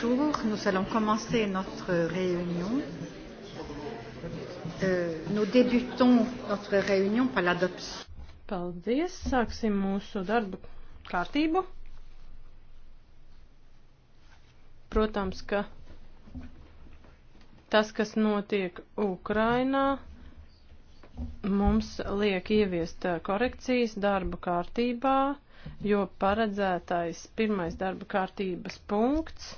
Bonjour, nous allons commencer notre réunion. Euh, nous débutons notre réunion par l'adoption. Paldies, sāksim mūsu darbu kārtību. Protams, ka tas, kas notiek Ukrainā, mums liek ieviest uh, korekcijas darba kārtībā, jo paredzētais pirmais darba kārtības punkts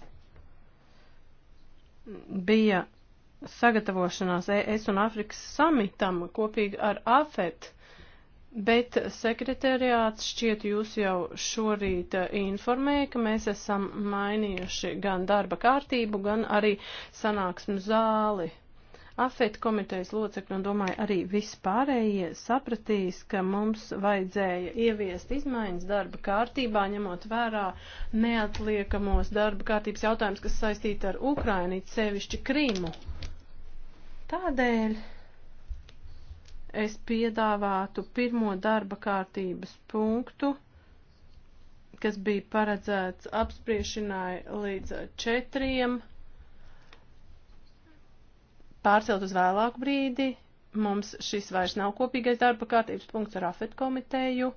bija sagatavošanās ES un Afrikas samitam kopīgi ar AFET, bet sekretariāts šķiet jūs jau šorīt eh, informēja, ka mēs esam mainījuši gan darba kārtību, gan arī sanāksmu zāli. Afet komitejas locekļi un domāju arī vispārējie sapratīs, ka mums vajadzēja ieviest izmaiņas darba kārtībā, ņemot vērā neatliekamos darba kārtības jautājumus, kas saistīti ar Ukraini, sevišķi Krīmu. Tādēļ es piedāvātu pirmo darba kārtības punktu kas bija paredzēts apspriešanai līdz četriem pārcelt uz vēlāku brīdi. Mums šis vairs nav kopīgais darba kārtības punkts ar AFET komiteju.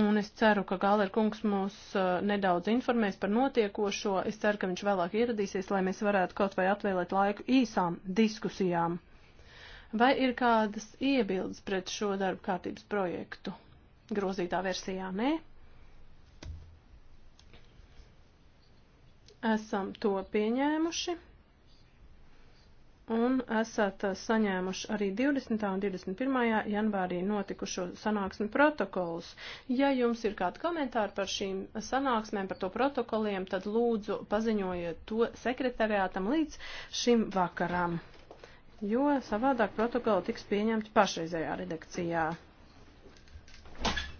Un es ceru, ka Gāler kungs mūs uh, nedaudz informēs par notiekošo. Es ceru, ka viņš vēlāk ieradīsies, lai mēs varētu kaut vai atvēlēt laiku īsām diskusijām. Vai ir kādas iebildes pret šo darba kārtības projektu? Grozītā versijā nē. Esam to pieņēmuši un esat uh, saņēmuši arī 20. un 21. janvārī notikušo sanāksmi protokolus. Ja jums ir kādi komentāri par šīm sanāksmēm, par to protokoliem, tad lūdzu paziņojiet to sekretariātam līdz šim vakaram, jo savādāk protokoli tiks pieņemti pašreizējā redakcijā.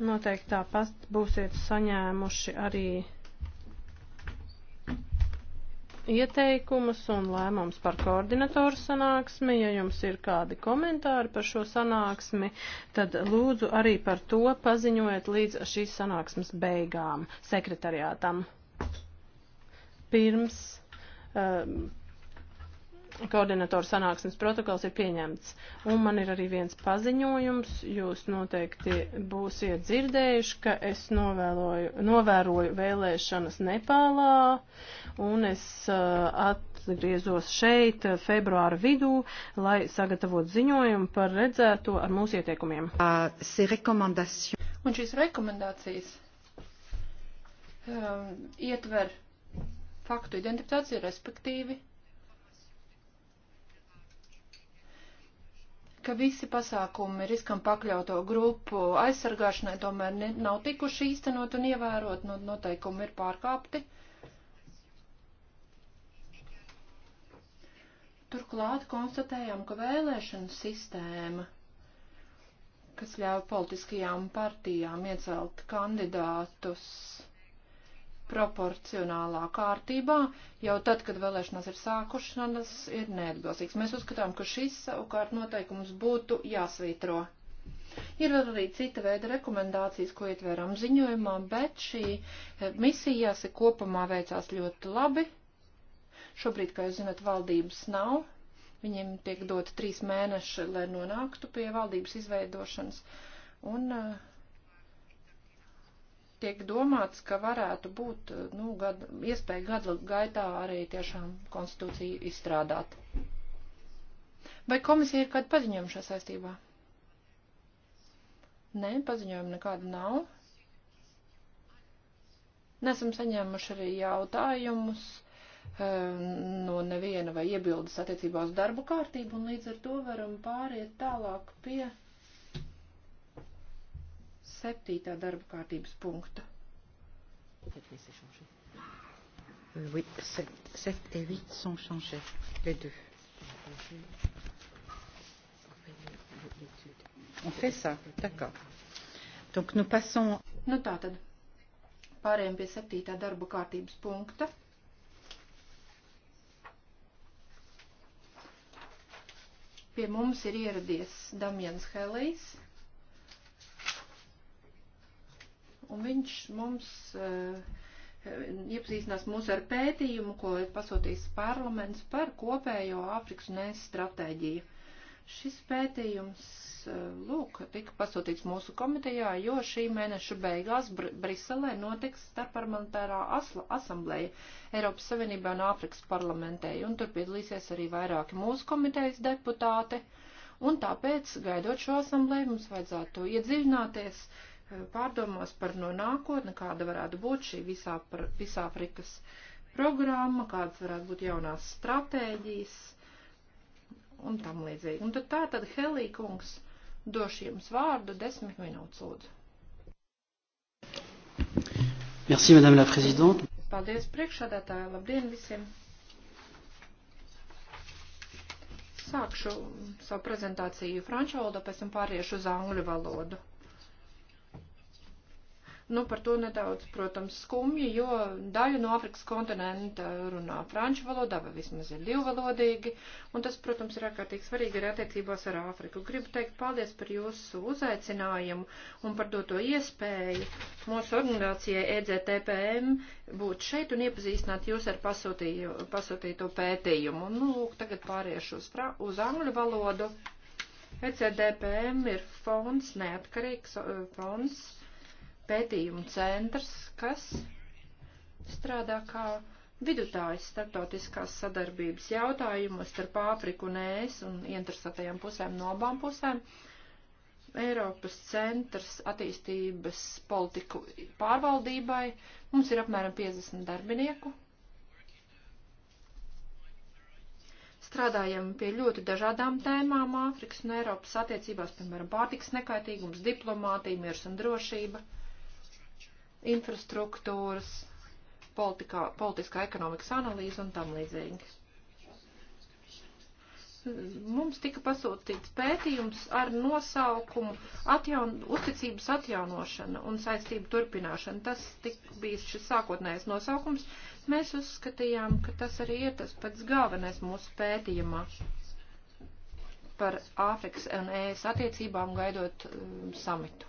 Noteikti tāpat būsiet saņēmuši arī ieteikumus un lēmums par koordinatoru sanāksmi. Ja jums ir kādi komentāri par šo sanāksmi, tad lūdzu arī par to paziņojiet līdz šīs sanāksmes beigām sekretariātam. Pirms uh, koordinatoru sanāksmes protokols ir pieņemts. Un man ir arī viens paziņojums, jūs noteikti būsiet dzirdējuši, ka es novēloju, novēroju vēlēšanas Nepālā, un es uh, atgriezos šeit uh, februāra vidū, lai sagatavotu ziņojumu par redzēto ar mūsu ieteikumiem. Ah, un šīs rekomendācijas um, ietver faktu identifikāciju, respektīvi ka visi pasākumi riskam pakļauto grupu aizsargāšanai tomēr ne, nav tikuši īstenot un ievērot, no, nu, noteikumi ir pārkāpti. Turklāt konstatējām, ka vēlēšana sistēma, kas ļauj politiskajām partijām iecelt kandidātus, proporcionālā kārtībā, jau tad, kad vēlēšanas ir sākušanas, ir neatbilstīgs. Mēs uzskatām, ka šis savukārt noteikums būtu jāsvītro. Ir vēl arī cita veida rekomendācijas, ko ietveram ziņojumā, bet šī eh, misija jāsaka kopumā veicās ļoti labi. Šobrīd, kā jūs zinat, valdības nav. Viņiem tiek dot trīs mēneši, lai nonāktu pie valdības izveidošanas. Un uh, tiek domāts, ka varētu būt nu, gad, iespēja gadu gaitā arī tiešām konstitūciju izstrādāt. Vai komisija ir kāda paziņojuma šajā saistībā? Nē, paziņojuma nekāda nav. Nesam saņēmuši arī jautājumus eh, no neviena vai iebildes attiecībā uz darbu kārtību, un līdz ar to varam pāriet tālāk pie septītā darba kārtības punkta. Oui, 7, 7 et 8 sont changés, les deux. On fait ça, d'accord. Donc nous passons. Nu tā tad pārējām pie septītā darba kārtības punkta. Pie mums ir ieradies Damjans Helejs, un viņš mums eh, iepazīstinās mūs ar pētījumu, ko ir pasūtījis parlaments par kopējo Āfrikas un ES stratēģiju. Šis pētījums, eh, lūk, tika pasūtīts mūsu komitejā, jo šī mēneša beigās Br Briselē notiks starpparlamentārā asambleja Eiropas Savienībā un Āfrikas parlamentē, un tur piedalīsies arī vairāki mūsu komitejas deputāti. Un tāpēc, gaidot šo asambleju, mums vajadzētu iedziļināties uh, pārdomos par no nākotne, kāda varētu būt šī visā, par, visā Afrikas programma, kādas varētu būt jaunās stratēģijas un tam līdzīgi. Un tad tā tad Helī kungs došu jums vārdu desmit minūtes lūdzu. Merci, madame la présidente. Paldies priekšādātāji, labdien visiem. Sākšu savu prezentāciju franču valodā, pēc tam pāriešu uz angļu valodu. Nu, par to nedaudz, protams, skumji, jo daļa no Afrikas kontinenta runā franču valodā, vai vismaz ir divvalodīgi, un tas, protams, ir ārkārtīgi svarīgi arī attiecībās ar Āfriku. Gribu teikt paldies par jūsu uzaicinājumu un par doto iespēju mūsu organizācijai EGTPM būt šeit un iepazīstināt jūs ar pasūtīju, pasūtīto pētījumu. Un, nu, lūk, tagad pāriešu uz, fra, uz angļu valodu. ECDPM ir fonds, neatkarīgs eh, fonds pētījumu centrs, kas strādā kā vidutājs starptautiskās sadarbības jautājumos starp Āfriku un ES un interesētajām pusēm no abām pusēm. Eiropas centrs attīstības politiku pārvaldībai. Mums ir apmēram 50 darbinieku. Strādājam pie ļoti dažādām tēmām Āfrikas un Eiropas attiecībās, piemēram, pārtiks nekaitīgums, diplomātija, miers un drošība infrastruktūras, politikā, politiskā ekonomikas analīze un tam līdzīgi. Mums tika pasūtīts pētījums ar nosaukumu atjaun, uzticības atjaunošana un saistību turpināšana. Tas bija šis sākotnējais nosaukums. Mēs uzskatījām, ka tas arī ir tas pats galvenais mūsu pētījumā par Āfrikas un ES attiecībām gaidot um, samitu.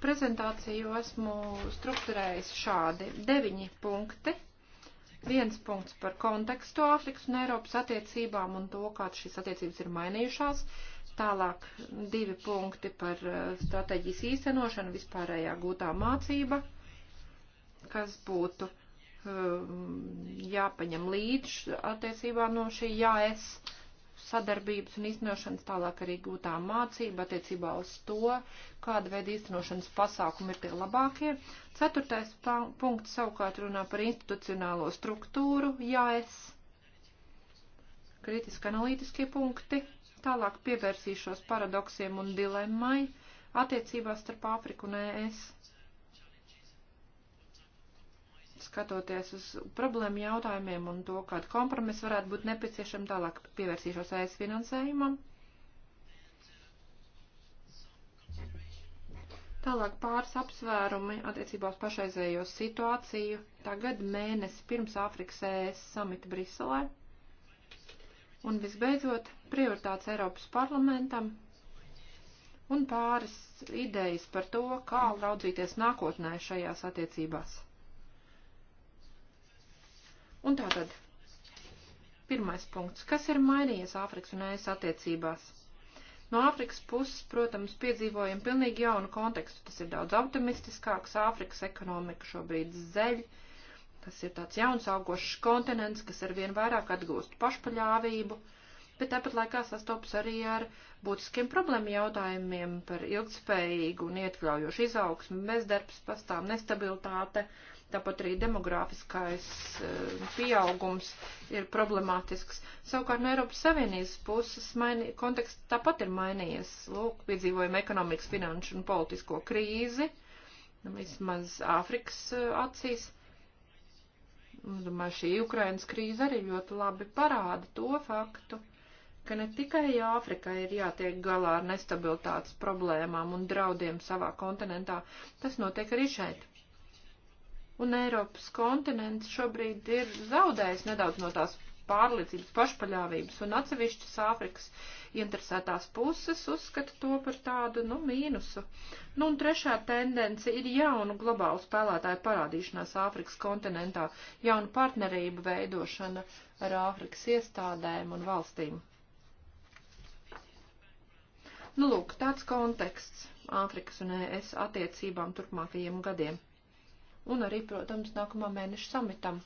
Prezentāciju esmu strukturējis šādi. Deviņi punkti. Viens punkts par kontekstu Āfrikas un Eiropas attiecībām un to, kā šīs attiecības ir mainījušās. Tālāk divi punkti par eh, stratēģijas īstenošanu, vispārējā gūtā mācība, kas būtu um, jāpaņem līdz attiecībā no šī jāes. Ja sadarbības un iznošanas, tālāk arī gūtā mācība attiecībā uz to, kāda veida iznošanas pasākumi ir tie labākie. Ceturtais punkts savukārt runā par institucionālo struktūru, jāes, kritiski analītiskie punkti, tālāk pievērsīšos paradoksiem un dilemmai attiecībās starp Āfriku un ES skatoties uz problēmu jautājumiem un to, kāda kompromisa varētu būt nepieciešama, tālāk pievērsīšos aiz finansējumam. Tālāk pāris apsvērumi attiecībā uz pašreizējo situāciju. Tagad mēnesi pirms Āfrikas ES samita Briselē. Un visbeidzot, prioritāts Eiropas parlamentam un pāris idejas par to, kā raudzīties nākotnē šajās attiecībās. Un tātad, pirmais punkts. Kas ir mainījies Āfrikas un ES attiecībās? No Āfrikas puses, protams, piedzīvojam pilnīgi jaunu kontekstu. Tas ir daudz optimistiskāks, Āfrikas ekonomika šobrīd zeļ. Tas ir tāds jauns augošs kontinents, kas ar vien vairāk atgūst pašpaļāvību, bet tāpat laikā sastopas arī ar būtiskiem problēmu jautājumiem par ilgspējīgu un iekļaujošu izaugsmu, bezdarbs pastāv, nestabilitāte, uh, tāpat arī demogrāfiskais eh, pieaugums ir problemātisks. Savukārt no Eiropas Savienības puses maini, konteksts tāpat ir mainījies. Lūk, piedzīvojam ekonomikas, finanšu un politisko krīzi, nu, vismaz Āfrikas eh, acīs. Es domāju, šī Ukrainas krīze arī ļoti labi parāda to faktu, ka ne tikai Āfrikai ir jātiek galā ar nestabilitātes problēmām un draudiem savā kontinentā, tas notiek arī šeit un Eiropas kontinents šobrīd ir zaudējis nedaudz no tās pārliecības, pašpaļāvības, un atsevišķas Āfrikas interesētās puses uzskata to par tādu, nu, mīnusu. Nu, un trešā tendence ir jaunu globālu spēlētāju parādīšanās Āfrikas kontinentā, jaunu partnerību veidošana ar Āfrikas iestādēm un valstīm. Nu, lūk, tāds konteksts Āfrikas un ES attiecībām turpmākajiem gadiem un arī, protams, nākamā mēneša samitam.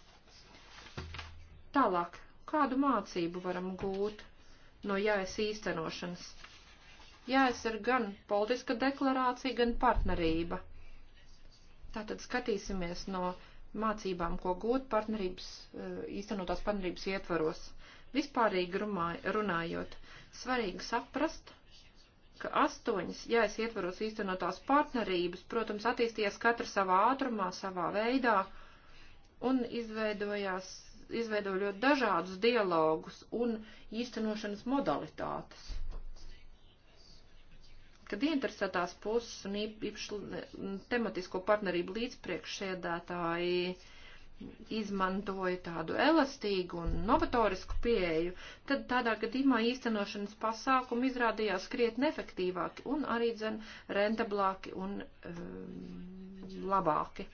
Tālāk, kādu mācību varam gūt no jājas īstenošanas? Jājas ir gan politiska deklarācija, gan partnerība. Tātad skatīsimies no mācībām, ko gūt partnerības, eh, īstenotās partnerības ietvaros. Vispārīgi runājot, svarīgi saprast, ka astoņas, ja es ietvaros īstenotās partnerības, protams, attīstījies katra savā ātrumā, savā veidā un izveidojās, izveidoja ļoti dažādus dialogus un īstenošanas modalitātes. Kad interesētās puses un īpaši tematisko partnerību līdzpriekšsēdētāji, uh, izmantoja tādu elastīgu un novatorisku pieeju, tad tādā gadījumā īstenošanas pasākumi izrādījās kriet efektīvāki un arī dzen rentablāki un um, labāki.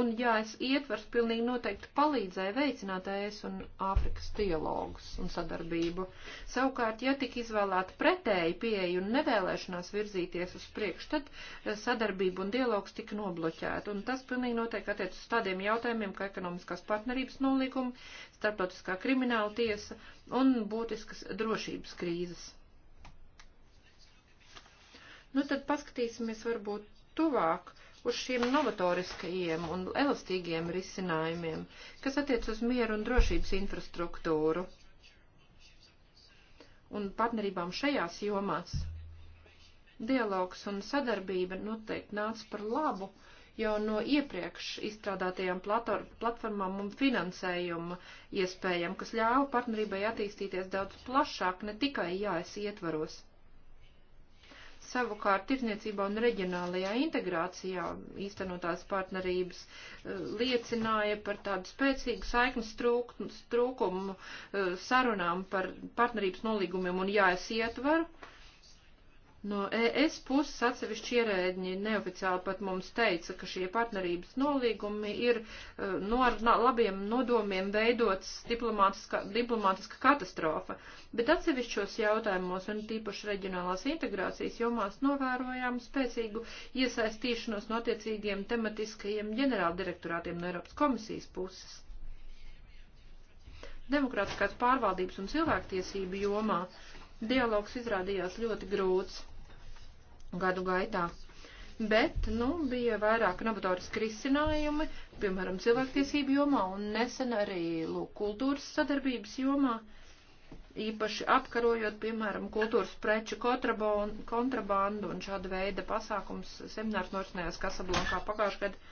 Un jā, es ietvers pilnīgi noteikti palīdzēja veicināt ES un Āfrikas dialogus un sadarbību. Savukārt, ja tik izvēlēta pretēji pieeja un nevēlēšanās virzīties uz priekšu, tad eh, sadarbība un dialogs tika nobloķēta. Un tas pilnīgi noteikti attiec uz tādiem jautājumiem, kā ekonomiskās partnerības nolīguma, starptautiskā krimināla tiesa un būtiskas drošības krīzes. Nu tad paskatīsimies varbūt tuvāk uz šiem novatoriskajiem un elastīgiem risinājumiem, kas attiec uz mieru un drošības infrastruktūru un partnerībām šajās jomās. Dialogs un sadarbība noteikti nāca par labu jau no iepriekš izstrādātajām platformām un finansējuma iespējām, kas ļāva partnerībai attīstīties daudz plašāk, ne tikai jāes ietvaros. Savukārt, tirzniecībā un reģionālajā integrācijā īstenotās partnerības eh, liecināja par tādu spēcīgu saiknes trūk, trūkumu eh, sarunām par partnerības nolīgumiem un jāies ietvaru No ES puses atsevišķi ierēdņi neoficiāli pat mums teica, ka šie partnerības nolīgumi ir eh, no ar labiem nodomiem veidots diplomātiska, diplomātiska katastrofa, bet atsevišķos jautājumos un tīpaši reģionālās integrācijas jomās novērojām spēcīgu iesaistīšanos no attiecīgiem tematiskajiem ģenerāldirektorātiem no Eiropas komisijas puses. Demokrātiskās pārvaldības un cilvēktiesību jomā dialogs izrādījās ļoti grūts gadu gaitā. Bet, nu, bija vairāk novatoriski risinājumi, piemēram, cilvēktiesību jomā un nesen arī, lūk, kultūras sadarbības jomā, īpaši apkarojot, piemēram, kultūras preču kontrabandu un šāda veida pasākums seminārs norisinājās Kasablankā pagājušajā gadā.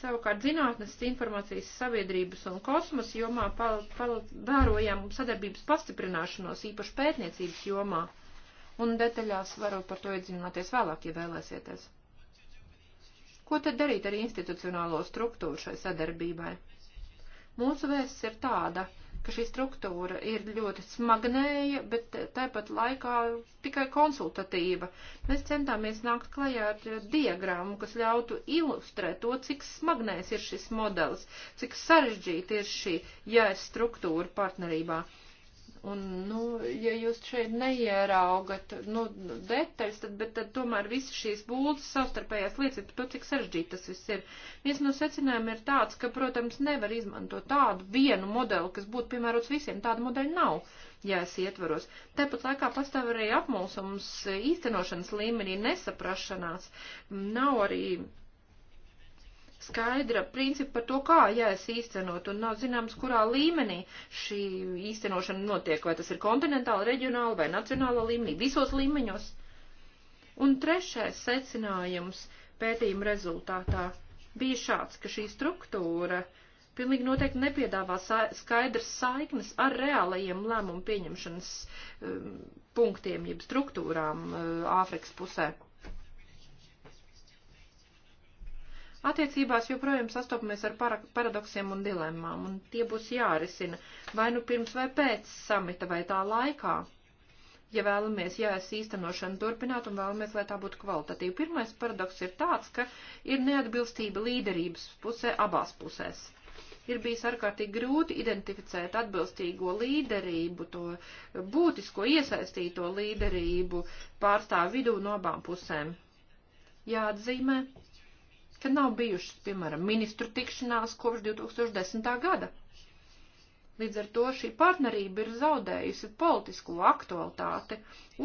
Savukārt zinātnes, informācijas sabiedrības un kosmosa jomā pal, pal, vērojam sadarbības pastiprināšanos, īpaši pētniecības jomā un detaļās varu par to iedzināties vēlāk, ja vēlēsieties. Ko tad darīt ar institucionālo struktūru šai sadarbībai? Mūsu vēsts ir tāda, ka šī struktūra ir ļoti smagnēja, bet tāpat laikā tikai konsultatīva. Mēs centāmies nākt klajā ar diagrammu, kas ļautu ilustrēt to, cik smagnējs ir šis modelis, cik sarežģīta ir šī jēs struktūra partnerībā. Un, nu, ja jūs šeit neieraugat, nu, detaļas, tad, bet tad tomēr visi šīs būtas savstarpējās liecības, pat cik sarežģīti tas viss ir. Viens no secinājumiem ir tāds, ka, protams, nevar izmantot tādu vienu modeli, kas būtu piemērots visiem. Tāda modeļa nav jās ietvaros. Tāpat laikā pastāv arī apmulsums īstenošanas līmenī, nesaprašanās. Nav arī skaidra principa par to, kā jās īstenot, un nav zināms, kurā līmenī šī īstenošana notiek, vai tas ir kontinentāla, reģionāla vai nacionāla līmenī, visos līmeņos. Un trešais secinājums pētījuma rezultātā bija šāds, ka šī struktūra pilnīgi noteikti nepiedāvā sa skaidrs saiknes ar reālajiem lēmumu pieņemšanas um, punktiem, jeb struktūrām uh, Āfrikas uh, pusē. Attiecībās joprojām sastopamies ar paradoksiem un dilemmām, un tie būs jārisina vai nu pirms vai pēc samita vai tā laikā, ja vēlamies, ja es īstenošanu turpināt un vēlamies, lai tā būtu kvalitatīva. Pirmais paradoks ir tāds, ka ir neatbilstība līderības pusē abās pusēs ir bijis ārkārtīgi grūti identificēt atbilstīgo līderību, to būtisko iesaistīto līderību pārstāvu vidū no abām pusēm. Jāatzīmē, ka nav bijušas, piemēram, ministru tikšanās kopš 2010. gada. Līdz ar to šī partnerība ir zaudējusi politisko aktualitāti.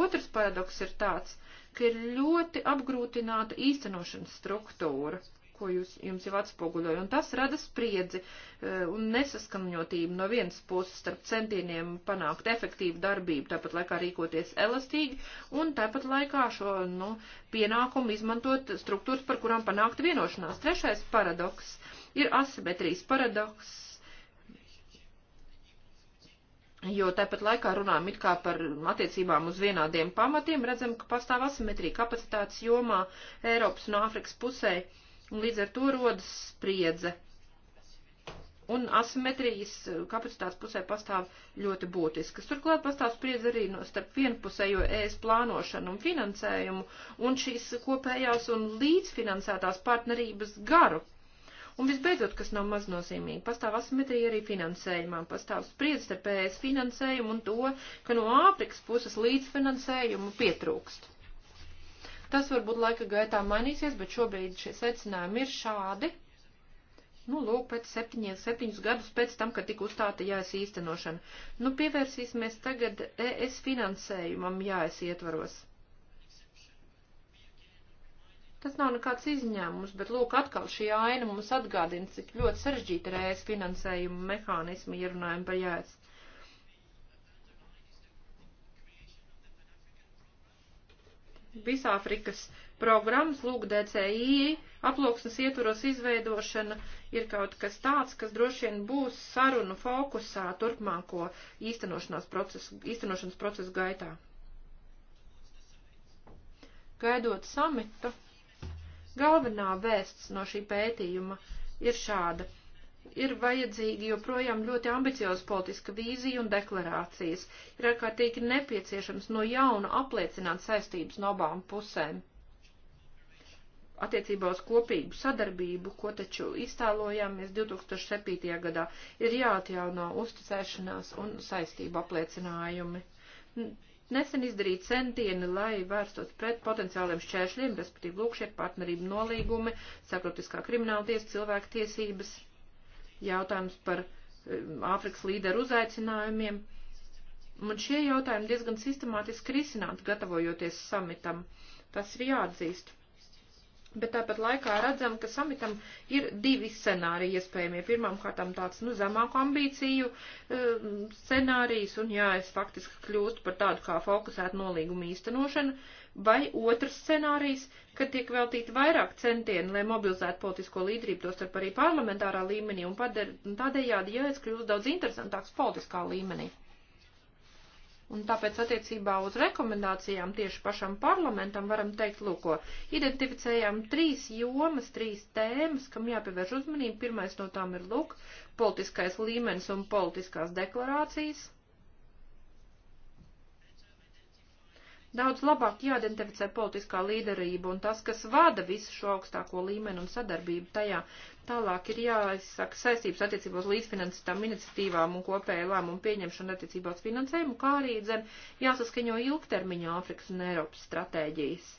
Otrs paradoks ir tāds, ka ir ļoti apgrūtināta īstenošanas struktūra ko jūs, jums jau atspoguļoju, un tas rada spriedzi eh, un nesaskaņotību no vienas puses starp centieniem panākt efektīvu darbību, tāpat laikā rīkoties elastīgi, un tāpat laikā šo, nu, pienākumu izmantot struktūras, par kurām panākt vienošanās. Trešais paradoks ir asimetrijas paradoks, Jo tāpat laikā runājam it kā par attiecībām uz vienādiem pamatiem, redzam, ka pastāv asimetrija kapacitātes jomā Eiropas un Āfrikas pusē. Uh, Un līdz ar to rodas spriedze. Un asimetrijas kapacitātes pusē pastāv ļoti būtiskas. Turklāt pastāv spriedze arī no starp vienpusējo ES plānošanu un finansējumu un šīs kopējās un līdzfinansētās partnerības garu. Un visbeidzot, kas nav maznozīmīgi, pastāv asimetrija arī finansējumā, pastāv spriedze starp ES finansējumu un to, ka no Āfrikas puses līdzfinansējumu pietrūkst. Tas varbūt laika gaitā mainīsies, bet šobrīd šie secinājumi ir šādi. Nu, lūk, pēc septiņiem, septiņus gadus pēc tam, kad tika uzstāta jāes īstenošana. Nu, pievērsīsimies tagad ES finansējumam jāes ietvaros. Tas nav nekāds izņēmums, bet, lūk, atkal šī aina mums atgādina, cik ļoti sarežģīta ir ES finansējuma mehānismi, ja runājam par jāes Visāfrikas programmas, lūk, DCI aploksnes ietvaros izveidošana ir kaut kas tāds, kas droši vien būs sarunu fokusā turpmāko īstenošanās procesu, īstenošanas procesu gaitā. Gaidot samita, galvenā vēsts no šī pētījuma ir šāda ir vajadzīgi joprojām ļoti ambicioza politiska vīzija un deklarācijas. Ir ārkārtīgi nepieciešams no jauna apliecināt saistības no abām pusēm. Attiecībā uz kopīgu sadarbību, ko taču iztēlojāmies 2007. gadā, ir jāatjauno uzticēšanās un saistību apliecinājumi. Nesen izdarīt centieni, lai vērstos pret potenciāliem šķēršļiem, respektīvi lūkšie partnerību nolīgumi, starptautiskā krimināla tiesa, cilvēku tiesības. Cilvēktiesības jautājums par um, Āfrikas līderu uzaicinājumiem. Un šie jautājumi diezgan sistemātiski risināt, gatavojoties samitam. Tas ir jāatzīst. Bet tāpat laikā redzam, ka samitam ir divi scenāriji iespējamie. Pirmkārt, tāds nu, zemāku ambīciju uh, scenārijs, un jā, es faktiski kļūstu par tādu kā fokusētu nolīgumu īstenošanu, vai otrs scenārijs, kad tiek veltīti vairāk centieni, lai mobilizētu politisko līderību, tostarp arī parlamentārā līmenī, un, padar, un tādējādi jēdz kļūst daudz interesantāks politiskā līmenī. Un tāpēc attiecībā uz rekomendācijām tieši pašam parlamentam varam teikt, lūko, identificējām trīs jomas, trīs tēmas, kam jāpievērš uzmanība. Pirmais no tām ir, lūk, politiskais līmenis un politiskās deklarācijas. Daudz labāk jāidentificē politiskā līderība un tas, kas vada visu šo augstāko līmeni un sadarbību tajā. Tālāk ir jāizsaka saistības attiecībā uz līdzfinansētām iniciatīvām un kopēju lēmumu pieņemšanu attiecībā uz finansējumu, kā arī dzen jāsaskaņo ilgtermiņa Āfrikas un Eiropas stratēģijas.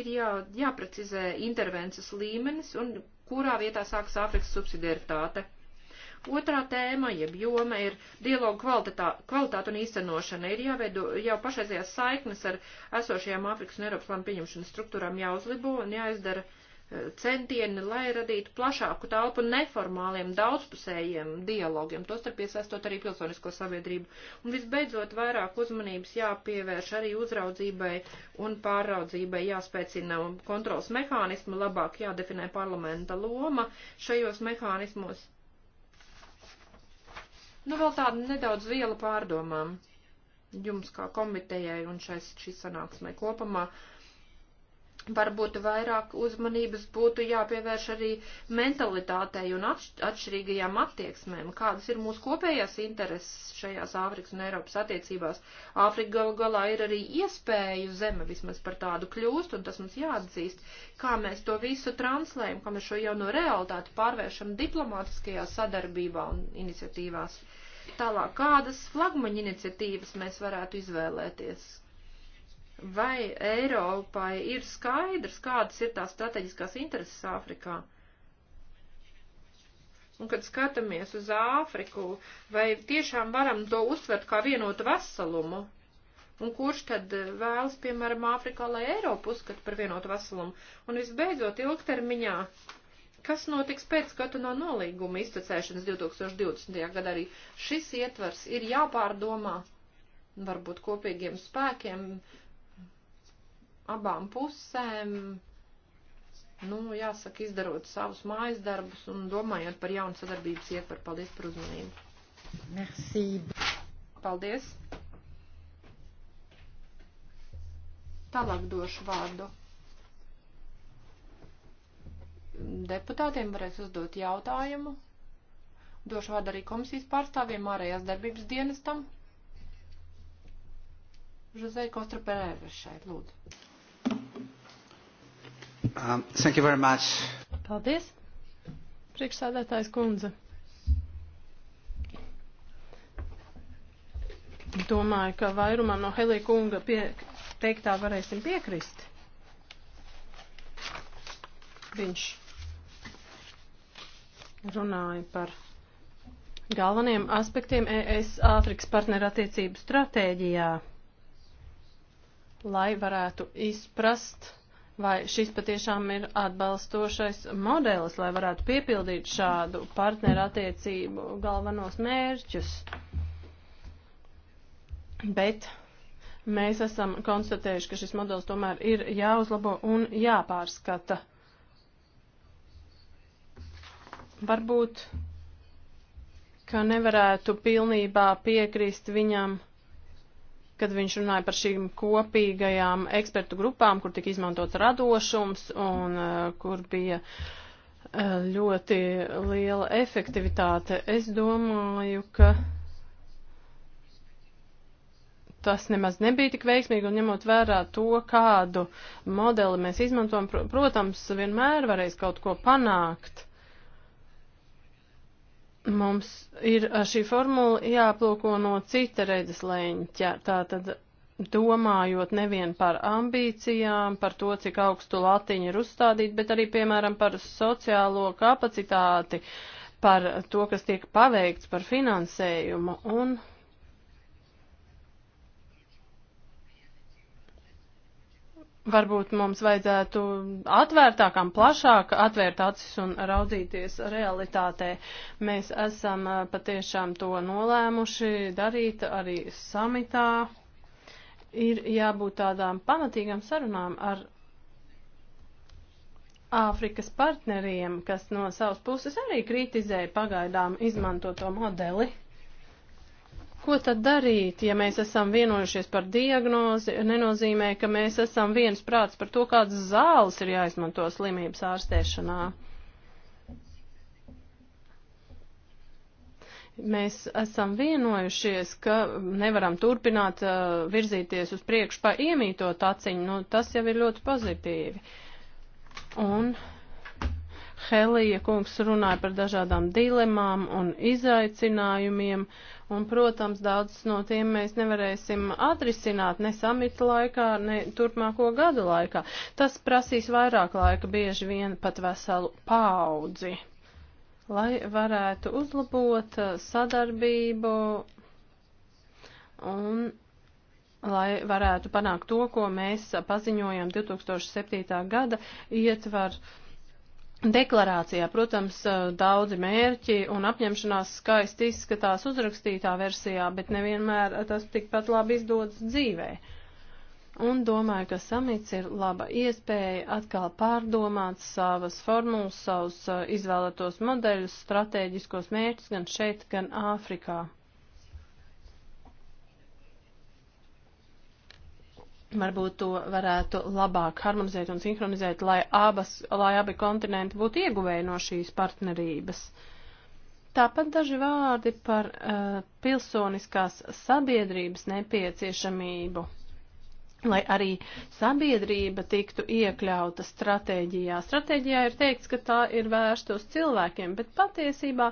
Ir jā, jāprecizē intervences līmenis un kurā vietā sāks Āfrikas subsidiaritāte. Otrā tēma, jeb joma, ir dialogu kvalitāte un īstenošana. Ir jāveido jau pašreizējās saiknes ar esošajām Āfrikas un Eiropas lēmu pieņemšanas struktūrām jāuzlibo un jāizdara eh, centieni, lai radītu plašāku telpu neformāliem, daudzpusējiem dialogiem, tostarp iesaistot arī pilsonisko sabiedrību. Un visbeidzot, vairāk uzmanības jāpievērš arī uzraudzībai un pāraudzībai, jāspēcina kontrols mehānismi, labāk jādefinē parlamenta loma šajos mehānismos Nu, vēl tāda nedaudz viela pārdomām jums kā komitejai un šais, šis sanāksmē kopumā. Uh, varbūt vairāk uzmanības būtu jāpievērš arī mentalitātei un atšķirīgajām attieksmēm, kādas ir mūsu kopējās intereses šajās Āfrikas un Eiropas attiecībās. Āfrika galu galā ir arī iespēju zeme vismaz par tādu kļūst, un tas mums jāatzīst, kā mēs to visu translējam, kā mēs šo jauno realitāti pārvēršam diplomātiskajā sadarbībā un iniciatīvās. Tālāk, kādas flagmaņa iniciatīvas mēs varētu izvēlēties? Vai Eiropai ir skaidrs, kādas ir tās strateģiskās intereses Āfrikā? Un, kad skatāmies uz Āfriku, vai tiešām varam to uztvert kā vienotu veselumu? Un kurš tad eh, vēlas, piemēram, Āfrikā, lai Eiropu uzskata par vienotu veselumu? Un visbeidzot, ilgtermiņā, kas notiks pēc skatu no nolīguma iztecēšanas 2020. gadā arī šis ietvers ir jāpārdomā, varbūt kopīgiem spēkiem abām pusēm, nu, jāsaka, izdarot savus mājas darbus un domājot par jaunu sadarbības ietvaru. Paldies par uzmanību. Merci. Paldies. Tālāk došu vārdu. Deputātiem varēs uzdot jautājumu. Došu vārdu arī komisijas pārstāvjiem ārējās darbības dienestam. Žozei Kostraperēve šeit, lūdzu. Um, thank you very much. Paldies. Priekšsādātājs kundze. Domāju, ka vairumam no Helija kunga pie, teiktā varēsim piekrist. Viņš runāja par galveniem aspektiem ES Āfrikas partnerattiecību stratēģijā, lai varētu izprast vai šis patiešām ir atbalstošais modelis, lai varētu piepildīt šādu partneru attiecību galvenos mērķus. Bet mēs esam konstatējuši, ka šis modelis tomēr ir jāuzlabo un jāpārskata. Varbūt, ka nevarētu pilnībā piekrist viņam kad viņš runāja par šīm kopīgajām ekspertu grupām, kur tika izmantots radošums un uh, kur bija eh, ļoti liela efektivitāte. Es domāju, ka tas nemaz nebija tik veiksmīgi, un ņemot vērā to, kādu modeli mēs izmantojam, protams, vienmēr varēs kaut ko panākt. Mums ir šī formula jāplūko no cita redzes lēņķa, tātad domājot nevien par ambīcijām, par to, cik augstu latiņu ir uzstādīt, bet arī, piemēram, par sociālo kapacitāti, par to, kas tiek paveikts, par finansējumu un Varbūt mums vajadzētu atvērtākam, plašāk atvērt acis un raudzīties realitātē. Mēs esam eh, patiešām to nolēmuši darīt arī samitā. Ir jābūt tādām pamatīgām sarunām ar Āfrikas partneriem, kas no savas puses arī kritizēja pagaidām izmantoto modeli. Ko tad darīt, ja mēs esam vienojušies par diagnozi, nenozīmē, ka mēs esam viens prāts par to, kādas zāles ir jāizmanto slimības ārstēšanā. Mēs esam vienojušies, ka nevaram turpināt uh, virzīties uz priekšu pa iemīto taciņu, nu, tas jau ir ļoti pozitīvi. Un Helija kungs runāja par dažādām dilemām un izaicinājumiem, uh, Un, protams, daudzas no tiem mēs nevarēsim atrisināt ne samita laikā, ne turpmāko gadu laikā. Tas prasīs vairāk laika, bieži vien pat veselu paudzi, lai varētu uzlabot eh, sadarbību un lai varētu panākt to, ko mēs paziņojam 2007. gada ietvaru Deklarācijā, protams, eh, daudzi mērķi un apņemšanās skaisti izskatās uzrakstītā versijā, bet nevienmēr tas tikpat labi izdodas dzīvē. Un domāju, ka samits ir laba iespēja atkal pārdomāt savas formulas, savus eh, izvēlētos modeļus, stratēģiskos mērķus gan šeit, gan Āfrikā. Varbūt to varētu labāk harmonizēt un sinhronizēt, lai, abas, lai abi kontinenti būtu ieguvēji no šīs partnerības. Tāpat daži vārdi par uh, pilsoniskās sabiedrības nepieciešamību lai arī sabiedrība tiktu iekļauta stratēģijā. Stratēģijā ir teikts, ka tā ir vērsta uz cilvēkiem, bet patiesībā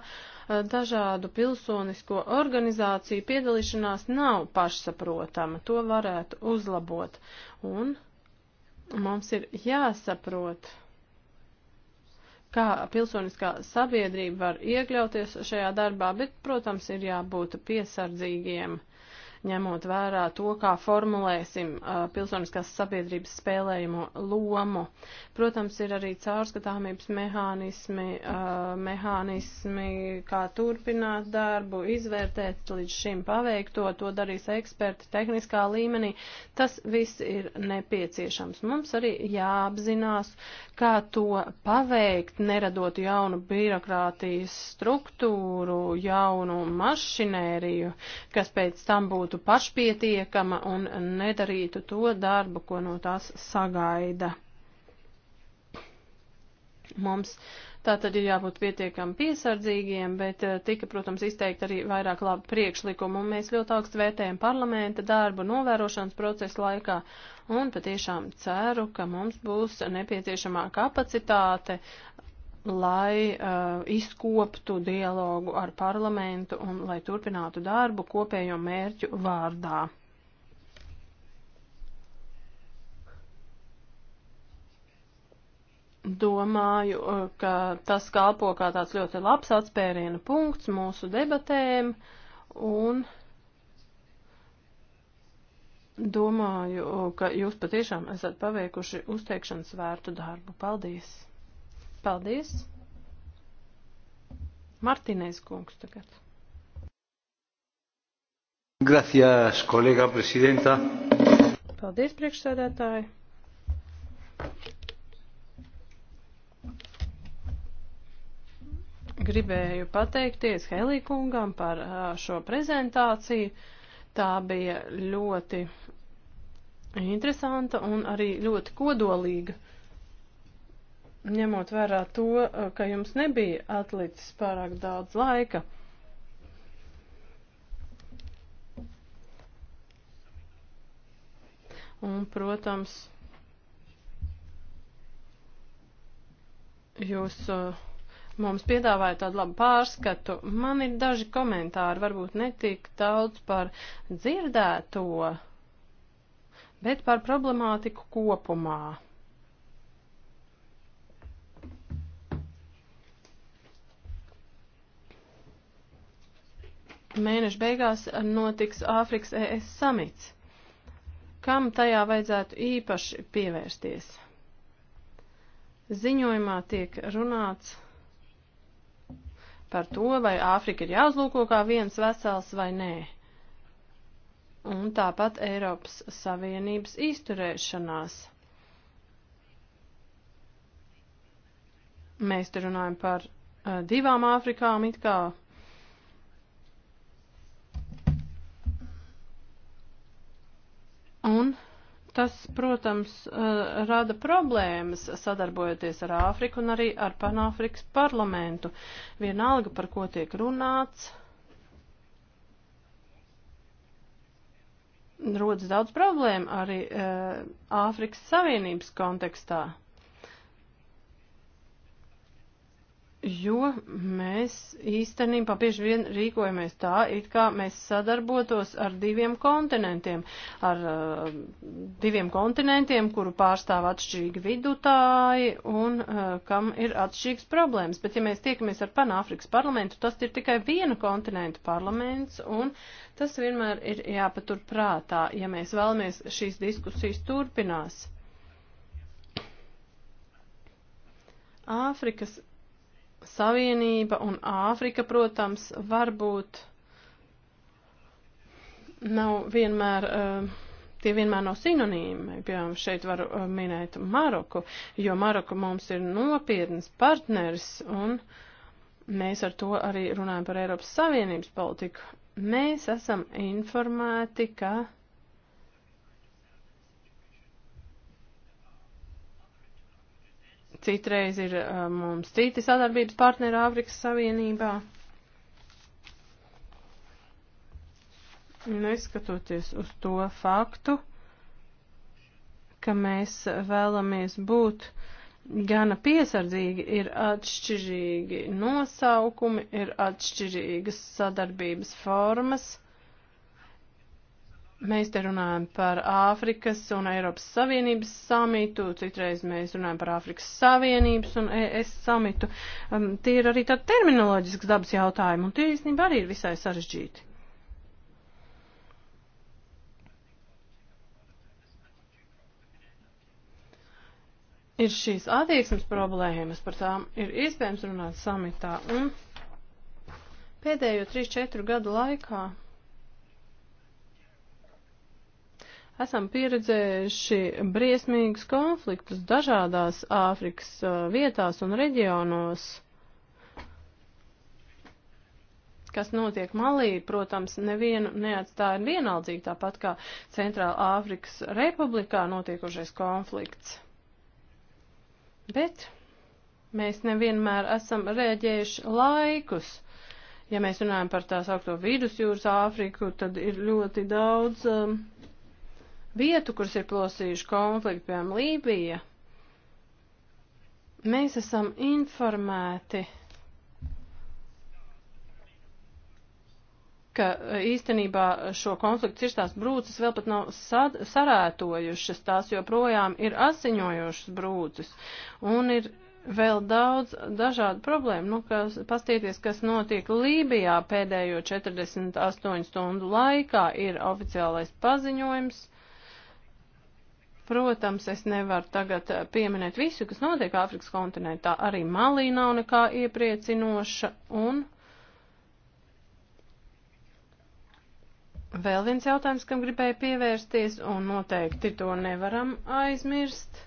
dažādu pilsonisko organizāciju piedalīšanās nav pašsaprotama. To varētu uzlabot. Un mums ir jāsaprot, kā pilsoniskā sabiedrība var iekļauties šajā darbā, bet, protams, ir jābūt piesardzīgiem. Uh, ņemot vērā to, kā formulēsim uh, pilsoniskās sabiedrības spēlējumu lomu. Protams, ir arī caurskatāmības mehānismi, uh, mehānismi, kā turpināt darbu, izvērtēt līdz šim paveikto, to darīs eksperti tehniskā līmenī. Tas viss ir nepieciešams. Mums arī jāapzinās, kā to paveikt, neradot jaunu birokrātijas struktūru, jaunu mašinēriju, kas pēc tam būtu nebūtu pašpietiekama un nedarītu to darbu, ko no tās sagaida. Mums tā tad ir jābūt pietiekami piesardzīgiem, bet eh, tika, protams, izteikti arī vairāk labi priekšlikumu, un mēs ļoti augstu vērtējam parlamenta darbu novērošanas procesu laikā, un patiešām ceru, ka mums būs nepieciešamā kapacitāte, lai uh, izkoptu dialogu ar parlamentu un lai turpinātu darbu kopējo mērķu vārdā. Domāju, uh, ka tas kalpo kā tāds ļoti labs atspēriena punkts mūsu debatēm un domāju, uh, ka jūs patiešām esat paveikuši uzteikšanas vērtu darbu. Paldies! Paldies. Martīnais kungs tagad. Gracias, kolēga prezidenta. Paldies, priekšsēdētāji. Gribēju pateikties Helī kungam par šo prezentāciju. Tā bija ļoti interesanta un arī ļoti kodolīga ņemot vērā to, eh, ka jums nebija atlicis pārāk daudz laika. Un, protams, jūs uh, mums piedāvājat tādu labu pārskatu. Man ir daži komentāri, varbūt netik daudz par dzirdēto, bet par problemātiku kopumā. mēneša beigās notiks Āfrikas ES samits. Kam tajā vajadzētu īpaši pievērsties? Ziņojumā tiek runāts par to, vai Āfrika ir jāuzlūko kā viens vesels vai nē. Un tāpat Eiropas Savienības izturēšanās. Mēs te runājam par uh, divām Āfrikām, it kā Tas, protams, eh, rada problēmas sadarbojoties ar Āfriku un arī ar Panāfrikas parlamentu. Vienalga, par ko tiek runāts, rodas daudz problēmu arī eh, Āfrikas Savienības kontekstā. Jo mēs īstenībā bieži vien rīkojamies tā, it kā mēs sadarbotos ar diviem kontinentiem, ar uh, diviem kontinentiem, kuru pārstāv atšķirīgi vidutāji un uh, kam ir atšķirīgs problēmas. Bet ja mēs tiekamies ar Panāfrikas parlamentu, tas ir tikai viena kontinentu parlaments un tas vienmēr ir jāpatur prātā, ja mēs vēlamies šīs diskusijas turpinās. Āfrikas Savienība un Āfrika, protams, varbūt nav vienmēr, eh, tie vienmēr nav sinonīmi. Piemēram, šeit varu eh, minēt Maroku, jo Maroku mums ir nopietnas partneris un mēs ar to arī runājam par Eiropas Savienības politiku. Mēs esam informēti, ka Citreiz ir uh, mums citi sadarbības partneri Āfrikas Savienībā. Neskatoties nu, uz to faktu, ka mēs vēlamies būt gana piesardzīgi, ir atšķirīgi nosaukumi, ir atšķirīgas sadarbības formas. Mēs te runājam par Āfrikas un Eiropas Savienības samitu, citreiz mēs runājam par Āfrikas Savienības un ES samitu. Um, tie ir arī tādi terminoloģisks dabas jautājumi, un tie īstenībā arī ir visai sarežģīti. Ir šīs attieksmes problēmas, par tām ir iespējams runāt samitā, un pēdējo 3-4 gadu laikā. esam pieredzējuši briesmīgus konfliktus dažādās Āfrikas uh, vietās un reģionos. Kas notiek Malī, protams, nevienu neatstāja vienaldzīgi, tāpat kā Centrāla Āfrikas Republikā notiekošais konflikts. Bet mēs nevienmēr esam rēģējuši laikus ja mēs runājam par tā saukto vidusjūras Āfriku, tad ir ļoti daudz um, vietu, kuras ir plosījuši konflikti, piemēram, Lībija. Mēs esam informēti, ka e, īstenībā šo konfliktu cirstās brūces vēl pat nav sad, sarētojušas, tās joprojām ir asiņojošas brūces. Un ir vēl daudz dažādu problēmu. Nu, kas, pastieties, kas notiek Lībijā pēdējo 48 stundu laikā, ir oficiālais paziņojums. Protams, es nevaru tagad eh, pieminēt visu, kas notiek Āfrikas kontinentā. Arī Malī nav nekā iepriecinoša. Un vēl viens jautājums, kam gribēju pievērsties, un noteikti to nevaram aizmirst.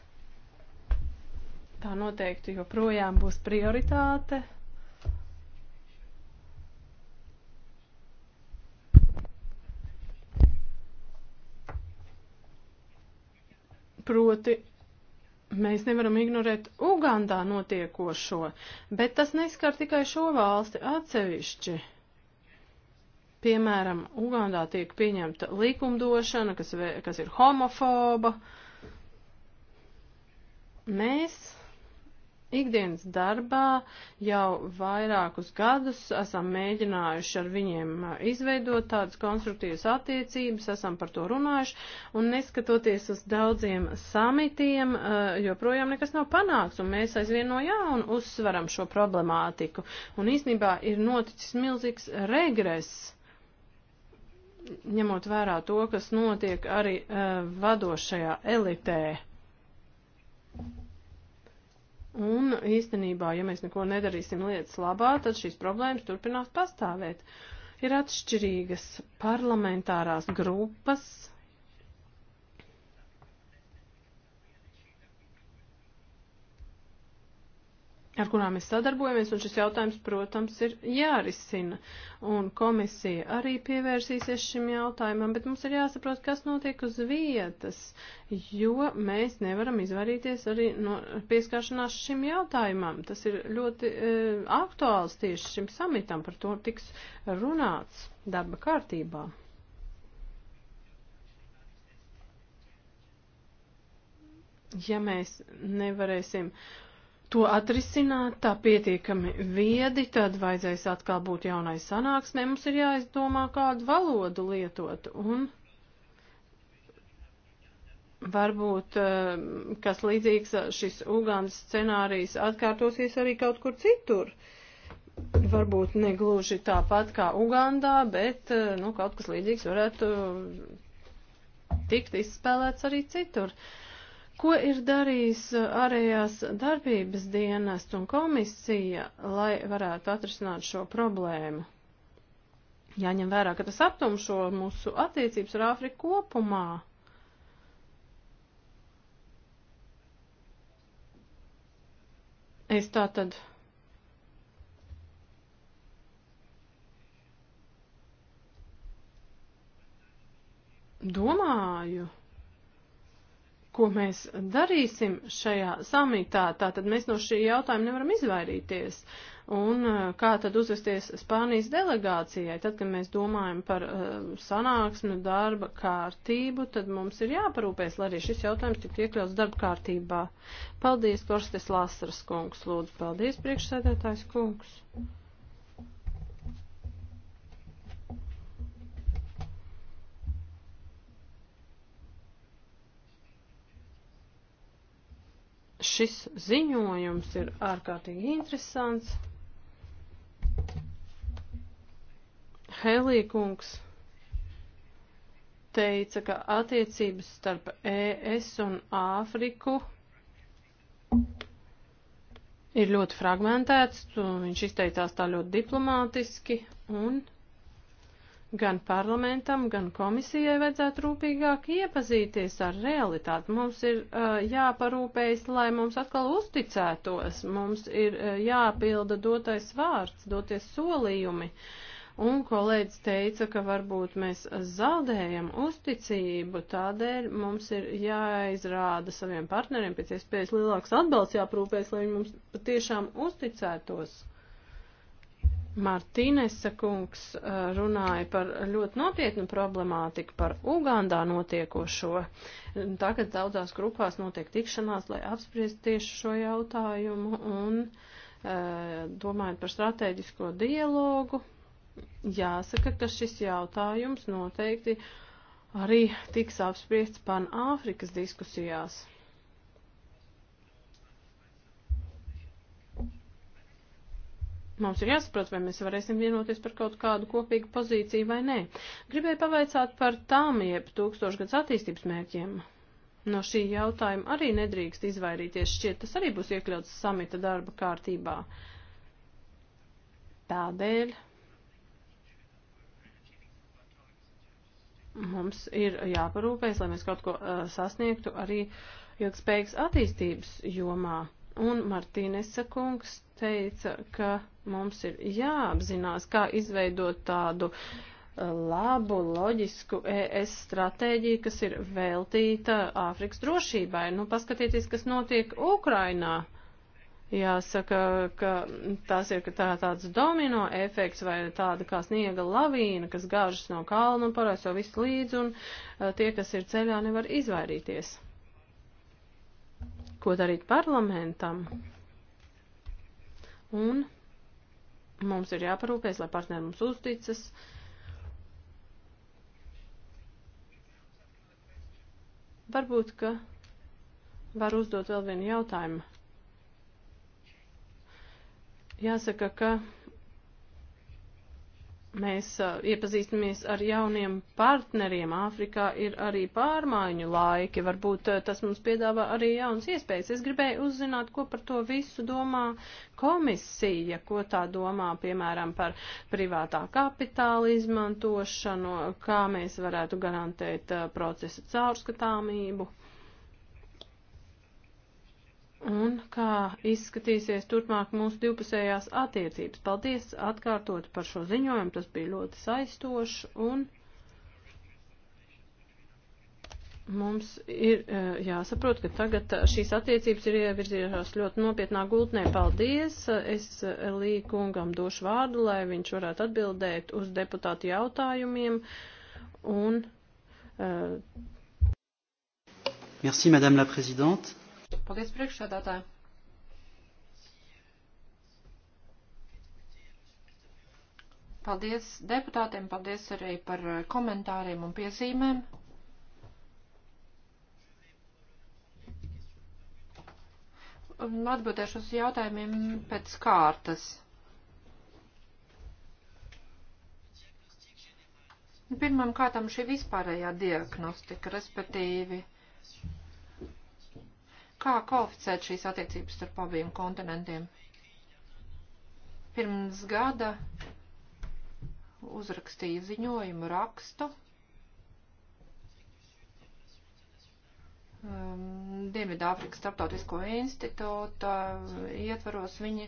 Tā noteikti joprojām būs prioritāte. Proti, mēs nevaram ignorēt Ugandā notiekošo, bet tas neskar tikai šo valsti atsevišķi. Piemēram, Ugandā tiek pieņemta likumdošana, kas, kas ir homofoba. Mēs ikdienas darbā jau vairākus gadus esam mēģinājuši ar viņiem izveidot tādas konstruktīvas attiecības, esam par to runājuši, un neskatoties uz daudziem samitiem, joprojām nekas nav panāks, un mēs aizvien no jauna uzsveram šo problemātiku. Un īstenībā ir noticis milzīgs regress ņemot vērā to, kas notiek arī uh, vadošajā elitē. Thank you. Un īstenībā, ja mēs neko nedarīsim lietas labā, tad šīs problēmas turpinās pastāvēt. Ir atšķirīgas parlamentārās grupas, ar kurām mēs sadarbojamies, un šis jautājums, protams, ir jārisina. Un komisija arī pievērsīsies šim jautājumam, bet mums ir jāsaprot, kas notiek uz vietas, jo mēs nevaram izvairīties arī no pieskāršanās šim jautājumam. Tas ir ļoti e, aktuāls tieši šim samitam, par to tiks runāts darba kārtībā. Ja mēs nevarēsim uh, to atrisināt tā pietiekami viedi, tad vajadzēs atkal būt jaunai sanāksmē, mums ir jāizdomā, kādu valodu lietot, un varbūt eh, kas līdzīgs eh, šis Ugānas scenārijs atkārtosies arī kaut kur citur. Varbūt negluži tāpat kā Ugandā, bet eh, nu, kaut kas līdzīgs varētu tikt izspēlēts arī citur. Uh, Ko ir darījis uh, ārējās darbības dienests un komisija, lai varētu atrisināt šo problēmu? Jāņem vērā, ka tas aptumšo mūsu attiecības ar Āfriku kopumā. Es tā tad. Domāju ko mēs darīsim šajā samitā, tātad mēs no šī jautājuma nevaram izvairīties. Un uh, kā tad uzvesties Spānijas delegācijai, tad, kad mēs domājam par uh, sanāksmi, darba kārtību, tad mums ir jāparūpēs, lai arī šis jautājums tiktu iekļauts darba kārtībā. Paldies, Korstes Lāsaras kungs, lūdzu, paldies, priekšsēdētājs kungs. šis ziņojums ir ārkārtīgi interesants. Helīkungs teica, ka attiecības starp ES un Āfriku ir ļoti fragmentētas, un viņš izteicās tā ļoti diplomātiski, un Gan parlamentam, gan komisijai vajadzētu rūpīgāk iepazīties ar realitāti. Mums ir uh, jāparūpējas, lai mums atkal uzticētos, mums ir uh, jāpilda dotais vārds, doties solījumi. Un kolēģis teica, ka varbūt mēs zaudējam uzticību, tādēļ mums ir jāizrāda saviem partneriem pēc iespējas lielāks atbalsts, jāprūpēs, lai viņi mums patiešām uzticētos. Martīnesa kungs uh, runāja par ļoti nopietnu problemātiku, par Ugandā notiekošo. Tagad daudzās grupās notiek tikšanās, lai apspriest tieši šo jautājumu un uh, domājot par strateģisko dialogu, jāsaka, ka šis jautājums noteikti arī tiks apspriests pan Āfrikas diskusijās. Mums ir jāsaprot, vai mēs varēsim vienoties par kaut kādu kopīgu pozīciju vai nē. Gribēju pavaicāt par tām, jeb tūkstošgads attīstības mērķiem. No šī jautājuma arī nedrīkst izvairīties, šķiet, tas arī būs iekļauts samita darba kārtībā. Tādēļ mums ir jāparūpēs, lai mēs kaut ko uh, sasniegtu arī ilgspējīgas attīstības jomā. Un Martīnesa kungs teica, ka mums ir jāapzinās, kā izveidot tādu uh, labu, loģisku ES stratēģiju, kas ir veltīta Āfrikas drošībai. Nu, paskatieties, kas notiek Ukrainā. Jāsaka, ka tas ir ka tā, tāds domino efekts vai tāda kā sniega lavīna, kas gāžas no kalna un paraiso visu līdzi, un uh, tie, kas ir ceļā, nevar izvairīties. Ko darīt parlamentam? Un mums ir jāparūpēs, lai partneri mums uzticas. Varbūt, ka var uzdot vēl vienu jautājumu. Jāsaka, ka mēs uh, iepazīstamies ar jauniem partneriem. Āfrikā ir arī pārmaiņu laiki, varbūt uh, tas mums piedāvā arī jaunas iespējas. Es gribēju uzzināt, ko par to visu domā komisija, ko tā domā, piemēram, par privātā kapitāla izmantošanu, kā mēs varētu garantēt uh, procesa caurskatāmību un kā izskatīsies turpmāk mūsu divpusējās attiecības. Paldies atkārtot par šo ziņojumu, tas bija ļoti saistošs un mums ir e, jāsaprot, ka tagad šīs attiecības ir ievirzījušās ļoti nopietnā gultnē. Paldies! Es e, Lī kungam došu vārdu, lai viņš varētu atbildēt uz deputātu jautājumiem un. Uh... Merci, Madame la Présidente. Paldies priekšsēdētāji. Paldies deputātiem, paldies arī par eh, komentāriem un piezīmēm. Atbildēšu uz jautājumiem pēc kārtas. Pirmam kārtam šī vispārējā diagnostika, respektīvi Kā koeficēt šīs attiecības starp abiem kontinentiem? Pirms gada uzrakstīju ziņojumu rakstu. Um, Dienvidāfrikas starptautisko institūta uh, ietvaros viņi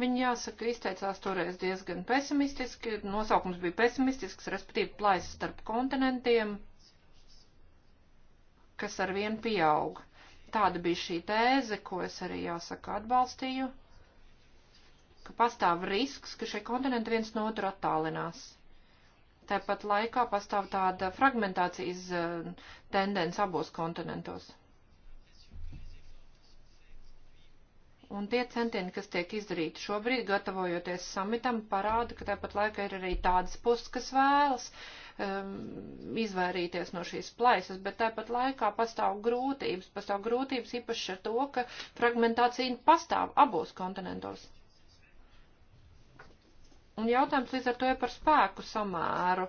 Viņi, jāsaka, izteicās toreiz diezgan pesimistiski. Nosaukums bija pesimistisks, respektīvi plaisas starp kontinentiem kas arvien pieaug. Tāda bija šī tēze, ko es arī jāsaka atbalstīju, ka pastāv risks, ka šie kontinenti viens no otru attālinās. Tāpat laikā pastāv tāda fragmentācijas eh, tendence abos kontinentos. Un tie centieni, kas tiek izdarīti šobrīd, gatavojoties samitam, parāda, ka tāpat laikā ir arī tādas puses, kas vēlas um, izvairīties no šīs plaisas, bet tāpat laikā pastāv grūtības, pastāv grūtības īpaši ar to, ka fragmentācija pastāv abos kontinentos. Un jautājums līdz ar to ir par spēku samēru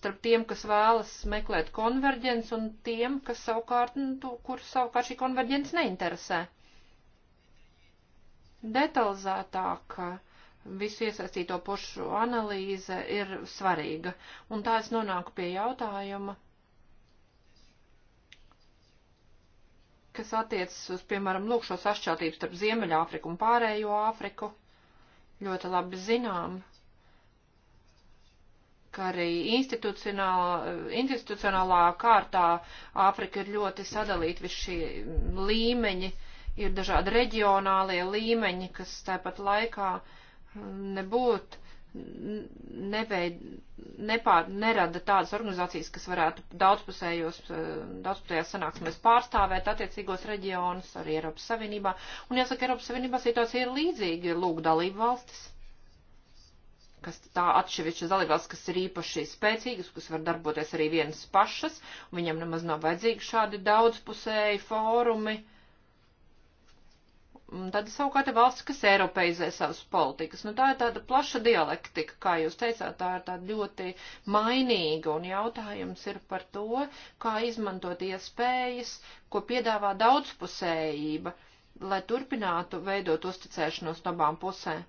starp tiem, kas vēlas meklēt konverģents un tiem, kas savukārt, nu, kur savukārt šī konverģents neinteresē detalizētāka visu iesaistīto pušu analīze ir svarīga. Un tā es nonāku pie jautājuma, kas attiecas uz, piemēram, lūk šo sašķeltību starp Ziemeļāfriku un pārējo Āfriku. Ļoti labi zinām, ka arī institucionālā, institucionālā kārtā Āfrika ir ļoti sadalīta visi šie līmeņi. Uh, ir dažādi reģionālie līmeņi, kas tāpat laikā mm, nebūtu, neveid, nepār, nerada tādas organizācijas, kas varētu daudzpusējos, eh, daudzpusējās sanāksmēs pārstāvēt attiecīgos reģionus arī Eiropas Savienībā. Un jāsaka, Eiropas Savienībā situācija ir līdzīga lūg dalību valstis kas tā atsevišķas dalībvalsts, kas ir īpaši spēcīgas, kas var darboties arī vienas pašas, un viņam nemaz nav vajadzīgi šādi daudzpusēji fórumi. Uh, Un tad savukārt ir valsts, kas eiropeizē savas politikas. Nu, tā ir tāda plaša dialektika, kā jūs teicāt, tā ir tāda ļoti mainīga, un jautājums ir par to, kā izmantot iespējas, ko piedāvā daudzpusējība, lai turpinātu veidot uzticēšanos no abām pusēm.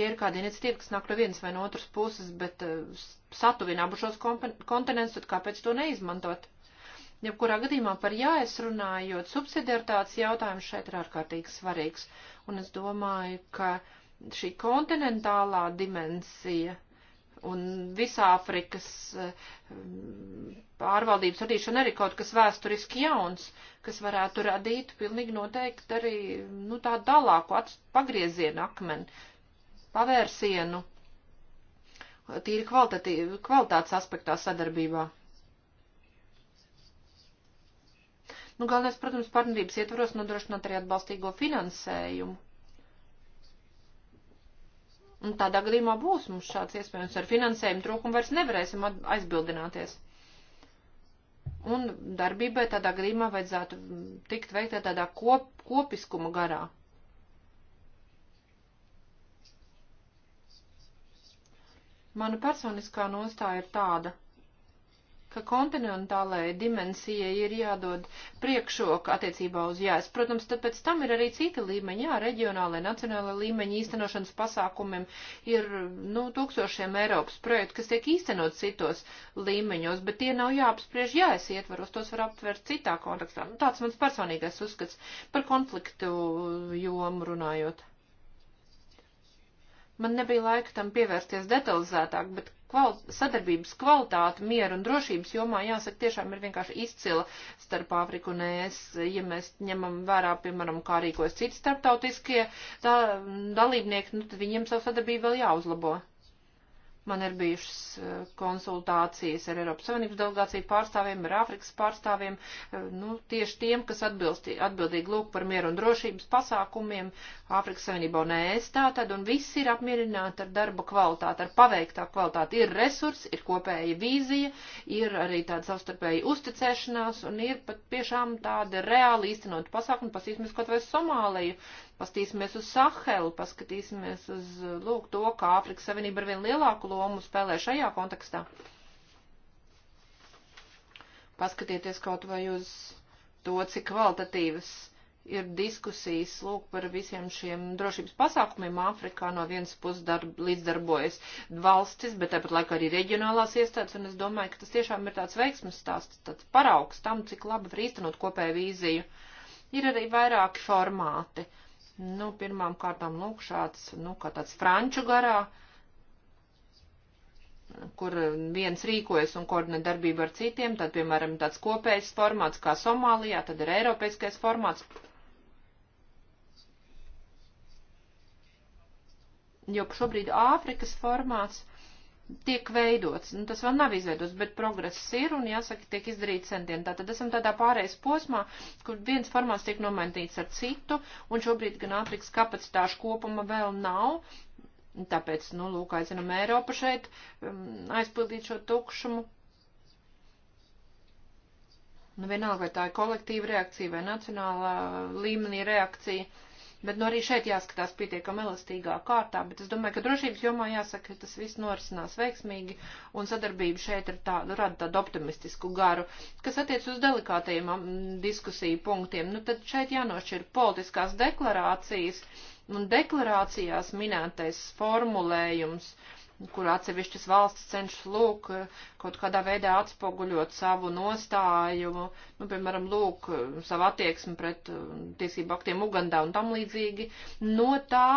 Ja ir kāda iniciatīva, kas nāk no vienas vai no otras puses, bet uh, satuvina abu šos kontinents, tad kāpēc to neizmantot? Jebkurā gadījumā par jā es runājot, subsidiaritātes jautājums šeit ir ārkārtīgi svarīgs. Un es domāju, ka šī kontinentālā dimensija un visā Afrikas eh, pārvaldības radīšana arī kaut kas vēsturiski jauns, kas varētu radīt pilnīgi noteikti arī nu, tādu tālāku pagriezienu akmeni, pavērsienu, tīri kvalitātes aspektā sadarbībā. Nu, galvenais, protams, partnerības ietvaros nodrošināt arī atbalstīgo finansējumu. Un tādā gadījumā būs mums šāds iespējams ar finansējumu trūkumu vairs nevarēsim aizbildināties. Un darbībai tādā gadījumā vajadzētu tikt veiktā tādā kop, kopiskuma garā. Mana personiskā nostāja ir tāda, ka kontinentālajai dimensijai ir jādod priekšroka attiecībā uz jās. Protams, tad pēc tam ir arī cita līmeņa, jā, reģionālai, nacionālai līmeņa īstenošanas pasākumiem ir, nu, tūkstošiem Eiropas projektu, kas tiek īstenot citos līmeņos, bet tie nav jāapspriež jās ietvaros, tos var aptvert citā kontekstā. Nu, tāds mans personīgais uzskats par konfliktu jomu runājot. Man nebija laika tam pievērsties detalizētāk, bet kval sadarbības kvalitāte mieru un drošības jomā, jāsaka, tiešām ir vienkārši izcila starp Āfriku un ES, ja mēs ņemam vērā, piemēram, kā rīkojas citi starptautiskie tā, dalībnieki, nu, tad viņiem savu sadarbību vēl jāuzlabo. Man ir bijušas e, konsultācijas ar Eiropas Savienības delegāciju pārstāvjiem, ar Āfrikas pārstāvjiem, e, nu, tieši tiem, kas atbilst, atbildīgi lūk par mieru un drošības pasākumiem Āfrikas Savienībā un ES tātad, un viss ir apmierināti ar darba kvalitāti, ar paveiktā kvalitāti. Ir resursi, ir kopēja vīzija, ir arī tāda savstarpēja uzticēšanās, un ir pat tiešām tāda reāli īstenot pasākumi, pasīsimies kaut vai Somāliju, Paskatīsimies uz Sahelu, paskatīsimies uz lūk, to, kā Āfrikas Savienība ar vien lielāku lomu spēlē šajā kontekstā. Paskatieties kaut vai uz to, cik kvalitatīvas ir diskusijas lūk par visiem šiem drošības pasākumiem Āfrikā no vienas puses darb, līdzdarbojas valstis, bet tāpat laikā arī reģionālās iestādes, un es domāju, ka tas tiešām ir tāds veiksmes stāsts, tāds paraugs tam, cik labi var īstenot kopēju vīziju. Ir arī vairāki formāti. Uh, Nu, pirmām kārtām, lūk, šāds, nu, kā tāds franču garā, kur viens rīkojas un koordinē darbību ar citiem, tad, piemēram, tāds kopējs formāts kā Somālijā, tad ir eiropeiskais formāts. Jo šobrīd Āfrikas formāts tiek veidots. Nu, tas vēl nav izveidots, bet progress ir un, jāsaka, tiek izdarīts centieni. Tātad esam tādā pārējais posmā, kur viens formāts tiek nomainīts ar citu, un šobrīd gan Āfrikas kapacitāšu kopuma vēl nav. Tāpēc, nu, lūk, aicinam Eiropu šeit um, aizpildīt šo tukšumu. Nu, vienalga, vai tā ir kolektīva reakcija vai nacionālā līmenī reakcija Bet nu, no arī šeit jāskatās pietiekam elastīgā kārtā, bet es domāju, ka drošības jomā jāsaka, ka tas viss norisinās veiksmīgi un sadarbība šeit ir tā, nu, rada tādu optimistisku garu, kas attiec uz delikātajiem diskusiju punktiem. Nu, tad šeit jānošķir politiskās deklarācijas un deklarācijās minētais formulējums. Uh, kur atsevišķas valstis cenšas lūk kaut kādā veidā atspoguļot savu nostāju, nu, piemēram, lūk, savu attieksmi pret um, tiesību aktiem Ugandā un tam līdzīgi, no tā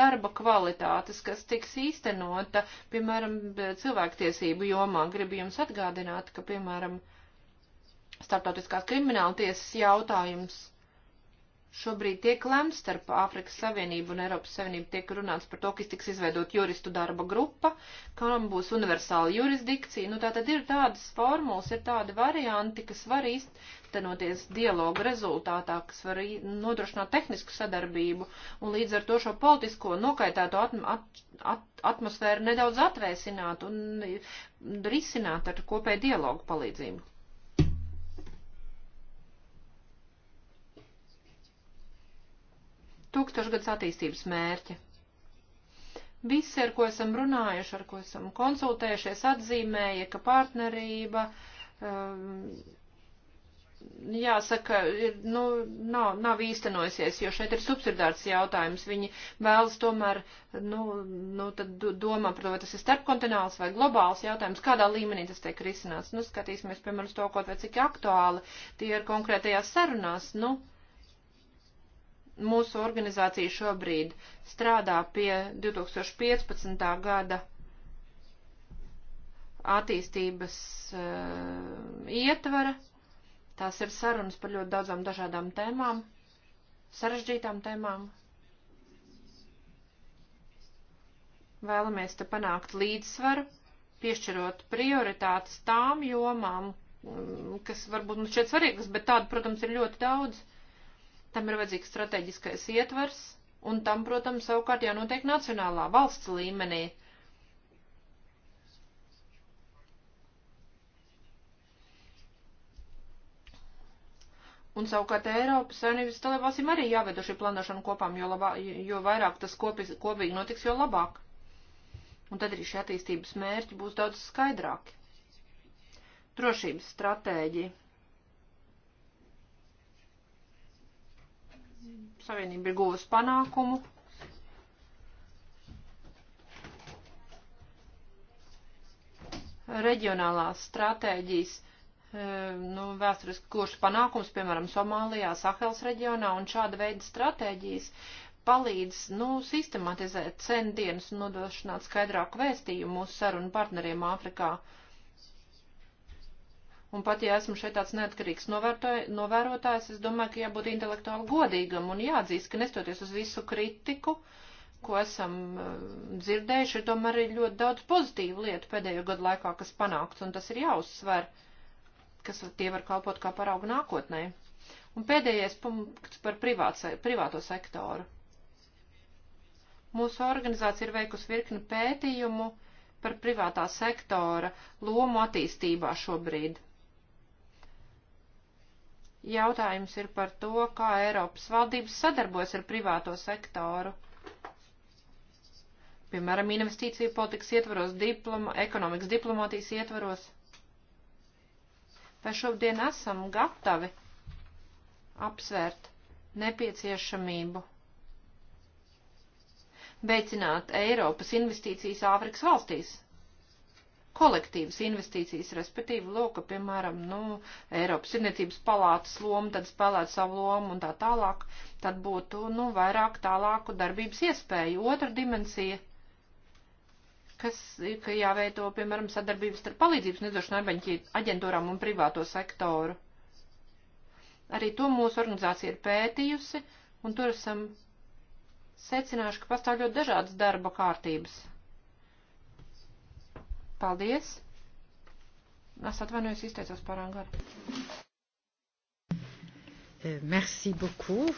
darba kvalitātes, kas tiks īstenota, piemēram, cilvēktiesību jomā. Gribu jums atgādināt, ka, piemēram, starptautiskās krimināla tiesas jautājums Šobrīd tiek lemts starp Āfrikas Savienību un Eiropas Savienību tiek runāts par to, kas tiks izveidot juristu darba grupa, kam būs universāla jurisdikcija. Nu, tā tad ir tādas formulas, ir tādi varianti, kas var īstenoties dialogu rezultātā, kas var nodrošināt tehnisku sadarbību un līdz ar to šo politisko nokaitēto atm at at atmosfēru nedaudz atvēsināt un risināt ar kopēju dialogu palīdzību. tūkstošgads attīstības mērķi. Visi, ar ko esam runājuši, ar ko esam konsultējušies, atzīmēja, ka partnerība, um, jāsaka, ir, nu, nav, nav īstenojusies, jo šeit ir subsidārts jautājums. Viņi vēlas tomēr, nu, nu tad domā par to, vai tas ir starpkontinēls vai globāls jautājums, kādā līmenī tas tiek risināts. Nu, skatīsimies, piemēram, uz to, kaut vai cik aktuāli tie ir konkrētajās sarunās. Nu, uh, mūsu organizācija šobrīd strādā pie 2015. gada attīstības uh, ietvara. Tās ir sarunas par ļoti daudzām dažādām tēmām, sarežģītām tēmām. Vēlamies te panākt līdzsvaru, piešķirot prioritātes tām jomām, mm, kas varbūt mums šķiet svarīgas, bet tādu, protams, ir ļoti daudz. Uh, tam ir vajadzīgs strateģiskais ietvers, un tam, protams, savukārt jānotiek nacionālā valsts līmenī. Un savukārt Eiropas Savienības dalībvalstīm arī jāvedo šī plānošana kopām, jo, labā, jo vairāk tas kopis, kopīgi notiks, jo labāk. Un tad arī šie attīstības mērķi būs daudz skaidrāki. Drošības stratēģija. Savienība ir guvusi panākumu. Reģionālās stratēģijas e, nu, vēsturiski kurš panākums, piemēram, Somālijā, Sahels reģionā, un šāda veida stratēģijas palīdz, nu, sistematizēt centienus un nodrošināt skaidrāku vēstījumu mūsu sarunu partneriem Āfrikā. Uh, Un pat ja esmu šeit tāds neatkarīgs novērotājs, es domāju, ka jābūt intelektuāli godīgam un jāatzīst, ka nestoties uz visu kritiku, ko esam eh, dzirdējuši, ir tomēr ir ļoti daudz pozitīvu lietu pēdējo gadu laikā, kas panākts, un tas ir jāuzsver, kas tie var kalpot kā paraugu nākotnē. Un pēdējais punkts par privāts, privāto sektoru. Mūsu organizācija ir veikusi virkni pētījumu par privātā sektora lomu attīstībā šobrīd Jautājums ir par to, kā Eiropas valdības sadarbojas ar privāto sektoru. Piemēram, investīciju politikas ietvaros, diploma, ekonomikas diplomātijas ietvaros. Vai šobrīd esam gatavi apsvērt nepieciešamību veicināt Eiropas investīcijas Āfrikas valstīs? kolektīvas investīcijas, respektīvi, lūk, piemēram, nu, Eiropas Sirdniecības palātas loma, tad spēlēt savu lomu un tā tālāk, tad būtu, nu, vairāk tālāku darbības iespēju. Otra dimensija, kas, ka jāveido, piemēram, sadarbības starp palīdzības nedošanu aģentūrām un privāto sektoru. Arī to mūsu organizācija ir pētījusi, un tur esam secinājuši, ka pastāv ļoti dažādas darba kārtības. Paldies! Es atvainojos, izteicos pārāk garu. Euh, merci beaucoup.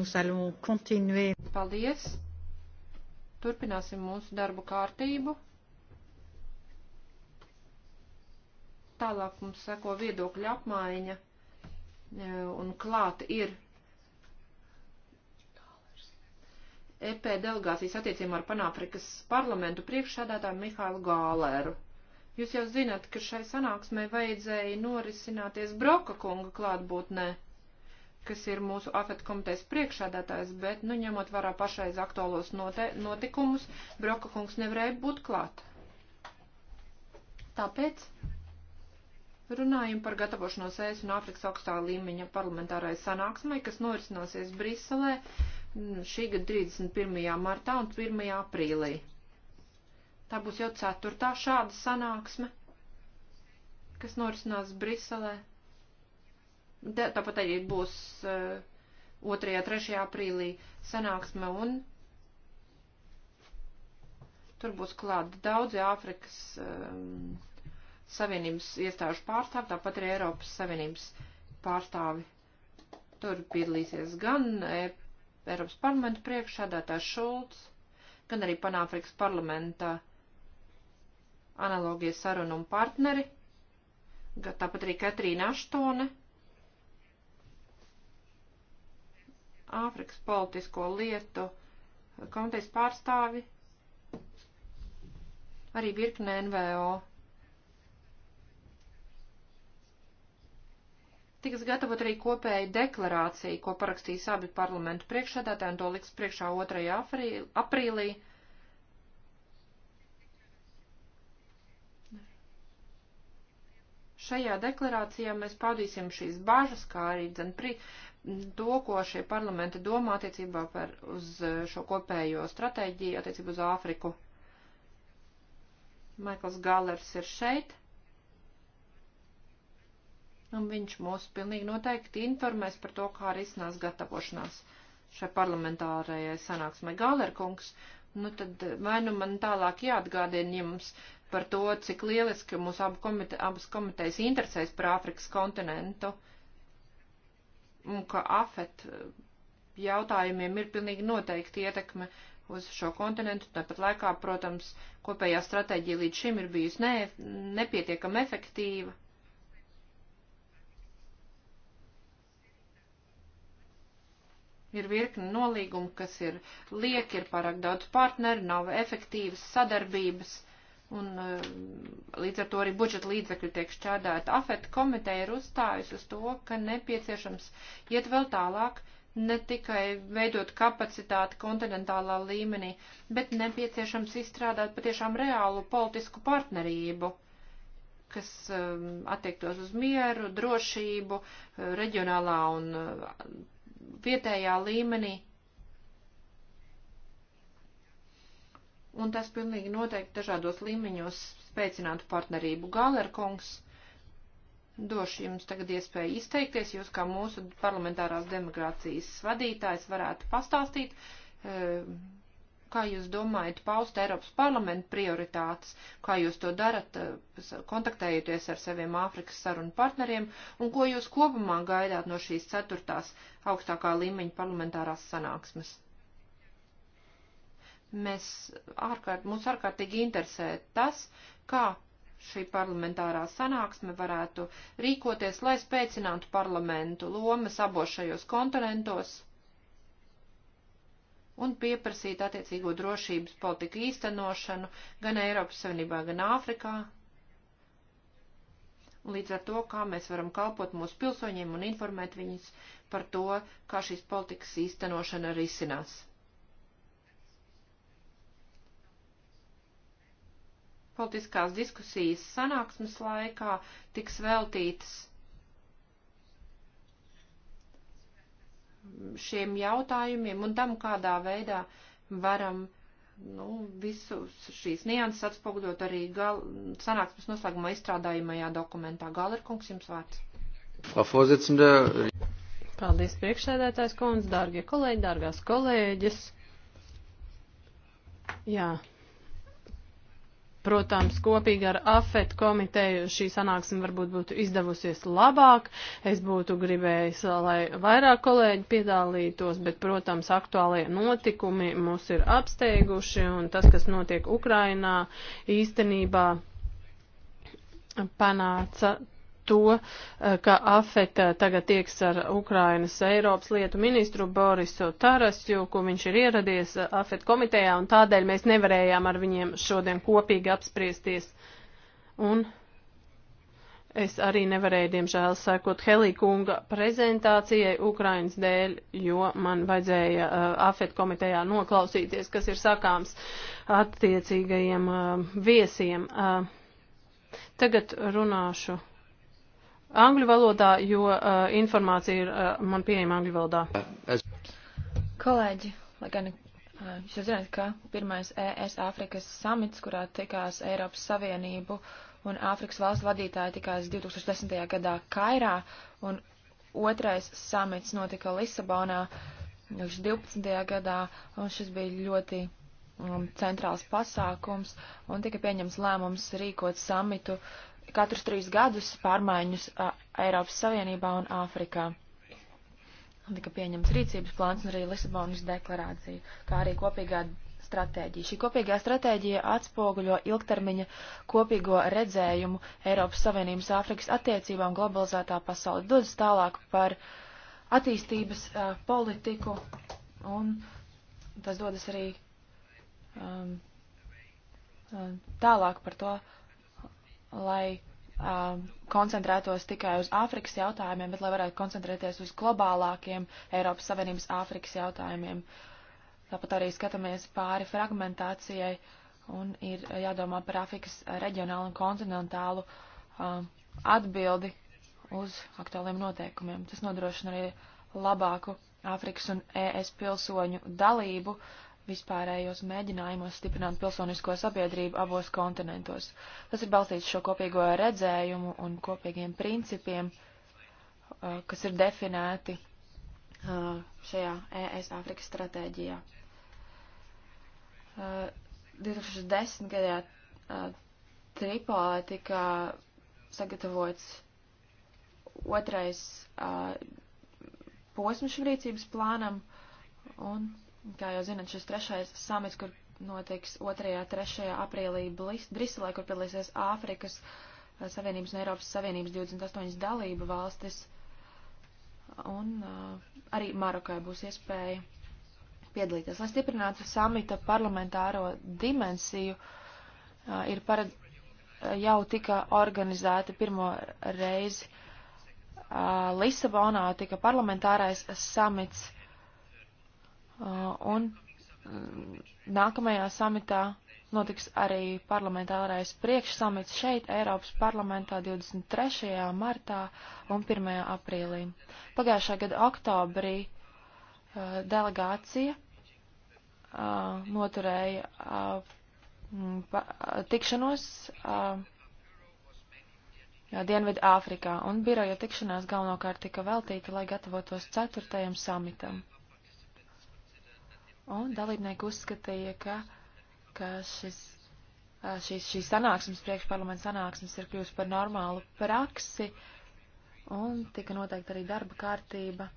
Nous allons continuer. Paldies. Turpināsim mūsu darbu kārtību. Tālāk mums seko viedokļa apmaiņa e, un klāta ir EP delegācijas attiecībā ar Panāfrikas parlamentu priekšsādātāju Mihālu Gālēru. Jūs jau zināt, ka šai sanāksmē vajadzēja norisināties Broka kunga klātbūtnē, kas ir mūsu afet komitejas priekšsādātājs, bet, nu, ņemot vērā pašreiz aktuālos notikumus, Broka kungs nevarēja būt klāt. Tāpēc runājam par gatavošanos ES un Āfrikas augstā līmeņa parlamentārai sanāksmai, kas norisināsies Briselē Nu, šī gada 31. martā un 1. aprīlī. Tā būs jau ceturtā šāda sanāksme, kas norisinās Briselē. Tāpat arī būs uh, 2. 3. aprīlī sanāksme un tur būs klāt daudzi Āfrikas um, Savienības iestāžu pārstāvi, tāpat arī Eiropas Savienības pārstāvi. Tur piedalīsies gan e Eiropas parlamenta priekšsādātājs Šulcs, gan arī Panāfrikas parlamentā analogie sarunu un partneri, tāpat arī Katrīna Aštone, Āfrikas politisko lietu komitejas pārstāvi, arī virkne NVO. Tiks gatavot arī kopēja deklarācija, ko parakstīs abi parlamentu priekšsēdētāji, un to liks priekšā 2. aprīlī. Šajā deklarācijā mēs paudīsim šīs bažas, kā arī dzen, pri, to, ko šie parlamenti domā attiecībā par uz eh, šo kopējo stratēģiju attiecībā uz Āfriku. Maikls Galers ir šeit un viņš mūs pilnīgi noteikti informēs par to, kā arī iznās gatavošanās šai parlamentārajai sanāksmai Galerkungs. Nu tad vai nu man tālāk jāatgādina jums par to, cik lieliski mūs abu komite, abas komitejas interesēs par Āfrikas kontinentu un ka AFET jautājumiem ir pilnīgi noteikti ietekme uz šo kontinentu. Tāpat laikā, protams, kopējā stratēģija līdz šim ir bijusi ne, nepietiekam efektīva Ir virkni nolīgumi, kas ir lieki, ir pārāk daudz partneri, nav efektīvas sadarbības, un eh, līdz ar to arī budžeta līdzekļi tiek šķērdēti. AFET komiteja ir uzstājusi uz to, ka nepieciešams iet vēl tālāk, ne tikai veidot kapacitāti kontinentālā līmenī, bet nepieciešams izstrādāt patiešām reālu politisku partnerību kas um, attiektos uz mieru, drošību, eh, reģionālā un uh, vietējā līmenī. Un tas pilnīgi noteikti dažādos līmeņos spēcinātu partnerību. Galerkungs, došu jums tagad iespēju izteikties, jūs kā mūsu parlamentārās demokrācijas vadītājs varētu pastāstīt, eh, Kā jūs domājat paust Eiropas parlamentu prioritātes, kā jūs to darat, eh, kontaktējoties ar saviem Āfrikas sarunu partneriem, un ko jūs kopumā gaidāt no šīs ceturtās augstākā līmeņa parlamentārās sanāksmes? Mēs ārkārt, mums ārkārtīgi interesē tas, kā šī parlamentārā sanāksme varētu rīkoties, lai spēcinātu parlamentu lomas abos šajos kontinentos un pieprasīt attiecīgo drošības politiku īstenošanu gan Eiropas Savienībā, gan Āfrikā. Līdz ar to, kā mēs varam kalpot mūsu pilsoņiem un informēt viņus par to, kā šīs politikas īstenošana arī izcinās. Politiskās diskusijas sanāksmes laikā tiks veltītas šiem jautājumiem un tam, kādā veidā varam nu, visus šīs nianses atspoguļot arī gal, sanāksmes noslēgumā izstrādājumajā dokumentā. Galerkungs, jums vārds. Frau Vorsitzende. Paldies, priekšsēdētājs kundze, dārgie kolēģi, dārgās kolēģis. Jā, Protams, kopīgi ar AFET komiteju šī sanāksme varbūt būtu izdevusies labāk. Es būtu gribējis, lai vairāk kolēģi piedalītos, bet, protams, aktuālie notikumi mūs ir apsteiguši un tas, kas notiek Ukrainā, īstenībā panāca to, eh, ka AFET eh, tagad tieks ar Ukrainas Eiropas lietu ministru Borisu Tarasju, ko viņš ir ieradies eh, AFET komitejā, un tādēļ mēs nevarējām ar viņiem šodien kopīgi apspriesties. Un es arī nevarēju, diemžēl, sekot Helīkunga prezentācijai Ukrainas dēļ, jo man vajadzēja uh, AFET komitejā noklausīties, kas ir sakāms attiecīgajiem uh, viesiem. Uh, Tagad runāšu angļu valodā, jo uh, informācija ir uh, man pieejama angļu valodā. Es... Kolēģi, lai gan uh, jūs jau zināt, ka pirmais ES Āfrikas samits, kurā tikās Eiropas Savienību un Āfrikas valstu vadītāji tikās 2010. gadā Kairā, un otrais samits notika Lisabonā 2012. gadā, un šis bija ļoti um, centrāls pasākums, un tika pieņems lēmums rīkot samitu uh, katrus trīs gadus pārmaiņus a, Eiropas Savienībā un Āfrikā. Tika pieņemts rīcības plāns un arī Lisabonas deklarācija, kā arī kopīgā stratēģija. Šī kopīgā stratēģija atspoguļo ilgtermiņa kopīgo redzējumu Eiropas Savienības Āfrikas attiecībām globalizētā pasaulē, dodas tālāk par attīstības uh, politiku un tas dodas arī um, um tālāk par to, lai uh, koncentrētos tikai uz Āfrikas jautājumiem, bet lai varētu koncentrēties uz globālākiem Eiropas Savienības Āfrikas jautājumiem. Tāpat arī skatāmies pāri fragmentācijai un ir jādomā par Āfrikas reģionālu un kontinentālu uh, atbildi uz aktuāliem noteikumiem. Tas nodrošina arī labāku Āfrikas un ES pilsoņu dalību vispārējos mēģinājumos stiprināt pilsonisko sabiedrību abos kontinentos. Tas ir balstīts šo kopīgo redzējumu un kopīgiem principiem, uh, kas ir definēti uh, šajā ES Āfrikas stratēģijā. 2010. Uh, gadā Tripolē tika sagatavots otrais posms rīcības plānam, un Kā jau zinat, šis trešais samits, kur notiks 2. un 3. aprīlī Briselē, kur piedalīsies Āfrikas eh, Savienības un Eiropas Savienības 28 dalību valstis, un uh, arī Marokai būs iespēja piedalīties. Lai stiprinātu samita parlamentāro dimensiju, uh, ir paredz, uh, jau tika organizēta pirmo reizi uh, Lisabonā, tika parlamentārais samits Uh, un mm, nākamajā samitā notiks arī parlamentārais priekšsamits šeit, Eiropas parlamentā 23. martā un 1. aprīlī. Pagājušā gada oktobrī uh, delegācija uh, noturēja uh, mm, pa, uh, tikšanos uh, Dienvidu Āfrikā, un biroja tikšanās galvenokārt tika veltīta, lai gatavotos 4. samitam. Un dalībnieki uzskatīja, ka, ka šis, šīs, šīs sanāksmes, priekšparlamenta sanāksmes ir kļūst par normālu praksi, un tika noteikti arī darba kārtība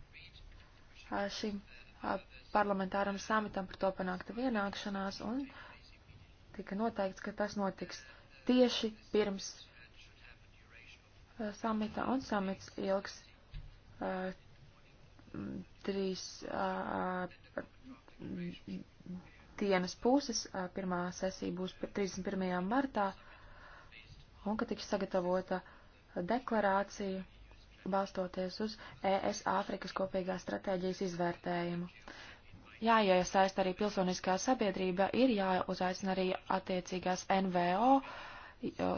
šim parlamentāram samitam par to panākta vienākšanās, un tika noteikts, ka tas notiks tieši pirms samita, un samits ilgs uh, trīs, uh, dienas puses. Pirmā sesija būs 31. martā, un ka tiks sagatavota deklarācija balstoties uz ES Āfrikas kopīgās stratēģijas izvērtējumu. Jāiesaist arī pilsoniskā sabiedrība, ir jāuzaicina arī attiecīgās NVO,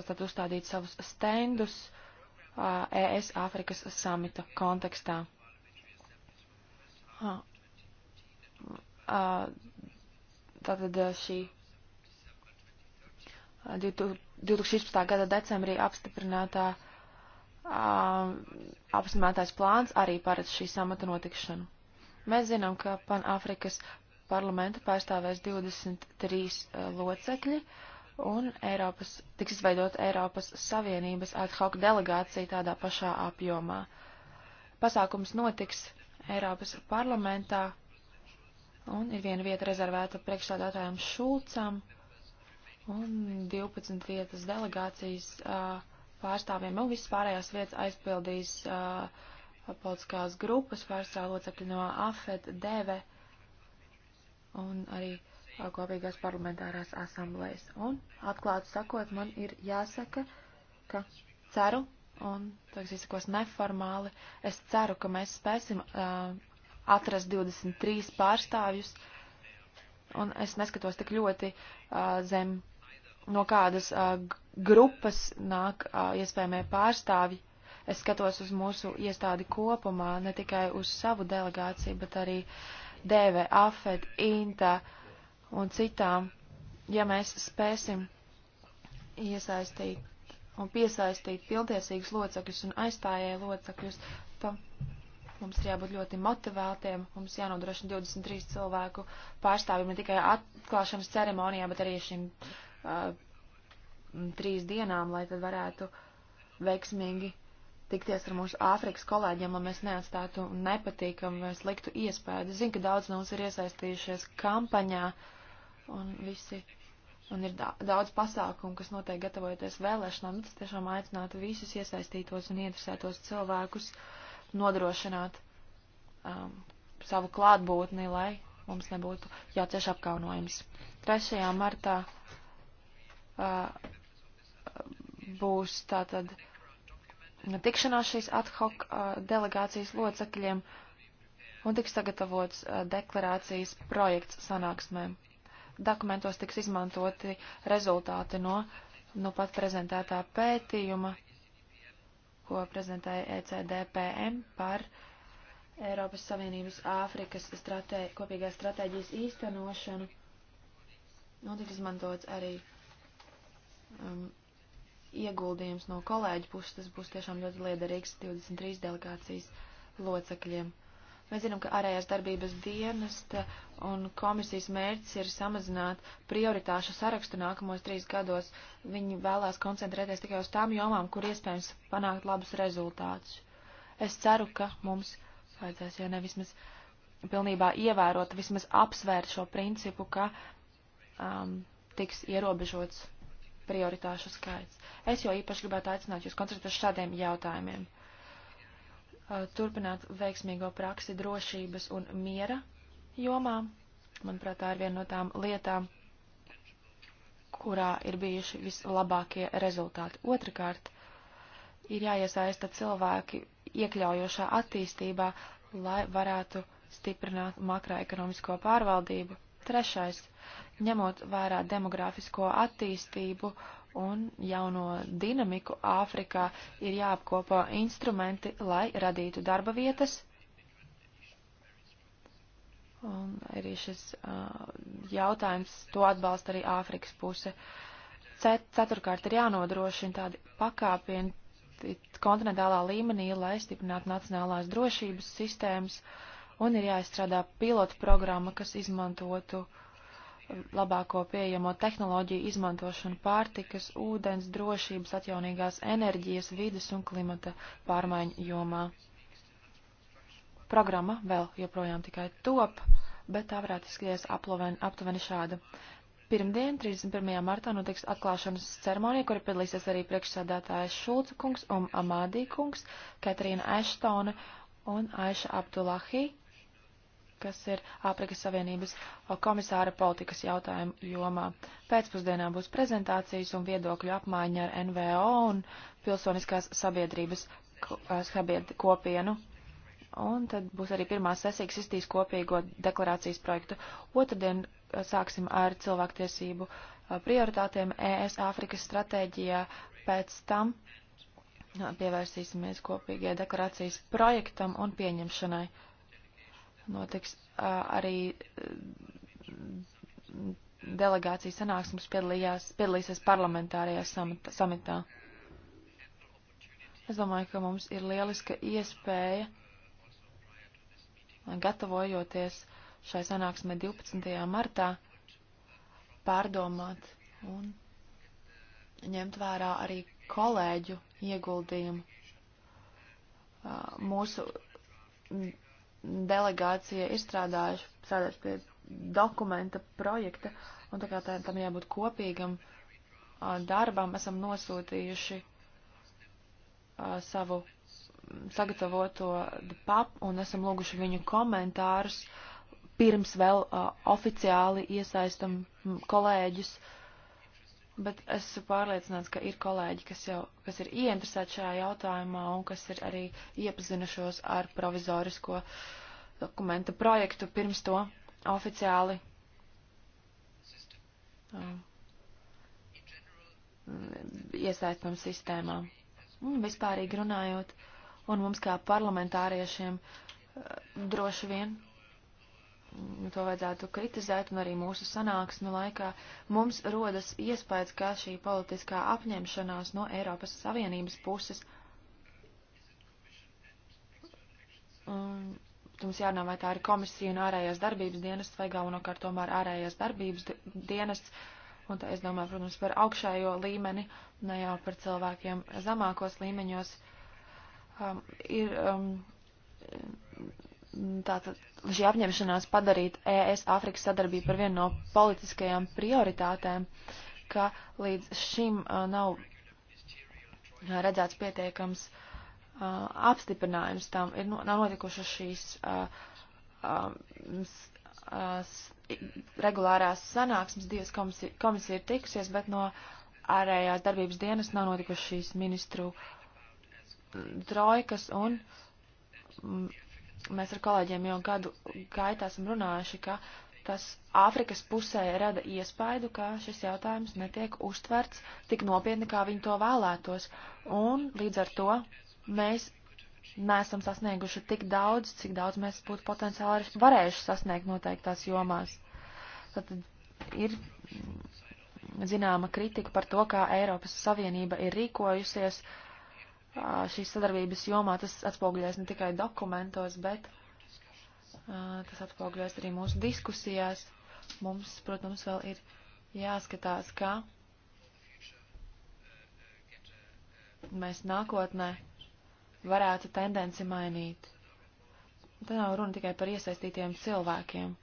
tad uzstādīt savus stendus ES Āfrikas samita kontekstā tātad šī 2016. gada decembrī apstiprinātā apstiprinātais plāns arī paredz šī samata notikšanu. Mēs zinām, ka Pan-Afrikas parlamentu pārstāvēs 23 locekļi un Eiropas, tiks izveidot Eiropas Savienības ad hoc delegācija tādā pašā apjomā. Pasākums notiks Eiropas parlamentā Un ir viena vieta rezervēta priekšstādātājiem Šulcam un 12 vietas delegācijas uh, pārstāvjiem. Un viss pārējās vietas aizpildīs uh, politiskās grupas pārstāvlocekļi no AFED, DEVE un arī uh, kopīgās parlamentārās asamblējas. Un atklāti sakot, man ir jāsaka, ka ceru, un tagad izsakos neformāli, es ceru, ka mēs spēsim. Uh, atrast 23 pārstāvjus, un es neskatos tik ļoti uh, zem, no kādas uh, grupas nāk uh, iespējamie pārstāvji. Es skatos uz mūsu iestādi kopumā, ne tikai uz savu delegāciju, bet arī DV, AFED, INTA un citām. Ja mēs spēsim iesaistīt un piesaistīt pildiesīgus locekļus un aizstājēju locekļus, pa, Mums ir jābūt ļoti motivētiem, mums jānodrošina 23 cilvēku pārstāvjumi ne tikai atklāšanas ceremonijā, bet arī šim uh, trīs dienām, lai tad varētu veiksmīgi tikties ar mūsu Āfrikas kolēģiem, lai mēs neatstātu nepatīkamu vai sliktu iespēju. Es zinu, ka daudz no mums ir iesaistījušies kampaņā un visi. Un ir daudz pasākumu, kas notiek gatavojoties vēlēšanām. Nu, tas tiešām aicinātu visus iesaistītos un interesētos cilvēkus uh, nodrošināt um, savu klātbūtni, lai mums nebūtu jācieš apkaunojums. 3. martā uh, būs tātad tikšanās šīs ad hoc uh, delegācijas locekļiem un tiks sagatavots uh, deklarācijas projekts sanāksmēm. Dokumentos tiks izmantoti rezultāti no nu pat prezentētā pētījuma ko prezentēja ECDPM par Eiropas Savienības Āfrikas stratē, kopīgās stratēģijas īstenošanu. Un tika izmantots arī um, ieguldījums no kolēģa puses. Tas būs tiešām ļoti liederīgs 23 delegācijas locekļiem. Mēs zinām, ka ārējās darbības dienesta un komisijas mērķis ir samazināt prioritāšu sarakstu nākamos trīs gados. Viņi vēlās koncentrēties tikai uz tām jomām, kur iespējams panākt labus rezultātus. Es ceru, ka mums vajadzēs, ja ne vismaz pilnībā ievērot, vismaz apsvērt šo principu, ka um, tiks ierobežots prioritāšu skaits. Es jau īpaši gribētu aicināt jūs koncentrēties šādiem jautājumiem. Uh, turpināt veiksmīgo praksi drošības un miera jomā. Manuprāt, tā ir viena no tām lietām, kurā ir bijuši vislabākie rezultāti. Otrakārt, ir jāiesaista cilvēki iekļaujošā attīstībā, lai varētu stiprināt makroekonomisko pārvaldību. Trešais, ņemot vērā demografisko attīstību un jauno dinamiku Āfrikā ir jāapkopo instrumenti, lai radītu darba vietas. Un arī šis uh, jautājums, to atbalsta arī Āfrikas puse. Cet, ceturkārt ir jānodrošina tādi pakāpieni kontinentālā līmenī, lai stiprinātu nacionālās drošības sistēmas, un ir jāizstrādā pilota programma, kas izmantotu uh, labāko pieejamo tehnoloģiju izmantošanu pārtikas, ūdens, drošības, atjaunīgās enerģijas, vides un klimata pārmaiņu jomā. Programma vēl joprojām tikai top, bet tā varētu izskaties aptuveni šāda. Pirmdien, 31. martā, notiks atklāšanas ceremonija, kura piedalīsies arī priekšsādātājs Šulca kungs un Amādī kungs, Katrīna Eštone un Aiša Abdullahi kas ir Āfrikas Savienības komisāra politikas jautājumu jomā. Pēcpusdienā būs prezentācijas un viedokļu apmaiņa ar NVO un pilsoniskās sabiedrības eh, kopienu. Un tad būs arī pirmā sesija, kas iztīs kopīgo deklarācijas projektu. Otradien eh, sāksim ar cilvēktiesību eh, prioritātiem ES Āfrikas stratēģijā. Pēc tam pievērsīsimies kopīgajai deklarācijas projektam un pieņemšanai notiks arī delegācijas sanāksmes piedalīsies parlamentārajā samitā. Es domāju, ka mums ir lieliska iespēja, gatavojoties šai sanāksmē 12. martā, pārdomāt un ņemt vērā arī kolēģu ieguldījumu mūsu delegācija ir strādājuši, strādājuši pie dokumenta projekta, un tā kā tā, tam jābūt kopīgam a, darbam, esam nosūtījuši a, savu sagatavoto pap un esam lūguši viņu komentārus pirms vēl a, oficiāli iesaistam kolēģus uh, Bet esmu pārliecināts, ka ir kolēģi, kas jau kas ir ieinteresēti šajā jautājumā un kas ir arī iepazinušos ar provizorisko dokumenta projektu pirms to oficiāli um, iesaistām sistēmām. Un vispārīgi runājot, un mums kā parlamentāriešiem uh, droši vien Mm, to vajadzētu kritizēt, un arī mūsu sanāksmi laikā mums rodas iespējas, ka šī politiskā apņemšanās no Eiropas Savienības puses. Un, mums jārunā, vai tā ir komisija un ārējās darbības dienests, vai galvenokārt tomēr ārējās darbības dienests. Un tā es domāju, protams, par augšējo līmeni, ne jau par cilvēkiem zemākos līmeņos. Um, ir, um, tātad šī apņemšanās padarīt ES Āfrikas sadarbību par vienu no politiskajām prioritātēm, ka līdz šim uh, nav redzēts pietiekams uh, apstiprinājums tam, ir no, nav notikušas šīs uh, regulārās sanāksmes, divas komisija, komisija ir tikusies, bet no ārējās darbības dienas nav notikušas šīs ministru trojkas un Mēs ar kolēģiem jau gadu gaitā esam runājuši, ka tas Āfrikas pusē rada iespaidu, ka šis jautājums netiek uztverts tik nopietni, kā viņi to vēlētos. Un līdz ar to mēs neesam sasnieguši tik daudz, cik daudz mēs būtu potenciāli varējuši sasniegt noteiktās jomās. Tad ir zināma kritika par to, kā Eiropas Savienība ir rīkojusies uh, šīs sadarbības jomā. Tas atspoguļojas ne tikai dokumentos, bet tas atspoguļojas arī mūsu diskusijās. Mums, protams, vēl ir jāskatās, kā mēs nākotnē varētu tendenci mainīt. Te nav runa tikai par iesaistītiem cilvēkiem.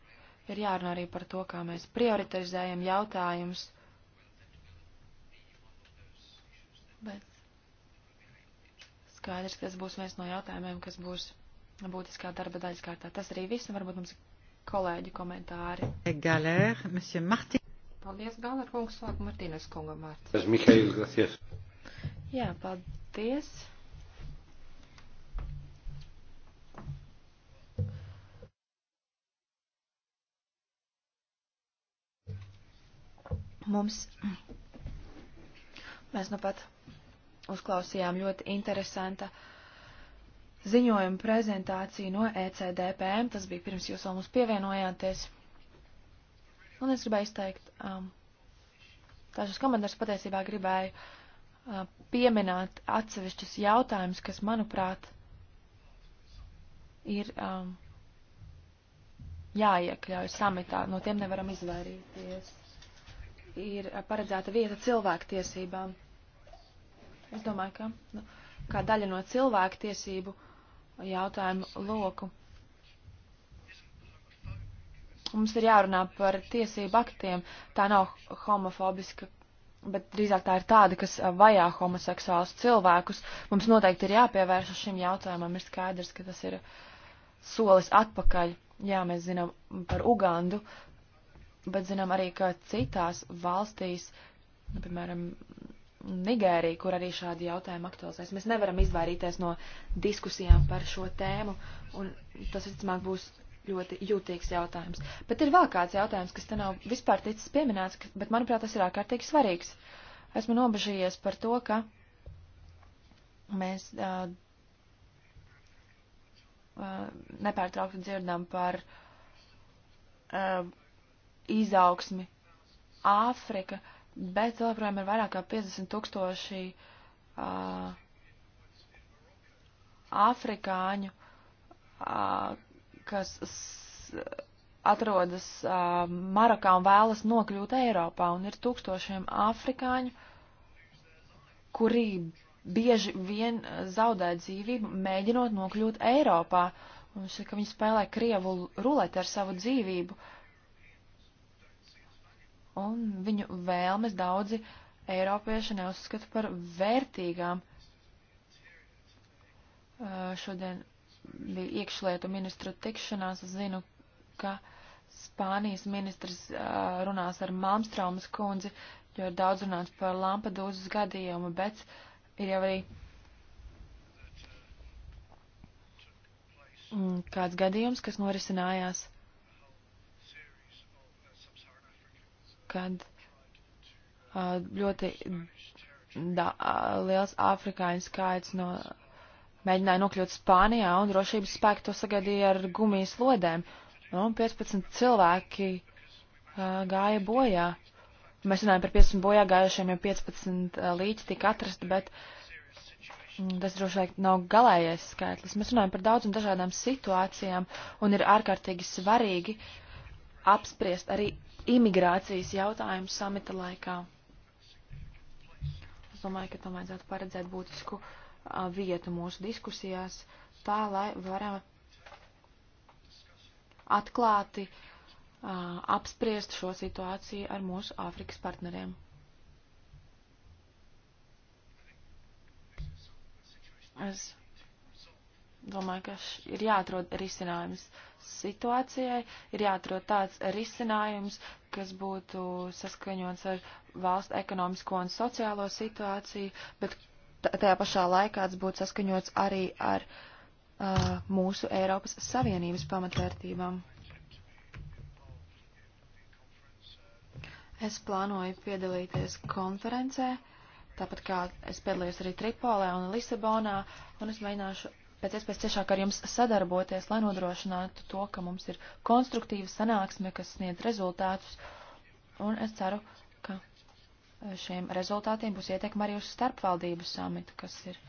Ir jārunā arī par to, kā mēs prioritizējam jautājumus. Bet Skaidrs, ka tas būs viens no jautājumiem, kas būs būtiskā darba daļas kārtā. Tas arī viss, un varbūt mums kolēģi komentāri. Galer, monsieur Martin. Paldies, Galer kungs, lāk Martīnes kungam vārds. Es Mihails, gracias. Jā, paldies. Mums. Mēs nu pat uzklausījām ļoti interesanta ziņojuma prezentāciju no ECDPM. Tas bija pirms jūs vēl mums pievienojāties. Un es gribēju izteikt um, dažus komentārus. Patiesībā gribēju uh, pieminēt atsevišķus jautājumus, kas, manuprāt, ir um, jāiekļauj samitā. No tiem nevaram izvairīties. Ir uh, paredzēta vieta cilvēktiesībām. Es domāju, ka nu, kā daļa no cilvēku tiesību jautājumu loku. Mums ir jārunā par tiesību aktiem. Tā nav homofobiska, bet drīzāk tā ir tāda, kas vajā homoseksuālus cilvēkus. Mums noteikti ir jāpievērš uz šim jautājumam. Ir skaidrs, ka tas ir solis atpakaļ. Jā, mēs zinām par Ugandu, bet zinām arī, ka citās valstīs, nu, piemēram, Nigēriju, kur arī šādi jautājumi aktualizēs. Mēs nevaram izvairīties no diskusijām par šo tēmu, un tas, visticamāk, būs ļoti jūtīgs jautājums. Bet ir vēl kāds jautājums, kas te nav vispār ticis pieminēts, bet, manuprāt, tas ir ārkārtīgi svarīgs. Esmu nobežījies par to, ka mēs uh, uh, nepārtraukti dzirdam par uh, izaugsmi Āfrika. Uh, bet vēl projām ir vairāk kā 50 tūkstoši uh, afrikāņu, uh, kas atrodas uh, Marokā un vēlas nokļūt Eiropā, un ir tūkstošiem afrikāņu, kuri bieži vien zaudē dzīvību, mēģinot nokļūt Eiropā. Un šeit, ka viņi spēlē krievu ruleti ar savu dzīvību, uh, un viņu vēlmes daudzi eiropieši neuzskata par vērtīgām. Uh, šodien bija iekšlietu ministru tikšanās, es zinu, ka Spānijas ministrs uh, runās ar Malmstraumas kundzi, jo ir daudz runāts par Lampedūzas gadījumu, bet ir jau arī mm, kāds gadījums, kas norisinājās kad ļoti da, liels afrikāņu skaits no mēģināja nokļūt Spānijā, un drošības spēki to sagaidīja ar gumijas lodēm. Nu, 15 cilvēki uh, gāja bojā. Mēs runājam par 15 bojā gājušiem, jo 15 uh, līķi tika atrasti, bet mm, tas droši vien nav galējais skaitlis. Mēs runājam par daudzām dažādām situācijām, un ir ārkārtīgi svarīgi apspriest arī imigrācijas jautājumu samita laikā. Es domāju, ka tam vajadzētu paredzēt būtisku a, vietu mūsu diskusijās, tā lai varam atklāti a, apspriest šo situāciju ar mūsu Āfrikas partneriem. Es domāju, ka ir jāatrod risinājums. Uh, situācijai ir jāatrod tāds risinājums, kas būtu saskaņots ar valsts ekonomisko un sociālo situāciju, bet tajā pašā laikā tas būtu saskaņots arī ar uh, mūsu Eiropas Savienības pamatvērtībām. Es plānoju piedalīties konferencē, tāpat kā es piedalījos arī Tripolē un Lisabonā, un es mēģināšu pēc iespējas ciešāk ar jums sadarboties, lai nodrošinātu to, ka mums ir konstruktīva sanāksme, kas sniedz rezultātus, un es ceru, ka eh, šiem rezultātiem būs ietekma arī uz starpvaldību samitu, kas ir,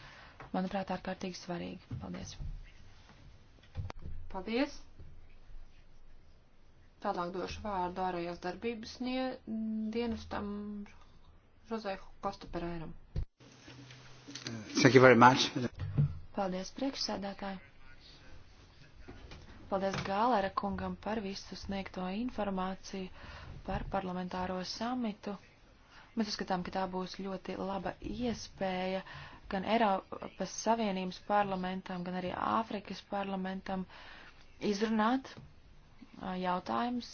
manuprāt, ārkārtīgi svarīgi. Paldies! Paldies! Tālāk došu vārdu ārējās darbības dienestam Rozai Kosta Pereiram. Thank you very much. Paldies, priekšsēdētāji! Paldies Gālera kungam par visu sniegto informāciju par parlamentāro samitu. Mēs uzskatām, ka tā būs ļoti laba iespēja gan Eiropas Savienības parlamentam, gan arī Āfrikas parlamentam izrunāt jautājumus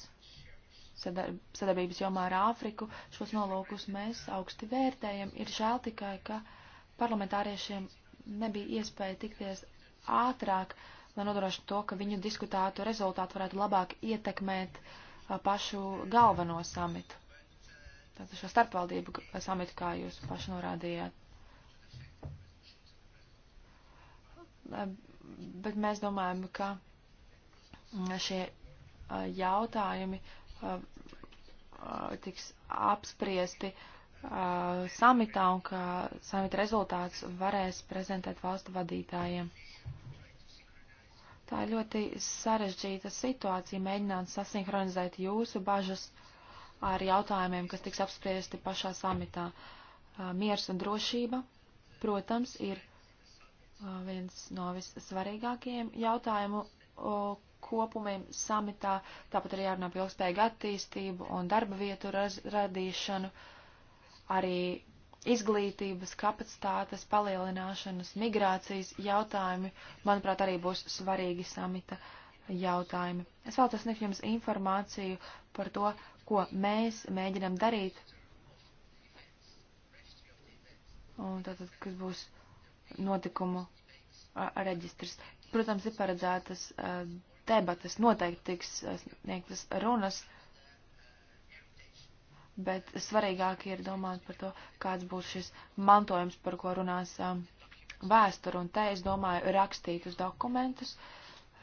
sadarbības jomā ar Āfriku. Šos nolūkus mēs augsti vērtējam. Ir žēl tikai, ka parlamentāriešiem nebija iespēja tikties ātrāk, lai nodrošinātu to, ka viņu diskutētu rezultātu varētu labāk ietekmēt pašu galveno samitu. Tātad šo starpvaldību samitu, kā jūs paši norādījāt. Bet mēs domājam, ka šie jautājumi tiks apspriesti uh, uh, samitā un ka samita rezultāts varēs prezentēt valstu vadītājiem. Tā ir ļoti sarežģīta situācija, mēģināt sasinhronizēt jūsu bažas ar jautājumiem, kas tiks apspriesti pašā samitā. Uh, miers un drošība, protams, ir uh, viens no vissvarīgākajiem jautājumu, kopumiem samitā, tāpat arī jārunā par ilgspējīgu attīstību un darba vietu radīšanu. Uh, arī izglītības kapacitātes palielināšanas, migrācijas jautājumi, manuprāt, arī būs svarīgi samita jautājumi. Es vēlos sniegt jums informāciju par to, ko mēs mēģinam darīt. Un tātad, kas būs notikumu reģistrs. Protams, ir paredzētas debatas, noteikti tiks sniegtas runas. A, bet svarīgāk ir domāt par to, kāds būs šis mantojums, par ko runās um, vēsturi. Un te, es domāju, rakstītus dokumentus,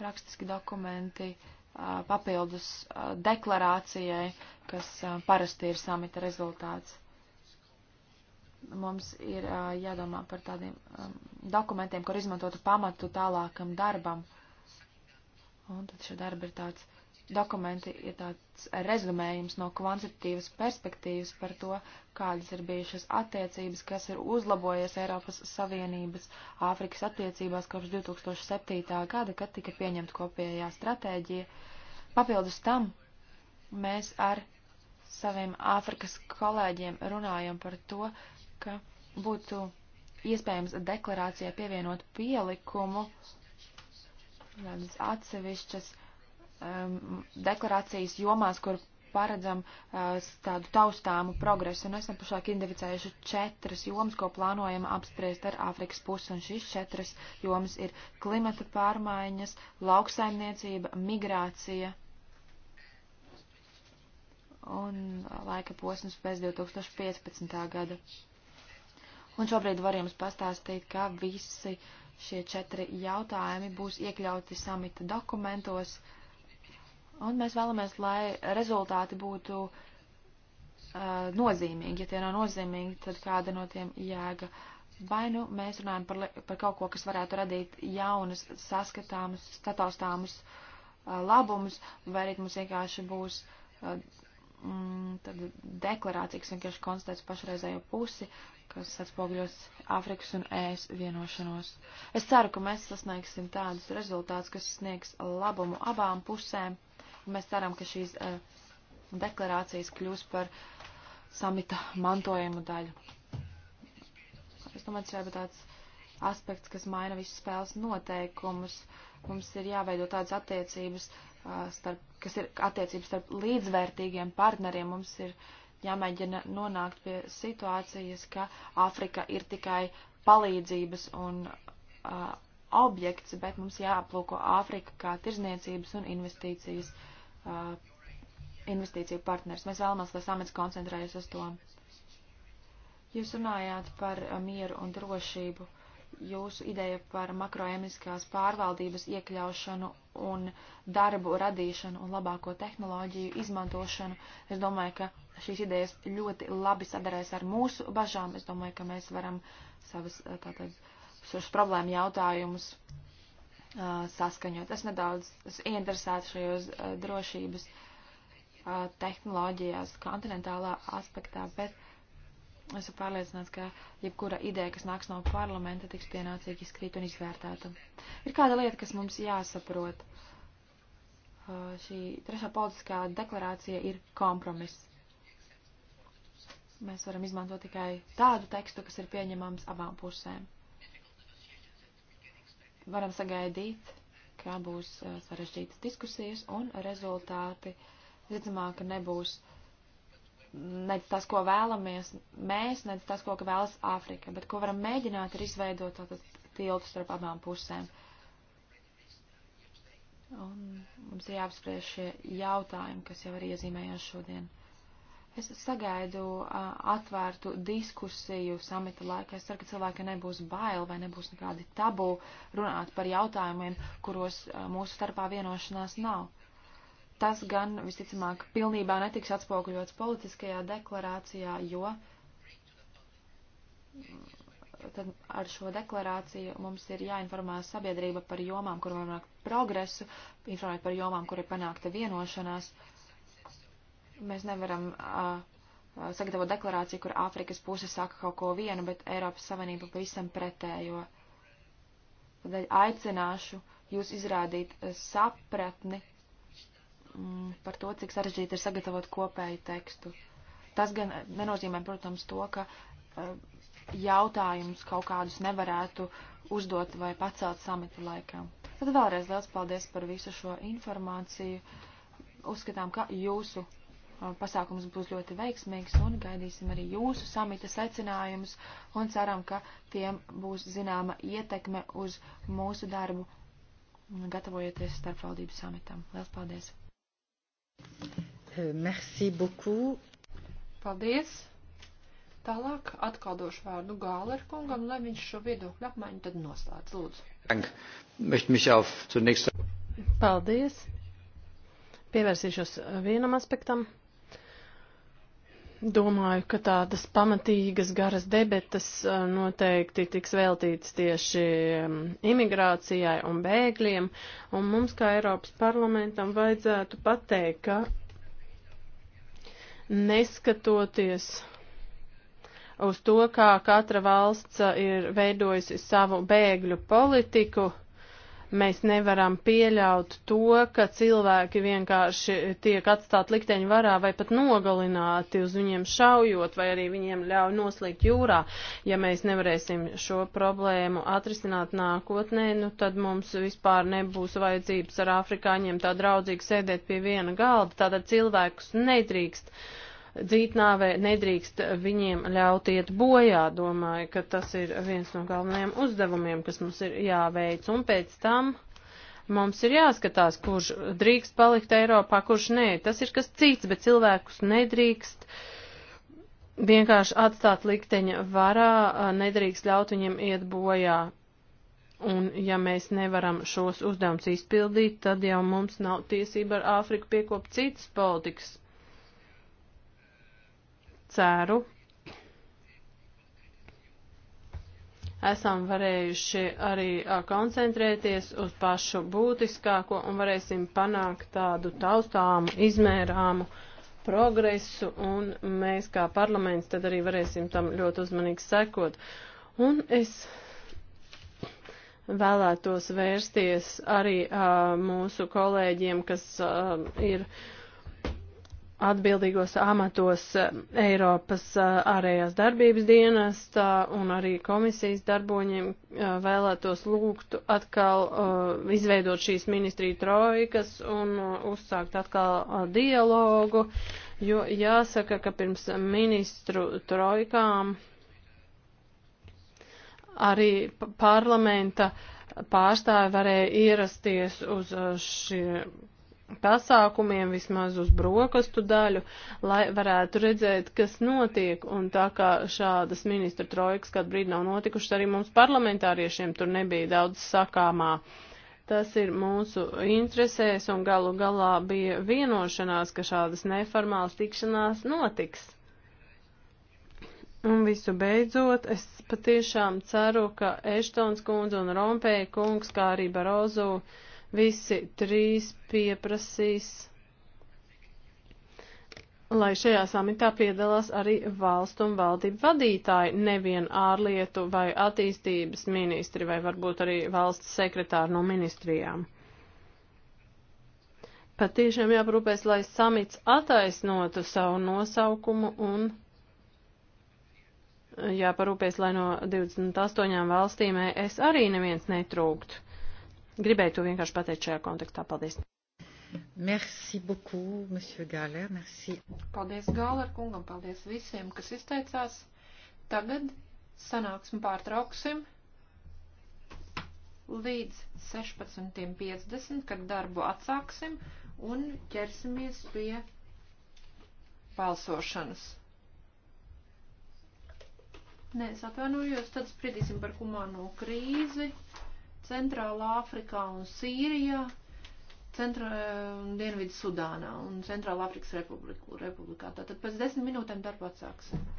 rakstiski dokumenti uh, papildus uh, deklarācijai, kas uh, parasti ir samita rezultāts. Mums ir uh, jādomā par tādiem um, dokumentiem, kur izmantotu pamatu tālākam darbam. Un tad šī darba ir tāds dokumenti ir tāds rezumējums no kvantitatīvas perspektīvas par to, kādas ir bijušas attiecības, kas ir uzlabojies Eiropas Savienības Āfrikas attiecībās kopš 2007. gada, kad tika pieņemta kopējā stratēģija. Papildus tam mēs ar saviem Āfrikas kolēģiem runājam par to, ka būtu iespējams deklarācijai pievienot pielikumu, tādas atsevišķas um, deklarācijas jomās, kur paredzam uh, tādu taustāmu progresu. Un esam pašlaik identificējuši četras jomas, ko plānojam apspriest ar Āfrikas pusi. Un šīs četras jomas ir klimata pārmaiņas, lauksaimniecība, migrācija un laika posms pēc 2015. gada. Un šobrīd var jums pastāstīt, ka visi šie četri jautājumi būs iekļauti samita dokumentos. Uh, Un mēs vēlamies, lai rezultāti būtu uh, nozīmīgi. Ja tie nav nozīmīgi, tad kāda no tiem jēga. Vai nu mēs runājam par, par kaut ko, kas varētu radīt jaunas, saskatāmas, stataustāmas uh, labumus, vai arī mums vienkārši būs uh, mm, deklarācija, kas vienkārši konstatēs pašreizējo pusi, kas atspoguļos Āfrikas un ES vienošanos. Es ceru, ka mēs sasniegsim tādus rezultātus, kas sniegs labumu abām pusēm. Mēs ceram, ka šīs eh, deklarācijas kļūs par samita mantojumu daļu. Es domāju, tas ir tāds aspekts, kas maina visu spēles noteikumus. Mums ir jāveido tādas attiecības, eh, starp, kas ir attiecības starp līdzvērtīgiem partneriem. Mums ir jāmēģina nonākt pie situācijas, ka Āfrika ir tikai palīdzības un uh, objekts, bet mums jāaplūko Āfrika kā tirzniecības un investīcijas uh, Uh, investīciju partners. Mēs vēlamies, lai samits koncentrējas uz to. Jūs runājāt par uh, mieru un drošību. Jūsu ideja par makroemiskās pārvaldības iekļaušanu un darbu radīšanu un labāko tehnoloģiju izmantošanu, es domāju, ka šīs idejas ļoti labi sadarēs ar mūsu bažām. Es domāju, ka mēs varam savas uh, tātad, problēmu jautājumus saskaņot. Es nedaudz esmu interesēts šajos drošības tehnoloģijās, kontinentālā aspektā, bet esmu pārliecināts, ka jebkura ideja, kas nāks no parlamenta, tiks pienācīgi izkrīt un izvērtēta. Ir kāda lieta, kas mums jāsaprot. Šī trešā politiskā deklarācija ir kompromiss. Mēs varam izmantot tikai tādu tekstu, kas ir pieņemams abām pusēm varam sagaidīt, kā būs uh, sarežģītas diskusijas un rezultāti, redzamāk, nebūs ne tas, ko vēlamies mēs, ne tas, ko vēlas Āfrika, bet ko varam mēģināt ir izveidot tātad tiltu starp abām pusēm. Un mums ir jāapspriež šie jautājumi, kas jau arī iezīmējās šodien. Es sagaidu atvērtu diskusiju samita laikā. Es ceru, ka cilvēki nebūs bail vai nebūs nekādi tabu runāt par jautājumiem, kuros mūsu starpā vienošanās nav. Tas gan visticamāk pilnībā netiks atspoguļots politiskajā deklarācijā, jo tad ar šo deklarāciju mums ir jāinformē sabiedrība par jomām, kur var panākt progresu, informēt par jomām, kur ir panākta vienošanās. Uh, Mēs nevaram uh, sagatavot deklarāciju, kur Āfrikas puse saka kaut ko vienu, bet Eiropas Savienība pavisam pretējo. Tādēļ aicināšu jūs izrādīt sapratni mm, par to, cik sarežģīti ir sagatavot kopēju tekstu. Tas gan nenozīmē, protams, to, ka jautājumus kaut kādus nevarētu uzdot vai pacelt samita laikā. Tad vēlreiz liels paldies par visu šo informāciju. Uzskatām, ka jūsu pasākums būs ļoti veiksmīgs un gaidīsim arī jūsu samita secinājumus un ceram, ka tiem būs zināma ietekme uz mūsu darbu, gatavojoties starpvaldību samitam. Lielas paldies! Eh, merci beaucoup! Paldies! Tālāk atkal došu vārdu Gāler kungam, lai viņš šo viedokļu apmaiņu tad noslēdz. Lūdzu. Paldies! Pievērsīšos vienam aspektam. Domāju, ka tādas pamatīgas garas debetas eh, noteikti tiks veltītas tieši mm, imigrācijai un bēgļiem, un mums kā Eiropas parlamentam vajadzētu pateikt, ka neskatoties uz to, kā katra valsts eh, ir veidojusi savu bēgļu politiku, Mēs nevaram pieļaut to, ka cilvēki vienkārši tiek atstāti likteņu varā vai pat nogalināti uz viņiem šaujot vai arī viņiem ļauj noslīgt jūrā. Ja mēs nevarēsim šo problēmu atrisināt nākotnē, nu tad mums vispār nebūs vajadzības ar afrikāņiem tā draudzīgi sēdēt pie viena galda. Tātad cilvēkus nedrīkst. Uh, dzītnāvē nedrīkst viņiem ļaut iet bojā. Domāju, ka tas ir viens no galvenajiem uzdevumiem, kas mums ir jāveic. Un pēc tam mums ir jāskatās, kurš drīkst palikt Eiropā, kurš nē. Tas ir kas cits, bet cilvēkus nedrīkst vienkārši atstāt likteņa varā, nedrīkst ļaut viņiem iet bojā. Un ja mēs nevaram šos uzdevums izpildīt, tad jau mums nav tiesība ar Āfriku piekopt citas politikas ceru, esam varējuši arī koncentrēties uz pašu būtiskāko un varēsim panākt tādu taustāmu, izmērāmu progresu un mēs kā parlaments tad arī varēsim tam ļoti uzmanīgi sekot. Un es vēlētos vērsties arī uh, mūsu kolēģiem, kas uh, ir uh, atbildīgos amatos eh, Eiropas eh, ārējās darbības dienestā un arī komisijas darboņiem eh, vēlētos lūgt atkal izveidot šīs ministriju trojkas un uzsākt atkal dialogu, jo jāsaka, ka pirms ministru trojkām arī parlamenta pārstāvi varēja ierasties uz šie pasākumiem, vismaz uz brokastu daļu, lai varētu redzēt, kas notiek. Un tā kā šādas ministra trojkas kādu brīdi nav notikušas, arī mums parlamentāriešiem tur nebija daudz sakāmā. Tas ir mūsu interesēs un galu galā bija vienošanās, ka šādas neformālas tikšanās notiks. Un visu beidzot, es patiešām ceru, ka Eštons kundze un Rompēja kungs, kā arī Barozu, uh, Visi trīs pieprasīs, lai šajā samitā piedalās arī valstu un valdību vadītāji, nevien ārlietu vai attīstības ministri vai varbūt arī valsts sekretāri no ministrijām patiešām jāprūpēs, lai samits attaisnotu savu nosaukumu un jāparūpēs, lai no 28 valstīm es arī neviens netrūkt. Gribēju to vienkārši pateikt šajā kontekstā. Paldies! Merci beaucoup, monsieur Galer, merci. Paldies Galer kungam, paldies visiem, kas izteicās. Tagad sanāksim pārtrauksim līdz 16.50, kad darbu atsāksim un ķersimies pie balsošanas. Nē, es atvainojos, tad spridīsim par humāno krīzi. Centrālā Afrikā un Sīrijā, centra, un Dienvidu Sudānā un Centrālā Afrikas Republikā. Tātad pēc desmit minūtēm darbu atsāksim.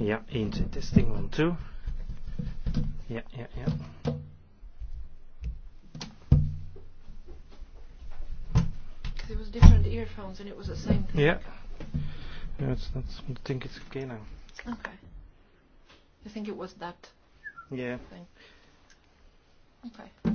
Ja, eentje testing one two. Ja, ja, ja. Because it was different earphones and it was the same thing. Yeah. Yeah, it's not. I think it's okay now. Okay. I think it was that. Yeah. Thing. Okay.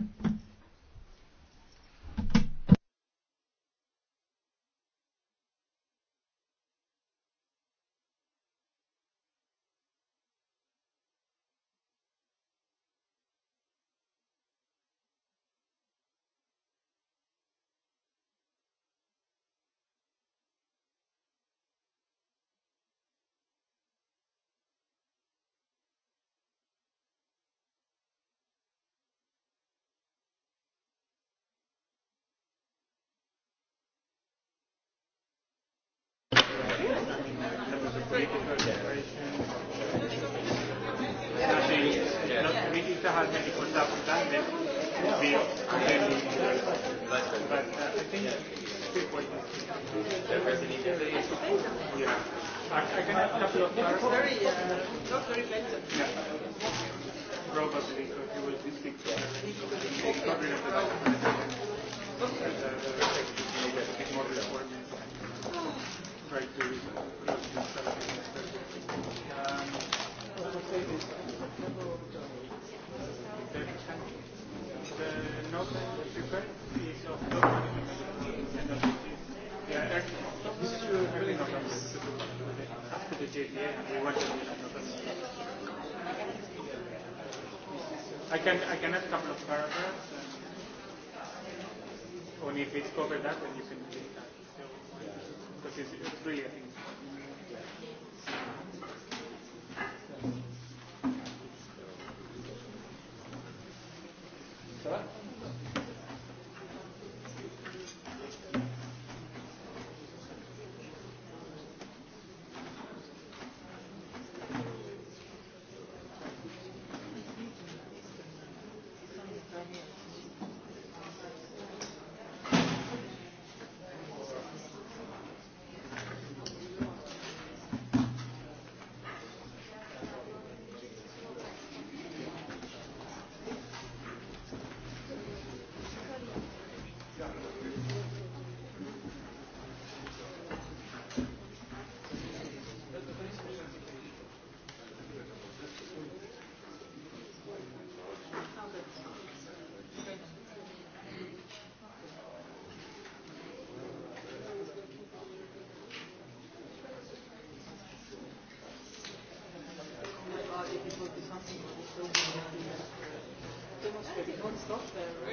Software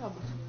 Labas.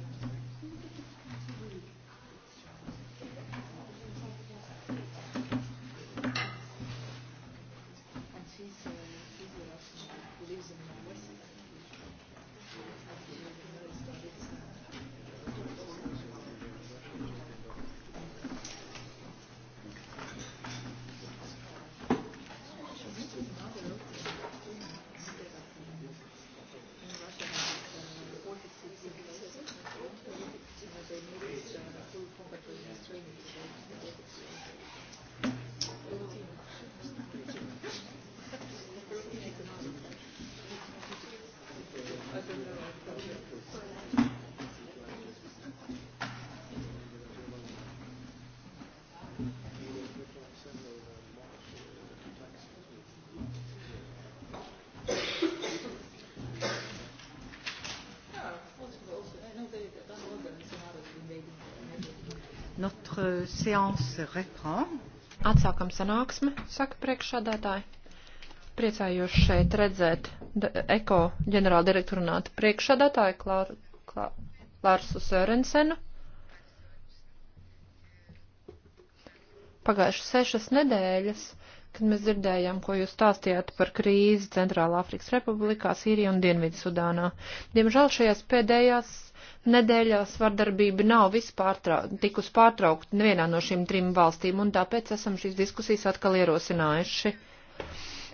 Notre séance reprend. Atsākam sanāksmi, saka priekšsādātāji. Priecājos šeit redzēt eko ģenerāla direktorināta priekšsādātāju Klār, Klār, Lārsu Sērensenu. Pagājušas sešas nedēļas, kad mēs dzirdējām, ko jūs stāstījāt par krīzi Centrālā Afrikas Republikā, Sīrija un Dienvidu Sudānā. Diemžēl šajās pēdējās nedēļās vardarbība nav vispār tikus pārtraukta nevienā no šīm trim valstīm, un tāpēc esam šīs diskusijas atkal ierosinājuši.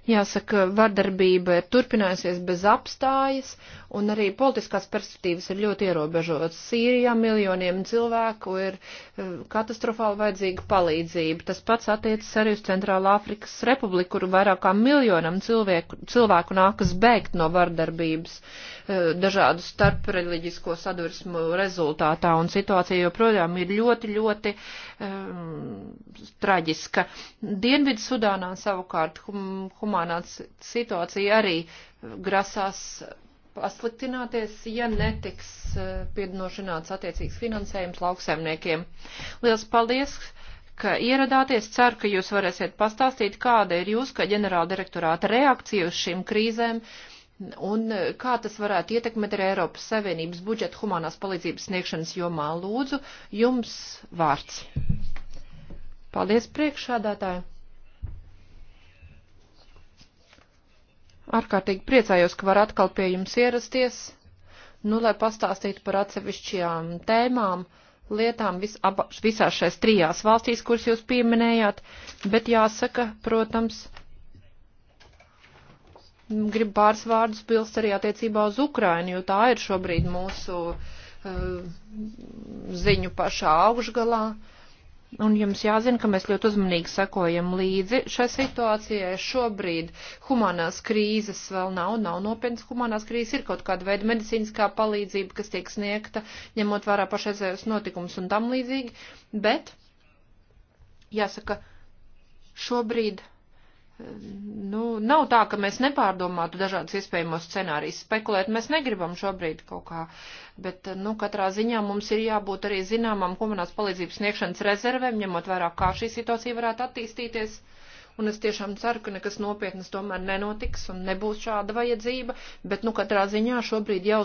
Jāsaka, vardarbība ir turpinājusies bez apstājas, un arī politiskās perspektīvas ir ļoti ierobežotas. Sīrijā miljoniem cilvēku ir eh, katastrofāli vajadzīga palīdzība. Tas pats attiecas arī uz Centrālā Afrikas Republiku, kur vairāk kā miljonam cilvēku, cilvēku nākas bēgt no vardarbības eh, dažādu starpreļiģisko sadursmu rezultātā, un situācija joprojām ir ļoti, ļoti um, traģiska. Dienvidu Sudānā savukārt hum, humā Rumānāts situācija arī grasās pasliktināties, ja netiks eh, piedinošināts attiecīgs finansējums lauksaimniekiem. Liels paldies, ka ieradāties. Ceru, ka jūs varēsiet pastāstīt, kāda ir jūs, kā ģenerāldirektorāta reakcija uz šīm krīzēm un eh, kā tas varētu ietekmēt arī Eiropas Savienības budžetu humanās palīdzības sniegšanas jomā. Lūdzu, jums vārds. Paldies priekšādātāji. Ārkārtīgi priecājos, ka var atkal pie jums ierasties, nu, lai pastāstītu par atsevišķajām tēmām, lietām vis, aba, visās šais trijās valstīs, kuras jūs pieminējāt, bet jāsaka, protams, gribu pāris vārdus bilst arī attiecībā uz Ukrainu, jo tā ir šobrīd mūsu uh, ziņu pašā augšgalā. Uh, Un jums jāzina, ka mēs ļoti uzmanīgi sekojam līdzi šai situācijai. Šobrīd humanās krīzes vēl nav, nav nopietnas humanās krīzes, ir kaut kāda veida medicīniskā palīdzība, kas tiek sniegta, ņemot vērā pašreizējos notikumus un tam līdzīgi, bet, jāsaka, šobrīd nu, nav tā, ka mēs nepārdomātu dažādas iespējamos scenārijas. Spekulēt mēs negribam šobrīd kaut kā, bet, nu, katrā ziņā mums ir jābūt arī zināmam humanās palīdzības sniegšanas rezervēm, ņemot vērā, kā šī situācija varētu attīstīties. Un es tiešām ceru, ka nekas nopietnas tomēr nenotiks un nebūs šāda vajadzība, bet, nu, katrā ziņā šobrīd jau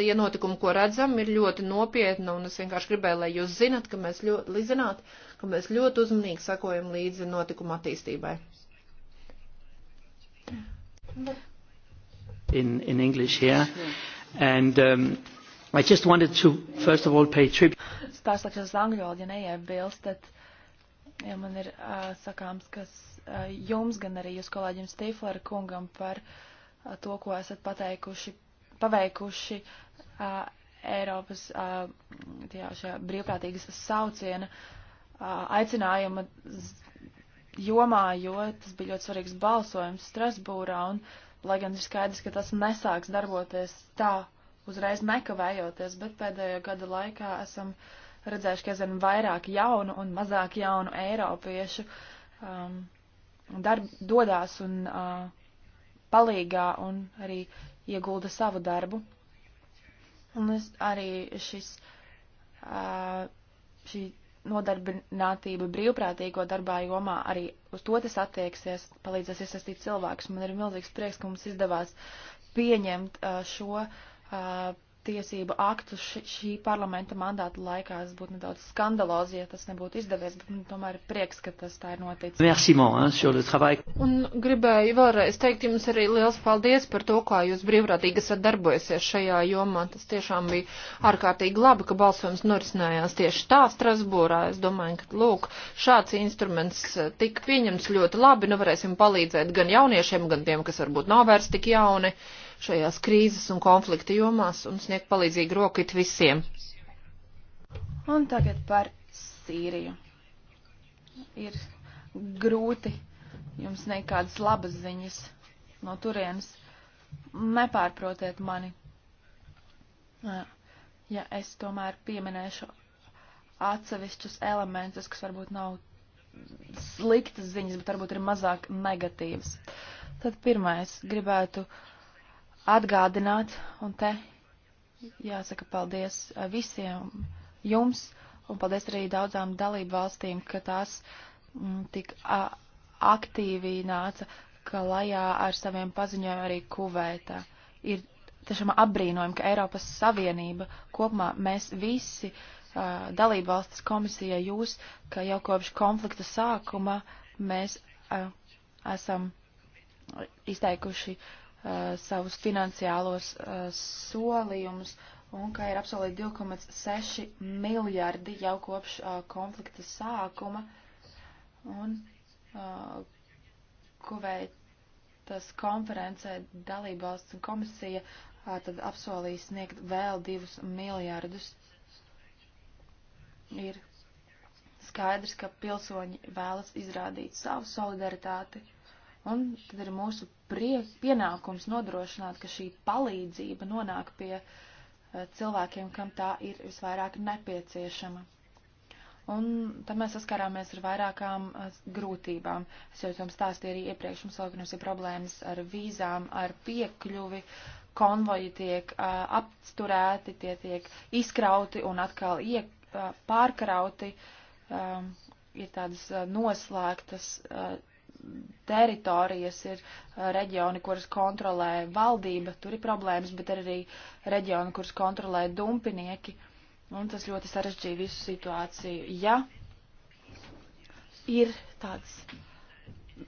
tie notikumi, ko redzam, ir ļoti nopietni, un es vienkārši gribēju, lai jūs zinat, ka mēs ļoti, zināt, ka mēs ļoti uzmanīgi sakojam līdzi notikuma attīstībai. In, in English here. And um, I just wanted to, first of all, pay tribute. Es pārslēgšos uz angļu valodu, ja neiebilstat. Ja man ir uh, sakāms, kas uh, jums, gan arī jūs kolēģim Stīflera kungam par uh, to, ko esat pateikuši, paveikuši uh, Eiropas uh, tajā, brīvprātīgas sauciena uh, aicinājuma jomā, jo tas bija ļoti svarīgs balsojums Strasbūrā, un, lai gan ir skaidrs, ka tas nesāks darboties tā uzreiz nekavējoties, bet pēdējo gada laikā esam redzējuši, ka aizvien vairāk jaunu un mazāk jaunu eiropiešu um, darb, dodās un uh, palīgā un arī iegulda savu darbu. Un es arī šis, uh, šī nodarbinātība brīvprātīgo darbā jomā arī uz to tas attieksies, palīdzēs iesaistīt cilvēkus. Man ir milzīgs prieks, ka mums izdevās pieņemt uh, šo uh, tiesību aktu šī parlamenta mandāta laikā. Es būtu nedaudz skandalozi, ja tas nebūtu izdevies, bet man tomēr ir prieks, ka tas tā ir noticis. Merci, mon, hein, Un gribēju vēlreiz teikt jums arī liels paldies par to, kā jūs brīvprātīgi esat darbojusies šajā jomā. Tas tiešām bija ārkārtīgi labi, ka balsojums norisinājās tieši tā Strasbūrā. Es domāju, ka, lūk, šāds instruments eh, tika pieņemts ļoti labi. Nu, varēsim palīdzēt gan jauniešiem, gan tiem, kas varbūt nav vairs tik jauni. Uh, šajās krīzes un konflikta jomās un sniegt palīdzīgu roku it visiem. Un tagad par Sīriju. Ir grūti jums nekādas labas ziņas no turienes. Nepārprotiet mani. Ja es tomēr pieminēšu atsevišķus elementus, kas varbūt nav sliktas ziņas, bet varbūt ir mazāk negatīvas. Tad pirmais gribētu uh, atgādināt, un te jāsaka paldies eh, visiem jums, un paldies arī daudzām dalību valstīm, ka tās m, mm, tik a, aktīvi nāca klajā ar saviem paziņojumiem arī Kuveitā. Ir tiešām apbrīnojami, ka Eiropas Savienība kopumā mēs visi, a, dalību valstis komisija, jūs, ka jau kopš konflikta sākuma mēs a, esam izteikuši uh, Uh, savus finansiālos uh, solījumus un ka ir apsolīti 2,6 miljardi jau kopš uh, konflikta sākuma. Un Kuveitas konferencē dalībvalsts un komisija tad apsolīja sniegt vēl divus miljardus. Ir skaidrs, ka pilsoņi vēlas izrādīt savu solidaritāti Un tad ir mūsu priek, pienākums nodrošināt, ka šī palīdzība nonāk pie uh, cilvēkiem, kam tā ir visvairāk nepieciešama. Un tad mēs saskarāmies ar vairākām uh, grūtībām. Es jau jums stāstīju arī iepriekš, mums organizēja problēmas ar vīzām, ar piekļuvi, konvoji tiek uh, eh, apsturēti, tie tiek izkrauti un atkal iek, uh, pārkrauti, um, ir tādas uh, noslēgtas. Uh, teritorijas ir uh, reģioni, kuras kontrolē valdība, tur ir problēmas, bet ir arī reģioni, kuras kontrolē dumpinieki, un tas ļoti sarežģīja visu situāciju. Ja ir tāds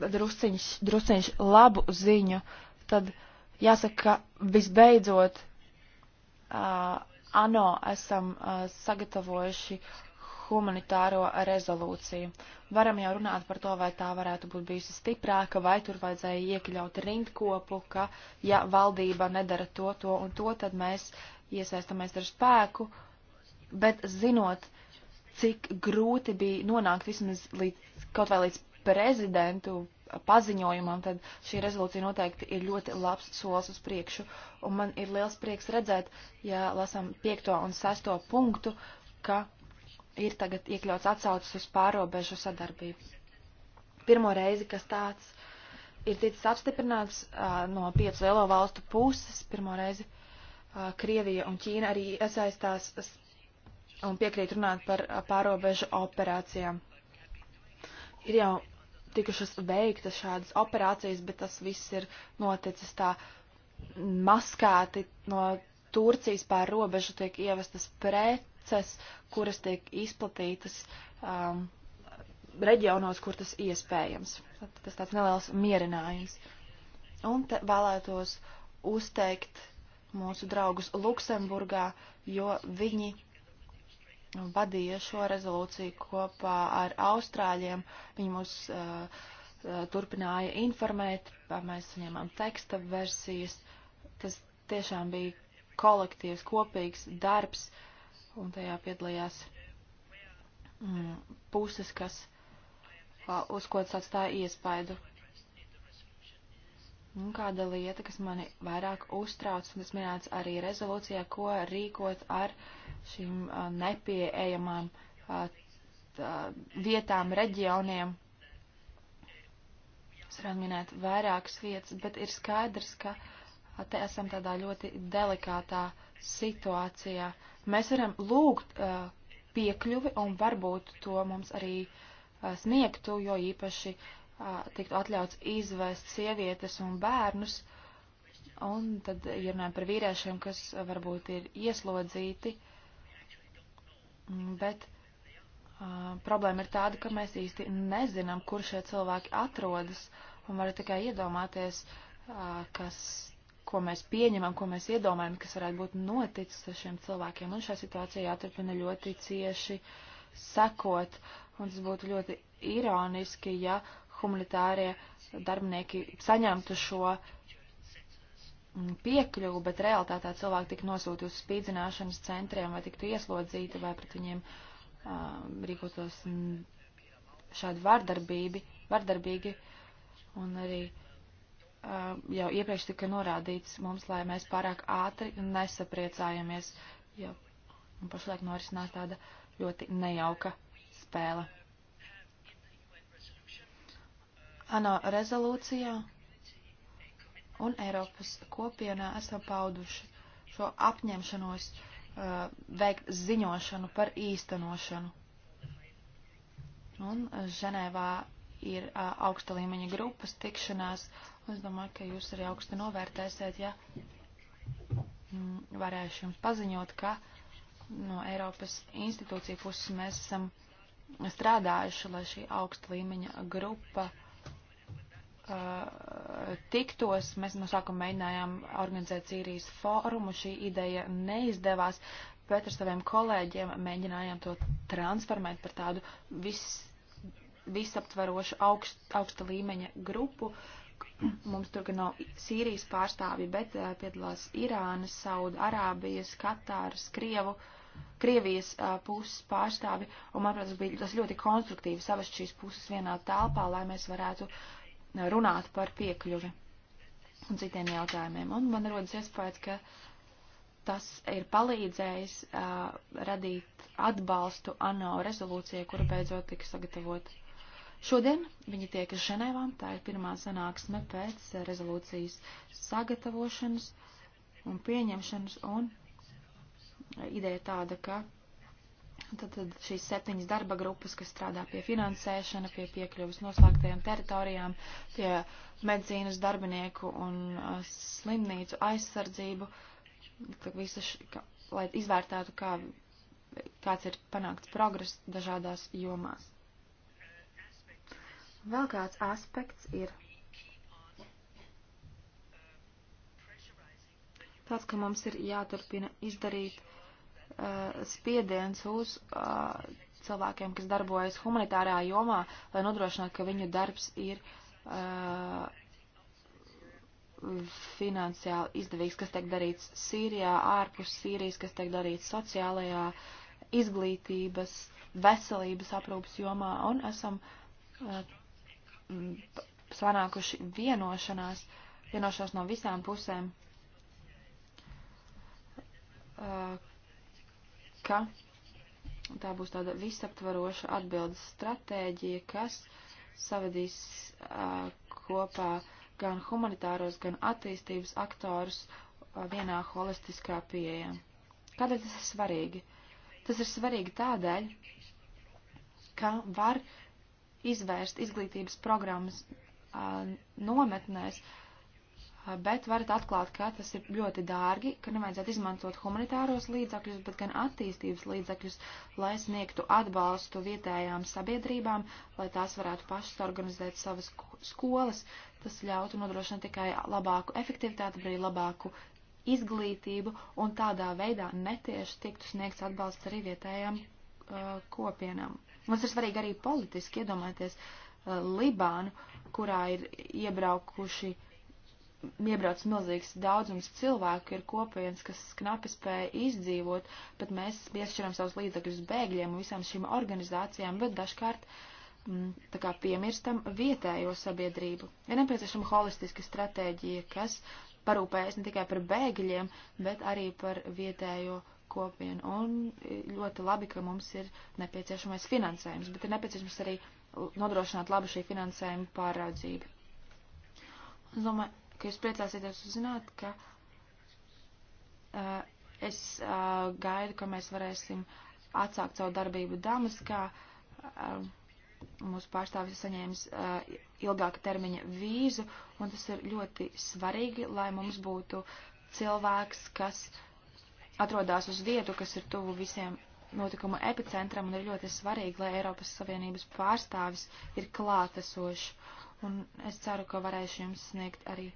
drusciņš, drusciņš labu ziņu, tad jāsaka, ka visbeidzot uh, ANO esam uh, sagatavojuši humanitāro rezolūciju. Varam jau runāt par to, vai tā varētu būt bijusi stiprāka, vai tur vajadzēja iekļaut rindkopu, ka ja valdība nedara to, to un to, tad mēs iesaistamies ar spēku, bet zinot, cik grūti bija nonākt vismaz līdz, kaut vai līdz prezidentu paziņojumam, tad šī rezolūcija noteikti ir ļoti labs solis uz priekšu. Un man ir liels prieks redzēt, ja lasām piekto un sesto punktu, ka ir tagad iekļauts atsaucas uz pārobežu sadarbību. Pirmo reizi, kas tāds ir ticis apstiprināts uh, no piecu lielo valstu puses, pirmo reizi uh, Krievija un Ķīna arī iesaistās un piekrīt runāt par uh, pārobežu operācijām. Ir jau tikušas veiktas šādas operācijas, bet tas viss ir noticis tā maskēti no Turcijas pār robežu tiek ievestas pret preces, kuras tiek izplatītas um, reģionos, kur tas iespējams. Tas tāds neliels mierinājums. Un te vēlētos uzteikt mūsu draugus Luksemburgā, jo viņi vadīja šo rezolūciju kopā ar Austrāļiem. Viņi mūs uh, uh turpināja informēt, mēs saņēmām teksta versijas. Tas tiešām bija kolektīvs, kopīgs darbs. Uh, un tajā piedalījās mm, puses, kas uz ko tas atstāja iespaidu. Un kāda lieta, kas mani vairāk uztrauc, un tas minēts arī rezolūcijā, ko rīkot ar šīm nepieejamām vietām, reģioniem. Es varētu minēt vairākas vietas, bet ir skaidrs, ka te esam tādā ļoti delikātā uh, situācijā. Mēs varam lūgt uh, piekļuvi un varbūt to mums arī uh, sniegtu, jo īpaši uh, tiktu atļauts izvest sievietes un bērnus. Un tad, ja runājam par vīriešiem, kas varbūt ir ieslodzīti, bet uh, problēma ir tāda, ka mēs īsti nezinām, kur šie cilvēki atrodas, un var tikai iedomāties, uh, kas ko mēs pieņemam, ko mēs iedomājam, kas varētu būt noticis ar šiem cilvēkiem. Un šā situācija jāturpina ļoti cieši sekot. Un tas būtu ļoti ironiski, ja humanitārie darbinieki saņemtu šo mm, piekļuvu, bet realtātā cilvēki tik nosūti uz spīdzināšanas centriem vai tiktu ieslodzīti vai pret viņiem uh, rīkotos mm, šādi vardarbībi, vardarbīgi. Un arī uh, jau iepriekš tika norādīts mums, lai mēs pārāk ātri nesapriecājamies, jo pašlaik norisinās tāda ļoti nejauka spēle. ANO rezolūcijā un Eiropas kopienā esam pauduši šo apņemšanos uh, veikt ziņošanu par īstenošanu. Un Ženēvā ir uh, augsta līmeņa grupas tikšanās, uh, Es domāju, ka jūs arī augsti novērtēsiet, ja mm, varēšu jums paziņot, ka no Eiropas institūcija puses mēs esam strādājuši, lai šī augsta līmeņa grupa uh, tiktos. Mēs no sākuma mēģinājām organizēt Sīrijas fórumu, šī ideja neizdevās, bet ar saviem kolēģiem mēģinājām to transformēt par tādu vis, visaptverošu augst, augsta līmeņa grupu, Mums tur gan nav Sīrijas pārstāvji, bet uh, piedalās Irānas, Sauda Arābijas, Katāras, Krievu, Krievijas uh, puses pārstāvji, un manuprāt, tas bija tas ļoti konstruktīvi savest šīs puses vienā telpā, lai mēs varētu runāt par piekļuvi un citiem jautājumiem. Un man rodas iespējas, ka tas ir palīdzējis uh, radīt atbalstu ANO rezolūcijai, kura beidzot tika sagatavota. Šodien viņi tiekas Ženēvā, tā ir pirmā sanāksme pēc rezolūcijas sagatavošanas un pieņemšanas, un ideja tāda, ka tad, tad šīs septiņas darba grupas, kas strādā pie finansēšana, pie piekļuvas noslēgtajām teritorijām, pie medzīnas darbinieku un uh, slimnīcu aizsardzību, visas, ka, lai izvērtētu, kā, kāds ir panākts progress dažādās jomās. Vēl kāds aspekts ir tāds, ka mums ir jāturpina izdarīt uh, spiediens uz uh, cilvēkiem, kas darbojas humanitārā jomā, lai nodrošinātu, ka viņu darbs ir uh, finansiāli izdevīgs, kas tiek darīts Sīrijā, ārpus Sīrijas, kas tiek darīts sociālajā, izglītības, veselības aprūpas jomā, un esam uh, sanākuši mm, vienošanās, vienošanās no visām pusēm, eh, ka tā būs tāda visaptvaroša atbildes stratēģija, kas savadīs eh, kopā gan humanitāros, gan attīstības aktorus eh, vienā holistiskā pieejā. Kādēļ tas ir svarīgi? Tas ir svarīgi tādēļ, ka var uh, izvērst izglītības programmas nometnēs, bet varat atklāt, ka tas ir ļoti dārgi, ka nevajadzētu izmantot humanitāros līdzakļus, bet gan attīstības līdzakļus, lai sniegtu atbalstu vietējām sabiedrībām, lai tās varētu pašas organizēt savas skolas. Tas ļautu nodrošināt tikai labāku efektivitāti, arī labāku izglītību, un tādā veidā netieši tiktu sniegts atbalsts arī vietējām uh, kopienām. Mums ir svarīgi arī politiski iedomāties uh, Libānu, kurā ir iebraukuši, iebrauc milzīgs daudzums cilvēku, ir kopienas, kas knapi spēja izdzīvot, bet mēs piešķiram savus līdzekļus bēgļiem un visām šīm organizācijām, bet dažkārt m, mm, tā kā piemirstam vietējo sabiedrību. Ir nepieciešama holistiska stratēģija, kas parūpējas ne tikai par bēgļiem, bet arī par vietējo sabiedrību kopienu, un ļoti labi, ka mums ir nepieciešamais finansējums, bet ir nepieciešams arī nodrošināt labu šī finansējuma pārraudzību. Es domāju, ka jūs priecāsieties uzzināt, ka uh, es uh, gaidu, ka mēs varēsim atsākt savu darbību Damaskā. Uh, mūsu pārstāvis ir saņēmis uh, ilgāka termiņa vīzu, un tas ir ļoti svarīgi, lai mums būtu cilvēks, kas uh, atrodas uz vietu, kas ir tuvu visiem notikuma epicentram un ir ļoti svarīgi, lai Eiropas Savienības pārstāvis ir klātesošs. Un es ceru, ka varēšu jums sniegt arī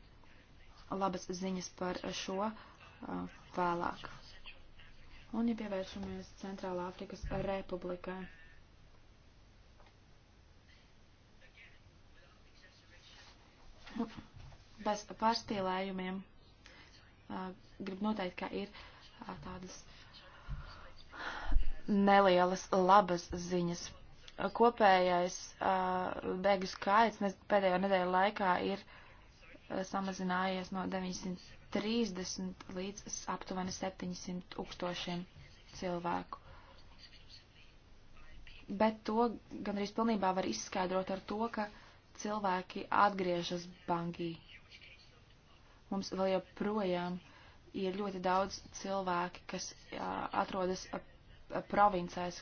labas ziņas par šo uh, vēlāk. Un ja pievēršamies Centrālā Afrikas Republikai. Bez pārspīlējumiem uh, gribu noteikt, ka ir uh, tādas nelielas labas ziņas. Kopējais bēgļu skaits pēdējo nedēļu laikā ir samazinājies no 930 līdz aptuveni 700 tūkstošiem cilvēku. Bet to gandrīz pilnībā var izskaidrot ar to, ka cilvēki atgriežas Bangī. Mums vēl joprojām ir ļoti daudz cilvēki, kas jā, atrodas ap, ap provincēs.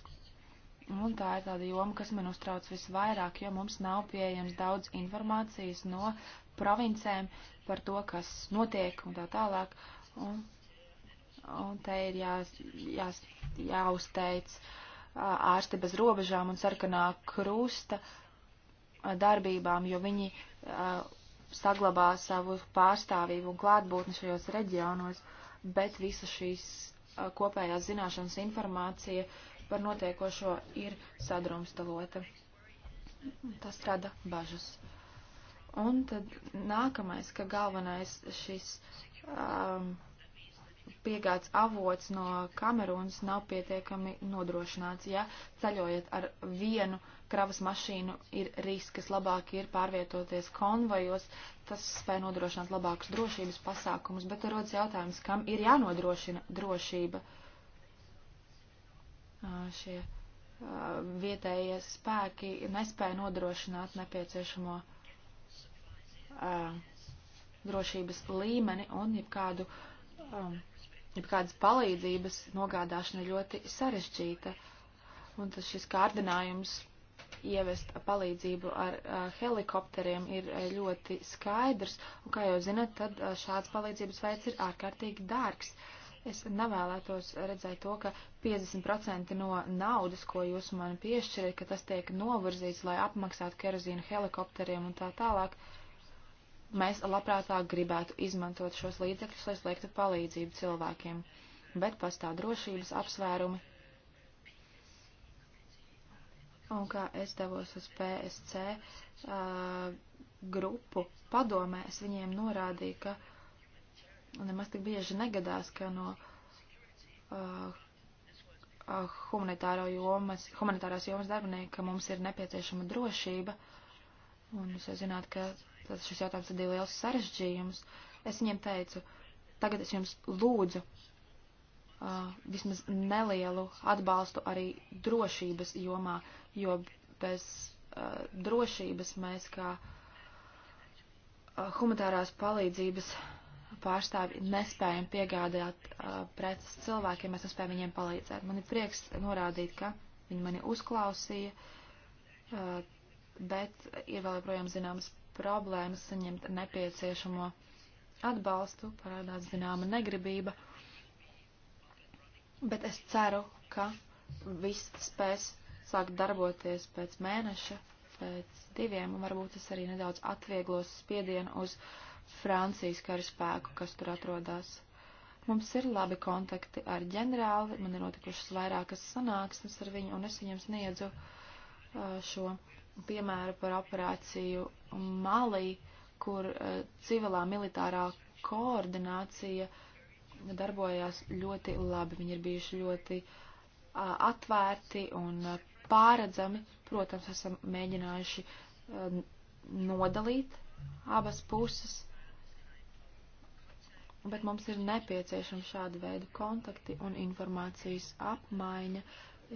Un tā ir tāda joma, kas man uztrauc visvairāk, jo mums nav pieejams daudz informācijas no provincēm par to, kas notiek un tā tālāk. Un, un te ir jā, jā, jāuzteic ārste bez robežām un sarkanā krusta darbībām, jo viņi saglabā savu pārstāvību un klātbūtni šajos reģionos, bet visa šīs kopējās zināšanas informācija par notiekošo ir sadrumstalota. Tas rada bažas. Un tad nākamais, ka galvenais šis um, piegāds avots no Kamerūnas nav pietiekami nodrošināts. Ja ceļojat ar vienu uh, kravas mašīnu ir risks, kas labāk ir pārvietoties konvojos, tas spēj nodrošināt labākus drošības pasākumus, bet tur rodas jautājums, kam ir jānodrošina drošība. Šie vietējie spēki nespēja nodrošināt nepieciešamo drošības līmeni un jebkādu, jebkādas palīdzības nogādāšana ļoti sarežģīta. Un tas šis kārdinājums ievest palīdzību ar a, helikopteriem ir a, eh, ļoti skaidrs, un kā jau zinat, tad a, eh, šāds palīdzības veids ir ārkārtīgi dārgs. Es nevēlētos redzēt to, ka 50% no naudas, ko jūs man piešķirat, ka tas tiek novirzīts, lai apmaksātu kerozīnu helikopteriem un tā tālāk. Mēs labprātāk gribētu izmantot šos līdzekļus, lai sniegtu palīdzību cilvēkiem, bet pastāv drošības apsvērumi, un kā es devos uz PSC uh, grupu padomē, es viņiem norādīju, ka nemaz tik bieži negadās, ka no uh, jomas, humanitārās jomas darbinieka mums ir nepieciešama drošība, un jūs jau zināt, ka tas šis jautājums ir liels sarežģījums. Es viņiem teicu, tagad es jums lūdzu Uh, vismaz nelielu atbalstu arī drošības jomā jo bez uh, drošības mēs kā uh, humanitārās palīdzības pārstāvi nespējam piegādāt uh, preces cilvēkiem, mēs nespējam viņiem palīdzēt. Man ir prieks norādīt, ka viņi mani uzklausīja, uh, bet ir vēl joprojām zināmas problēmas saņemt nepieciešamo atbalstu, parādās zināma negribība. Bet es ceru, ka viss spēs sākt darboties pēc mēneša, pēc diviem, un varbūt tas arī nedaudz atvieglos spiedienu uz Francijas karaspēku, kas tur atrodas. Mums ir labi kontakti ar ģenerāli, man ir notikušas vairākas sanāksmes ar viņu, un es viņam sniedzu šo piemēru par operāciju Malī, kur civilā militārā koordinācija darbojās ļoti labi. Viņi ir bijuši ļoti uh, atvērti un pāredzami. Protams, esam mēģinājuši um, nodalīt abas puses, bet mums ir nepieciešama šāda veida kontakti un informācijas apmaiņa.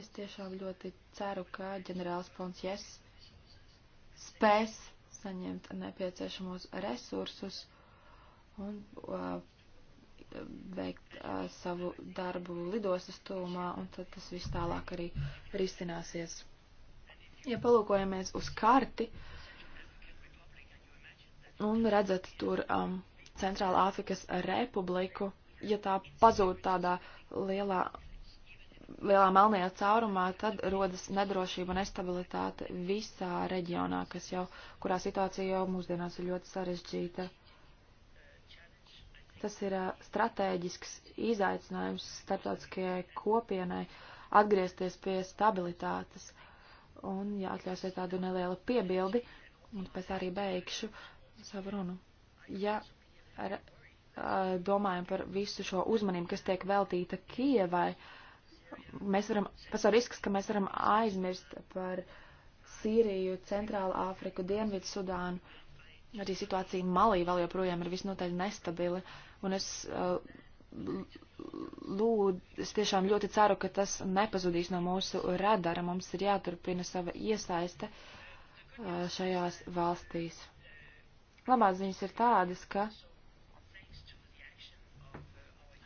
Es tiešām ļoti ceru, ka ģenerālis Ponsjes spēs saņemt nepieciešamos resursus un uh, veikt uh, savu darbu lidostas tūmā, un tad tas viss tālāk arī risināsies. Ja palūkojamies uz karti un redzat tur um, Centrāla Āfrikas republiku, ja tā pazūd tādā lielā, lielā melnajā caurumā, tad rodas nedrošība un nestabilitāte visā reģionā, kas jau, kurā situācija jau mūsdienās ir ļoti sarežģīta. Tas ir stratēģisks izaicinājums starptautiskajai kopienai atgriezties pie stabilitātes. Un, ja atļausiet tādu nelielu piebildi, un pēc arī beigšu savu runu. Ja ar, domājam par visu šo uzmanību, kas tiek veltīta Kievai, mēs varam, pasaules risks, ka mēs varam aizmirst par Sīriju, Centrālu Āfriku, Dienvidu Sudānu. Arī situācija Malī vēl joprojām ir visnotaļ nestabila. Uh, un es uh, lūdzu, es tiešām ļoti ceru, ka tas nepazudīs no mūsu radara. Mums ir jāturpina sava iesaiste uh, šajās valstīs. Labās ziņas ir tādas, ka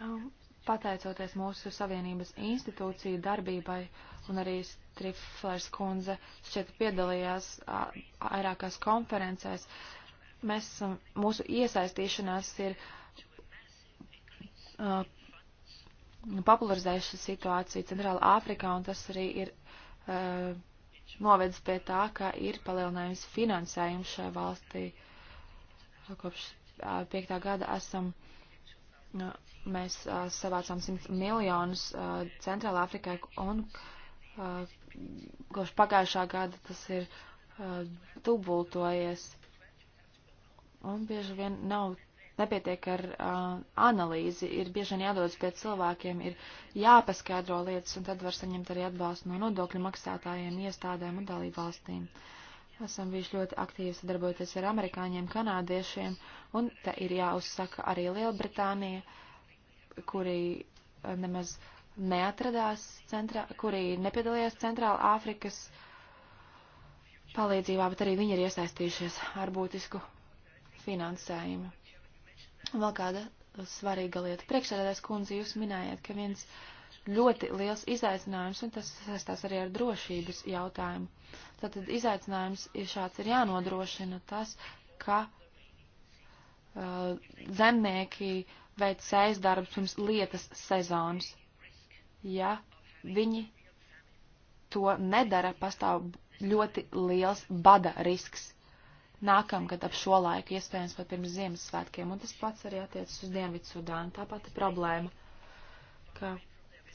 uh, pateicoties mūsu savienības institūciju darbībai un arī Triflers kundze šķiet piedalījās vairākās konferencēs, mēs esam, mūsu iesaistīšanās ir uh, uh, popularizējuši situāciju Centrāla Āfrikā, un tas arī ir uh, novedis pie tā, ka ir palielinājums finansējums šai valstī. Uh, kopš uh, piektā gada esam, uh, mēs uh, savācām 100 miljonus uh, Centrāla Āfrikai, un uh, kopš pagājušā gada tas ir uh, dubultojies. Un bieži vien nav nepietiek ar uh, analīzi, ir bieži vien jādodas pie cilvēkiem, ir jāpaskaidro lietas, un tad var saņemt arī atbalstu no nodokļu maksātājiem, iestādēm un dalībvalstīm. Esam bijuši ļoti aktīvi sadarbojoties ar amerikāņiem, kanādiešiem, un te ir jāuzsaka arī Lielbritānija, kuri nemaz neatradās centrā, kuri nepiedalījās Centrāla Āfrikas palīdzībā, bet arī viņi ir iesaistījušies ar būtisku finansējumu. Vēl kāda svarīga lieta. Priekšsēdētājs kundze, jūs minējāt, ka viens ļoti liels izaicinājums, un tas saistās arī ar drošības jautājumu. Tātad izaicinājums ir šāds, ir jānodrošina tas, ka uh, zemnieki veic sejas darbus pirms lietas sezonas. Ja viņi to nedara, pastāv ļoti liels bada risks nākamgad ap šo laiku, iespējams pat pirms Ziemassvētkiem, un tas pats arī attiecas uz Dienvidu Sudānu. Tā pati problēma, ka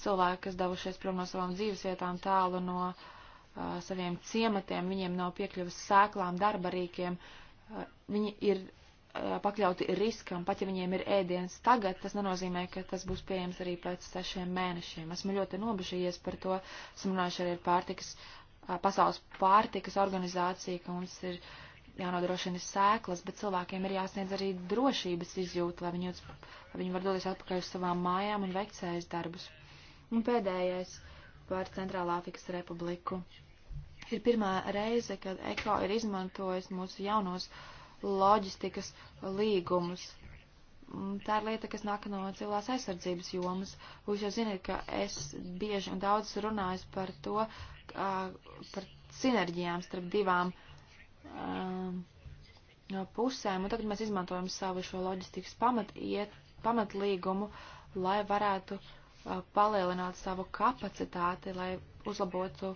cilvēki, kas devušies prom no savām dzīvesvietām tālu no uh, saviem ciematiem, viņiem nav piekļuvis sēklām, darbarīkiem, uh, viņi ir uh, pakļauti riskam, pat ja viņiem ir ēdiens tagad, tas nenozīmē, ka tas būs pieejams arī pēc sešiem mēnešiem. Esmu ļoti nobežījies par to, esmu runājuši arī ar pārtikas, uh, pasaules pārtikas organizāciju, ka mums ir uh, jānodrošina sēklas, bet cilvēkiem ir jāsniedz arī drošības izjūta, lai viņi, lai viņi var doties atpakaļ uz savām mājām un veikt sējas darbus. Un pēdējais par Centrālā Afrikas Republiku. Ir pirmā reize, kad ECO ir izmantojis mūsu jaunos loģistikas līgumus. Tā ir lieta, kas nāk no civilās aizsardzības jomas. Jūs jau zināt, ka es bieži un daudz runāju par to, par sinerģijām starp divām uh, um, no pusēm, un tagad mēs izmantojam savu šo loģistikas pamat, iet, pamatlīgumu, lai varētu uh, palielināt savu kapacitāti, lai uzlabotu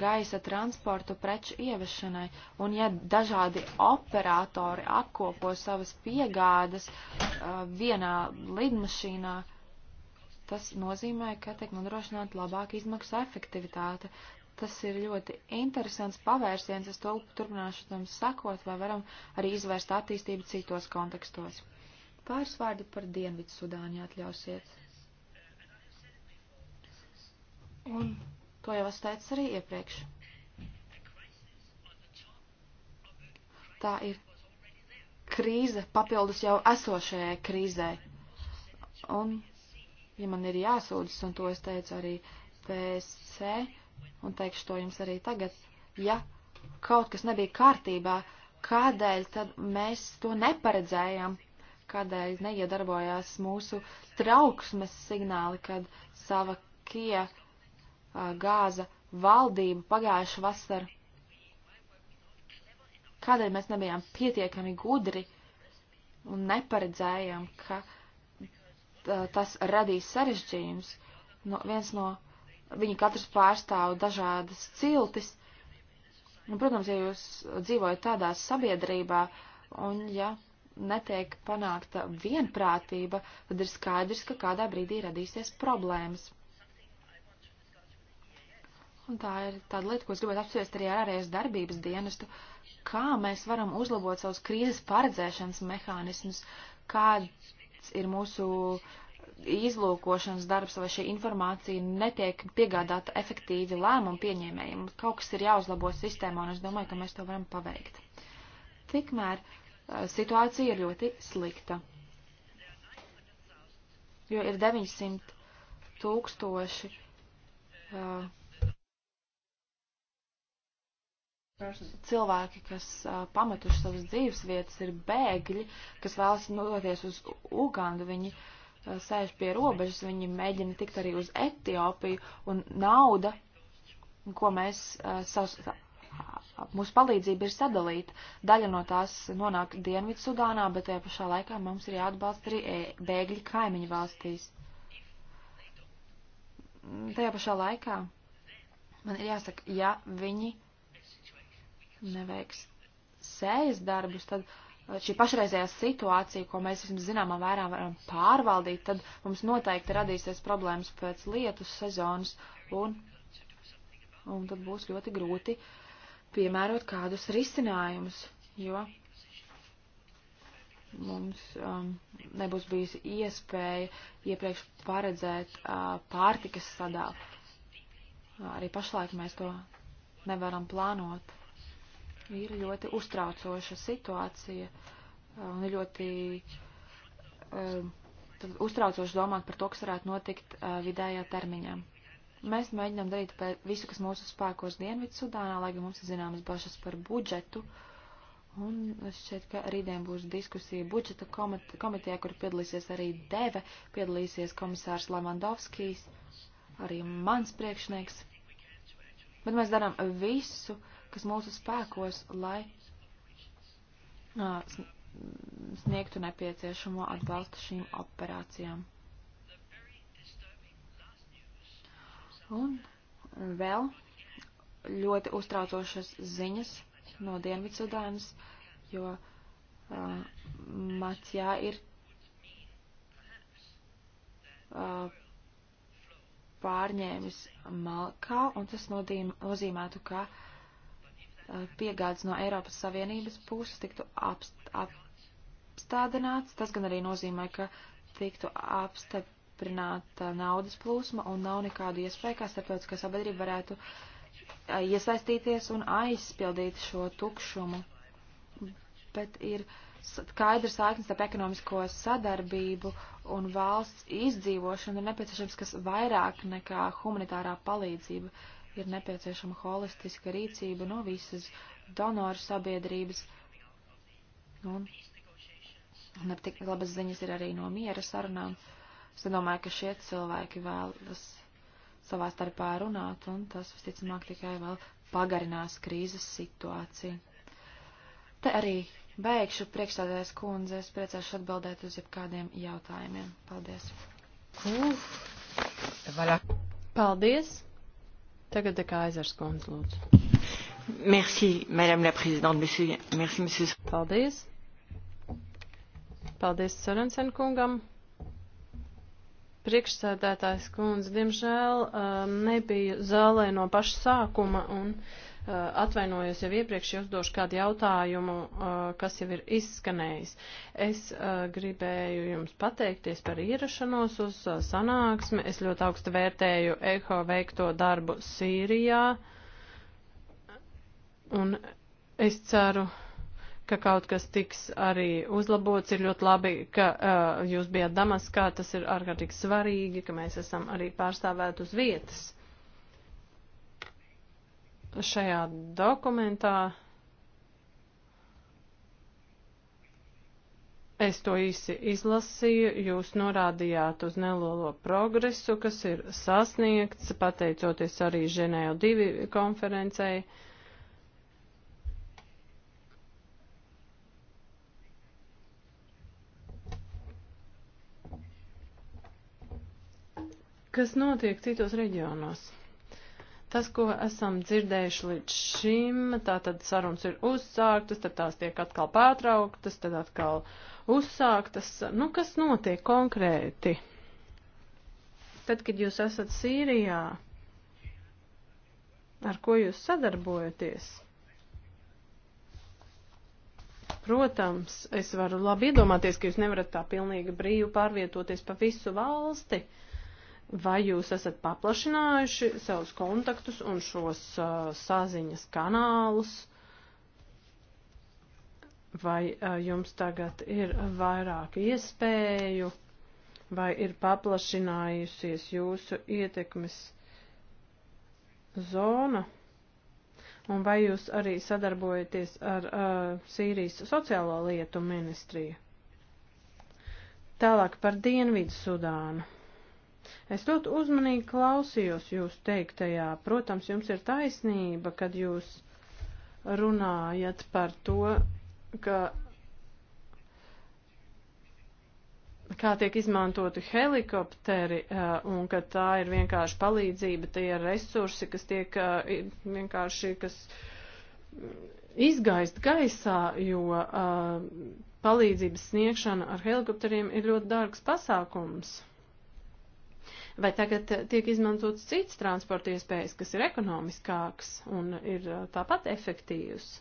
gaisa transportu preču ievešanai. Un ja dažādi operatori apkopo savas piegādes uh, vienā lidmašīnā, tas nozīmē, ka tiek nodrošināta labāka izmaksu efektivitāte. Tas ir ļoti interesants pavērsiens, es to turpināšu tam sakot, vai varam arī izvērst attīstību citos kontekstos. Pāris vārdi par Dienvidu Sudāni atļausiet. Un to jau es teicu arī iepriekš. Tā ir krīze papildus jau esošajai krīzē. Un, ja man ir jāsūdzas, un to es teicu arī PSC, un teikšu to jums arī tagad, ja kaut kas nebija kārtībā, kādēļ tad mēs to neparedzējām, kādēļ neiedarbojās mūsu trauksmes signāli, kad sava Kija gāza valdību pagājušu vasaru. Kādēļ mēs nebijām pietiekami gudri un neparedzējām, ka tas radīs sarežģījums. No, viens no Viņi katrs pārstāv dažādas ciltis. Un, nu, protams, ja jūs dzīvojat tādā sabiedrībā un ja netiek panākta vienprātība, tad ir skaidrs, ka kādā brīdī radīsies problēmas. Un tā ir tāda lieta, ko es gribētu apspriest arī ar ārējas darbības dienestu. Kā mēs varam uzlabot savus krīzes paredzēšanas mehānismus, kāds ir mūsu izlūkošanas darbs vai šī informācija netiek piegādāta efektīvi lēmumu pieņēmējiem. Kaut kas ir jāuzlabo sistēmā, un es domāju, ka mēs to varam paveikt. Tikmēr situācija ir ļoti slikta, jo ir 900 tūkstoši. Uh, cilvēki, kas uh, pametuši savas dzīves vietas, ir bēgļi, kas vēlas nodoties uz Ugandu. Viņi uh, Eh, sēž pie robežas, viņi mēģina tikt arī uz Etiopiju, un nauda, ko mēs, eh, savs, mūsu palīdzība ir sadalīta, daļa no tās nonāk Dienvidu Sudānā, bet tajā pašā laikā mums ir jāatbalsta arī eh, bēgļi kaimiņu valstīs. Mm, tajā pašā laikā man ir jāsaka, ja viņi neveiks sējas darbus, tad uh, šī pašreizējā situācija, ko mēs vismaz zināmā vērā varam pārvaldīt, tad mums noteikti radīsies problēmas pēc lietus sezonas un, un tad būs ļoti grūti piemērot kādus risinājumus, jo mums um, nebūs bijusi iespēja iepriekš paredzēt uh, pārtikas sadāvu. Arī pašlaik mēs to nevaram plānot ir ļoti uztraucoša situācija uh, un ir ļoti um, uztraucoši domāt par to, kas varētu notikt uh, vidējā termiņā. Mēs mēģinām darīt visu, kas mūsu spēkos Dienvidu Sudānā, lai gan mums ir zināmas bažas par budžetu. Un šķiet, ka rītdien būs diskusija budžeta komitejā, kur piedalīsies arī Deve, piedalīsies komisārs Lamandovskijs, arī mans priekšnieks. Bet mēs darām visu, uh, kas mūsu spēkos, lai sniegtu nepieciešamo atbalstu šīm operācijām. Un vēl ļoti uztraucošas ziņas no Dienvidsudānas, jo uh, Matjā ir uh, pārņēmis Malkā, un tas nozīmētu, ka uh, Eh, piegādes no Eiropas Savienības puses tiktu apstādināts. Tas gan arī nozīmē, ka tiktu apstiprināta naudas plūsma un nav nekādu iespēju, kā starptautiskā sabiedrība varētu eh, iesaistīties un aizpildīt šo tukšumu. Bet ir skaidra saiknes ar ekonomisko sadarbību un valsts izdzīvošanu ir nepieciešams kas vairāk nekā humanitārā palīdzība. Uh, ir nepieciešama holistiska rīcība no visas donoru sabiedrības. Un, un ar tik labas ziņas ir arī no miera sarunām. Es domāju, ka šie cilvēki vēlas savā starpā runāt, un tas visticamāk tikai vēl pagarinās krīzes situāciju. Te arī beigšu priekšstādājas kundze, es priecāšu atbildēt uz jebkādiem jautājumiem. Paldies! Uf, Paldies! Tagad Kaisers kundze lūdzu. Merci, madame la présidente, monsieur, merci, monsieur. Paldies. Paldies Sorensen kungam. Priekšsēdētājs kundze, diemžēl, uh, nebija zālē no paša sākuma un. Uh, Eh, atvainojos jau iepriekš, ja uzdošu kādu jautājumu, eh, kas jau ir izskanējis. Es eh, gribēju jums pateikties par ierašanos uz sanāksmi. Es ļoti augstu vērtēju EHO veikto darbu Sīrijā. Un es ceru, ka kaut kas tiks arī uzlabots. Ir ļoti labi, ka uh, jūs bijat Damaskā, tas ir ārkārtīgi svarīgi, ka mēs esam arī pārstāvēt uz vietas šajā dokumentā. Es to īsi izlasīju, jūs norādījāt uz nelolo progresu, kas ir sasniegts, pateicoties arī Ženēju divi konferencei. Kas notiek citos reģionos? Tas, ko esam dzirdējuši līdz šim, tātad sarunas ir uzsāktas, tad tās tiek atkal pārtrauktas, tad atkal uzsāktas. Nu, kas notiek konkrēti? Tad, kad jūs esat Sīrijā, ar ko jūs sadarbojaties? Protams, es varu labi iedomāties, ka jūs nevarat tā pilnīgi brīvi pārvietoties pa visu valsti. Uh, vai jūs esat paplašinājuši savus kontaktus un šos uh, saziņas kanālus, vai uh, jums tagad ir vairāk iespēju, vai ir paplašinājusies jūsu ietekmes zona, un vai jūs arī sadarbojaties ar uh, Sīrijas sociālo lietu ministriju. Tālāk par Dienvidu Sudānu. Es ļoti uzmanīgi klausījos jūs teiktajā. Protams, jums ir taisnība, kad jūs runājat par to, ka kā tiek izmantoti helikopteri uh, un ka tā ir vienkārši palīdzība, tie ir resursi, kas tiek uh, vienkārši, kas izgaist gaisā, jo uh, palīdzības sniegšana ar helikopteriem ir ļoti dārgs pasākums vai tagad eh, tiek izmantots cits transporta iespējas, kas ir ekonomiskāks un ir eh, tāpat efektīvs.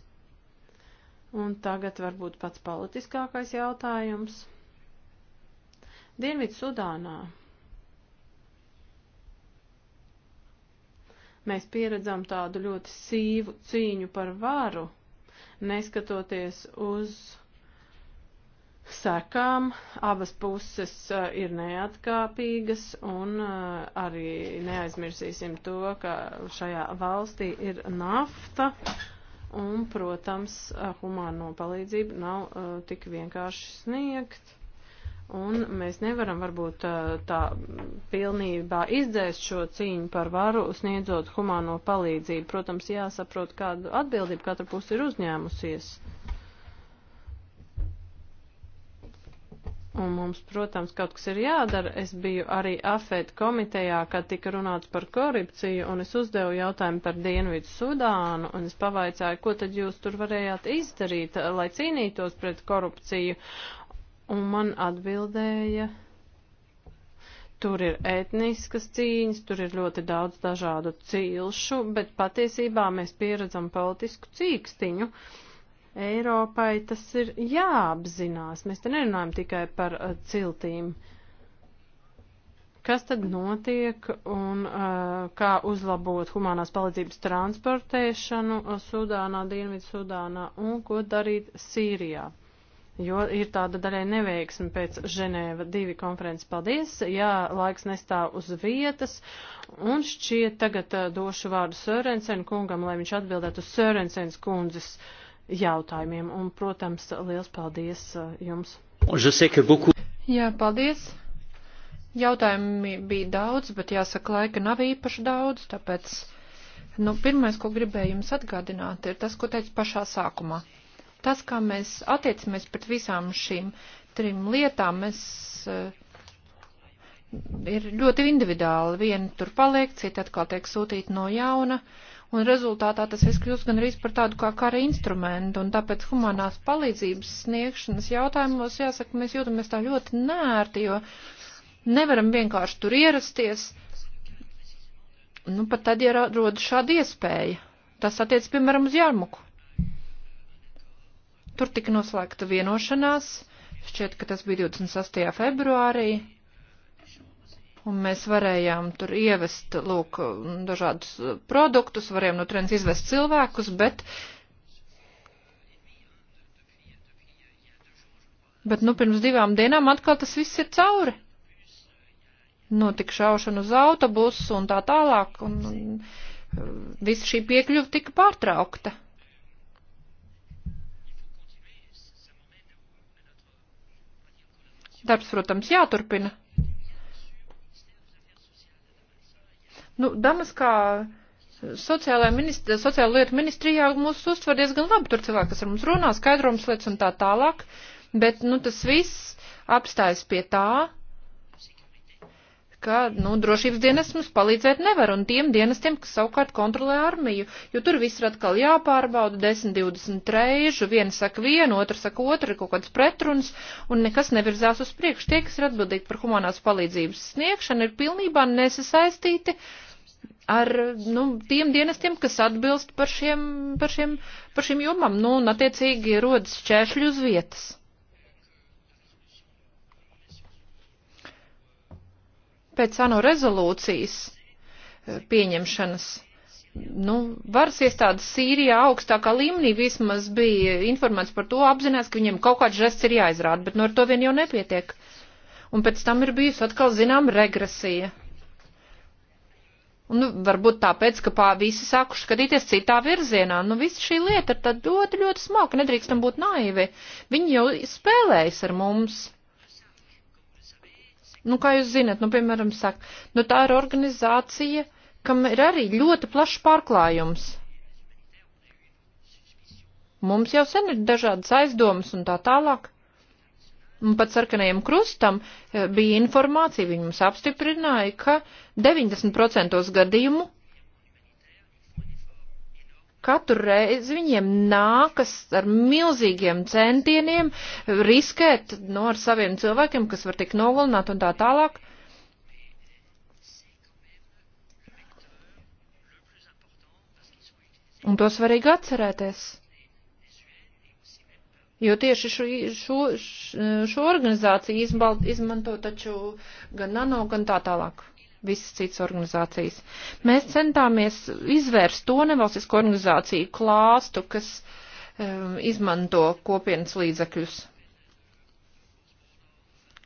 Un tagad varbūt pats politiskākais jautājums. Dienvidu Sudānā mēs pieredzam tādu ļoti sīvu cīņu par varu, neskatoties uz sekām. Abas puses eh, ir neatkāpīgas un eh, arī neaizmirsīsim to, ka šajā valstī ir nafta un, protams, eh, humāno palīdzību nav tik vienkārši sniegt. Un mēs nevaram varbūt tā pilnībā izdzēst šo cīņu par varu, sniedzot humāno palīdzību. Protams, jāsaprot, kādu atbildību katra puse ir uzņēmusies. Uh, Un mums, protams, kaut kas ir jādara. Es biju arī afēt komitejā, kad tika runāts par korupciju, un es uzdevu jautājumu par Dienvidu Sudānu, un es pavaicāju, ko tad jūs tur varējāt izdarīt, lai cīnītos pret korupciju. Un man atbildēja, tur ir etniskas cīņas, tur ir ļoti daudz dažādu cilšu, bet patiesībā mēs pieredzam politisku cīkstiņu. Uh, Eiropai tas ir jāapzinās. Mēs te nerunājam tikai par uh, ciltīm. Kas tad notiek un uh, kā uzlabot humanās palīdzības transportēšanu uh, Sudānā, Dienvidu Sudānā un ko darīt Sīrijā? jo ir tāda daļai neveiksme pēc Ženēva divi konferences. Paldies, jā, laiks nestāv uz vietas, un šķiet tagad uh, došu vārdu Sörensen kungam, lai viņš atbildētu uz Sörensens kundzes uh, jautājumiem. Un, protams, liels paldies uh, jums. Jā, paldies. Jautājumi bija daudz, bet jāsaka, laika nav īpaši daudz, tāpēc, nu, pirmais, ko gribēju jums atgādināt, ir tas, ko teicu pašā sākumā. Tas, kā mēs attiecamies pret visām šīm trim lietām, mēs uh, ir ļoti individuāli. Viena tur paliek, cita atkal tiek sūtīta no jauna. Uh, un rezultātā tas viss kļūst gan arī par tādu kā kara instrumentu, un tāpēc humanās palīdzības sniegšanas jautājumos, jāsaka, mēs jūtamies tā ļoti nērti, jo nevaram vienkārši tur ierasties, nu pat tad, ja rod šāda iespēja. Tas attiec, piemēram, uz Jarmuku. Tur tika noslēgta vienošanās, šķiet, ka tas bija 28. februārī, Un mēs varējām tur ievest, lūk, dažādus produktus, varējām no trends izvest cilvēkus, bet Bet nu pirms divām dienām atkal tas viss ir cauri. Notika šaušana uz autobusu un tā tālāk, un, un visa šī piekļuva tika pārtraukta. Darbs, protams, jāturpina. Nu, Damaskā sociālajā ministri, sociāla lietu ministrijā mūs uztver diezgan labi. Tur cilvēki, kas ar mums runā, skaidrums lietas un tā tālāk. Bet, nu, tas viss apstājas pie tā, ka, nu, drošības dienas mums palīdzēt nevar, un tiem dienestiem, kas savukārt kontrolē armiju, jo tur viss ir atkal jāpārbauda 10, 20 reižu, viena saka vienu, otra saka otru, ir kaut kāds pretruns, un nekas nevirzās uz priekšu. Tie, kas ir atbildīgi par humanās palīdzības sniegšanu, ir pilnībā nesasaistīti ar, nu, tiem dienestiem, kas atbilst par šiem, par šiem, par šiem jomām, nu, un attiecīgi rodas čēršļi uz vietas. pēc ANO rezolūcijas eh, pieņemšanas. Nu, varas iestādes Sīrijā augstākā līmenī vismaz bija informēts par to, apzinās, ka viņiem kaut kāds žests ir jāizrāda, bet nu no ar to vien jau nepietiek. Un pēc tam ir bijusi atkal, zinām, regresija. Un nu, varbūt tāpēc, ka pā visi sākuši skatīties citā virzienā. Nu, visa šī lieta ir tad ļoti, ļoti smaka, nedrīkstam būt naivi. Viņi jau spēlējas ar mums. Nu, kā jūs zinat, nu, piemēram, saka, nu, tā ir organizācija, kam ir arī ļoti plašs pārklājums. Mums jau sen ir dažādas aizdomas un tā tālāk. Un pat sarkanajam krustam eh, bija informācija, viņi mums apstiprināja, ka 90% gadījumu Katru reizi viņiem nākas ar milzīgiem centieniem riskēt no nu, ar saviem cilvēkiem, kas var tik nogalināt un tā tālāk. Un to svarīgi atcerēties. Jo tieši šo, šo, šo organizāciju izmanto taču gan nano, gan tā tālāk visas citas organizācijas. Mēs centāmies izvērst to nevalstisko organizāciju klāstu, kas um, izmanto kopienas līdzekļus.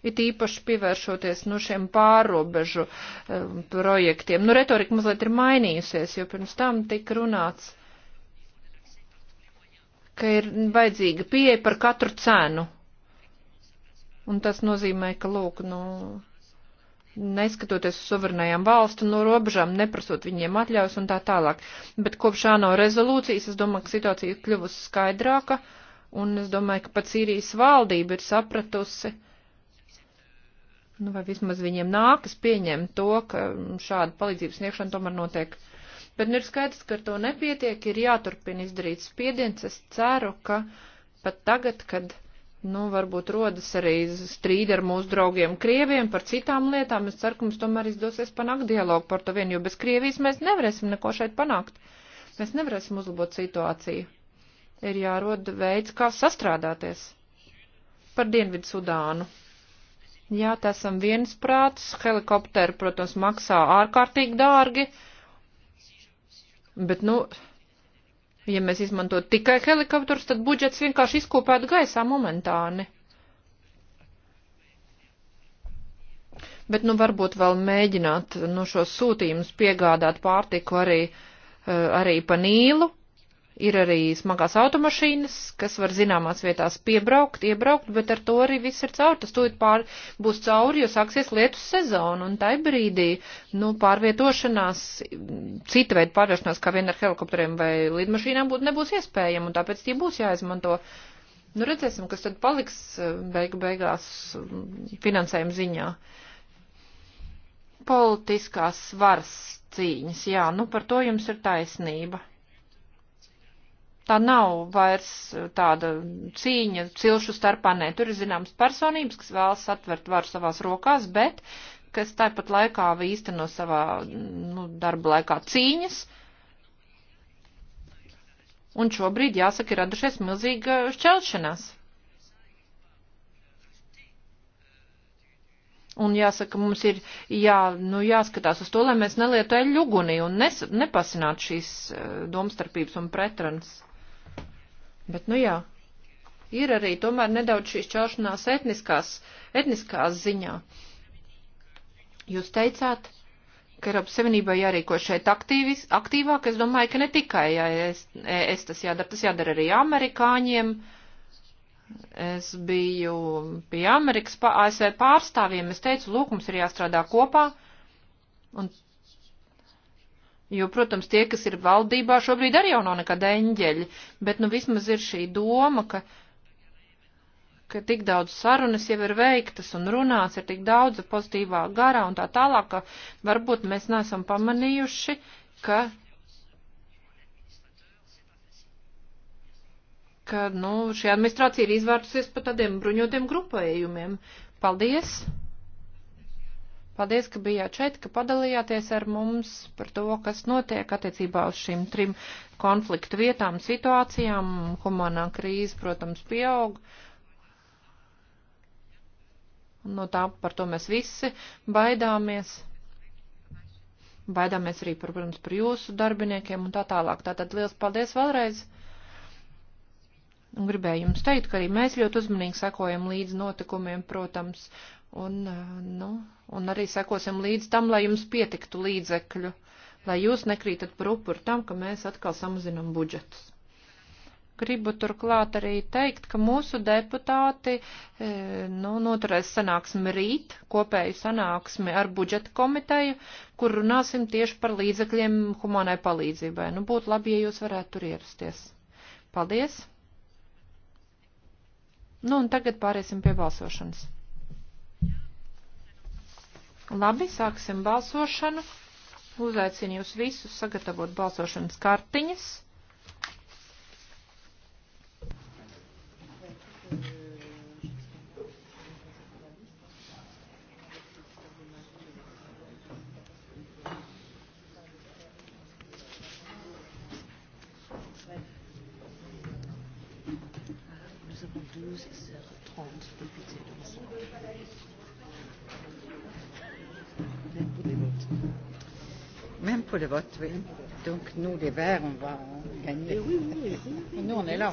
It īpaši pievēršoties nu, šiem pārobežu um, projektiem. Nu, retorika mazliet ir mainījusies, jo pirms tam tika runāts, ka ir vajadzīga pieeja par katru cenu. Un tas nozīmē, ka, lūk, nu, neskatoties uz suverenajām valstu no robežām, neprasot viņiem atļaus un tā tālāk. Bet kopš ANO rezolūcijas es domāju, ka situācija ir kļuvusi skaidrāka, un es domāju, ka pat Sīrijas valdība ir sapratusi, nu vai vismaz viņiem nākas pieņemt to, ka šāda palīdzības sniegšana tomēr notiek. Bet nu ir skaidrs, ka ar to nepietiek, ir jāturpina izdarīt spiediens. Es ceru, ka pat tagad, kad nu, varbūt rodas arī strīdi ar mūsu draugiem Krieviem par citām lietām. Es ceru, ka mums tomēr izdosies panākt dialogu par to vienu, jo bez Krievijas mēs nevarēsim neko šeit panākt. Mēs nevarēsim uzlabot situāciju. Ir jārod veids, kā sastrādāties par Dienvidu Sudānu. Jā, tā esam viensprāts. Helikopteri, protams, maksā ārkārtīgi dārgi. Bet, nu, Ja mēs izmantotu tikai helikopterus, tad budžets vienkārši izkopētu gaisā momentāni. Bet, nu, varbūt vēl mēģināt no nu, šos sūtījumus piegādāt pārtiku arī, eh, arī pa nīlu, Ir arī smagās automašīnas, kas var zināmās vietās piebraukt, iebraukt, bet ar to arī viss ir cauri. Tas tūlīt pār, būs cauri, jo sāksies lietus sezona, un tai brīdī, nu, pārvietošanās, cita veida pārvietošanās, kā vien ar helikopteriem vai lidmašīnām, būtu nebūs iespējama, un tāpēc tie būs jāizmanto. Nu, redzēsim, kas tad paliks eh, beigu beigās mm, finansējuma ziņā. Politiskās varas cīņas, jā, nu par to jums ir taisnība. Tā nav vairs uh, tāda cīņa cilšu starpā, nē, tur ir zināmas personības, kas vēlas atvert varu savās rokās, bet kas tāpat laikā īsteno savā mm, nu, darba laikā cīņas. Un šobrīd, jāsaka, ir radušies milzīga šķelšanās. Un jāsaka, mums ir jā, nu, jāskatās uz to, lai mēs nelietojam ļugunī un nes, nepasinātu šīs uh, domstarpības un pretrunas. Bet, nu jā, ir arī tomēr nedaudz šīs čaušanās etniskās, etniskās ziņā. Jūs teicāt, ka Eiropas Savienībai jārīko šeit aktīvis, aktīvāk. Es domāju, ka ne tikai ja es, es tas jādara, tas jādara arī amerikāņiem. Es biju pie Amerikas ASV pārstāvjiem, es teicu, lūk, mums ir jāstrādā kopā. Un Jo, protams, tie, kas ir valdībā, šobrīd arī jau nav nekāda eņģeļa, bet nu vismaz ir šī doma, ka, ka tik daudz sarunas jau ir veiktas un runāts ir tik daudz pozitīvā garā un tā tālāk, ka varbūt mēs neesam pamanījuši, ka, ka nu, šī administrācija ir izvērtusies pa tādiem bruņotiem grupējumiem. Paldies! Paldies, ka bijāt šeit, ka padalījāties ar mums par to, kas notiek attiecībā uz šīm trim konfliktu vietām, situācijām. Humanā krīze, protams, pieaug. No tā par to mēs visi baidāmies. Baidāmies arī, par, protams, par jūsu darbiniekiem un tā tālāk. Tātad liels paldies vēlreiz. Un gribēju jums teikt, ka arī mēs ļoti uzmanīgi sekojam līdz notikumiem, protams. Un, nu, un arī sekosim līdz tam, lai jums pietiktu līdzekļu, lai jūs nekrītat par upuru tam, ka mēs atkal samazinam budžetus. Gribu turklāt arī teikt, ka mūsu deputāti e, nu, noturēs sanāksmi rīt, kopēju sanāksmi ar budžeta komiteju, kur runāsim tieši par līdzekļiem humanai palīdzībai. Nu, būtu labi, ja jūs varētu tur ierasties. Paldies! Nu, un tagad pāriesim pie balsošanas. Labi, sāksim balsošanu. Uzaicinu jūs visus sagatavot balsošanas kartiņas. Nous avons 12 heures 30 députés dans le Même pour le vote, oui. Donc nous, les Verts, on va gagner. Et eh oui, oui, oui, oui, nous, on est là.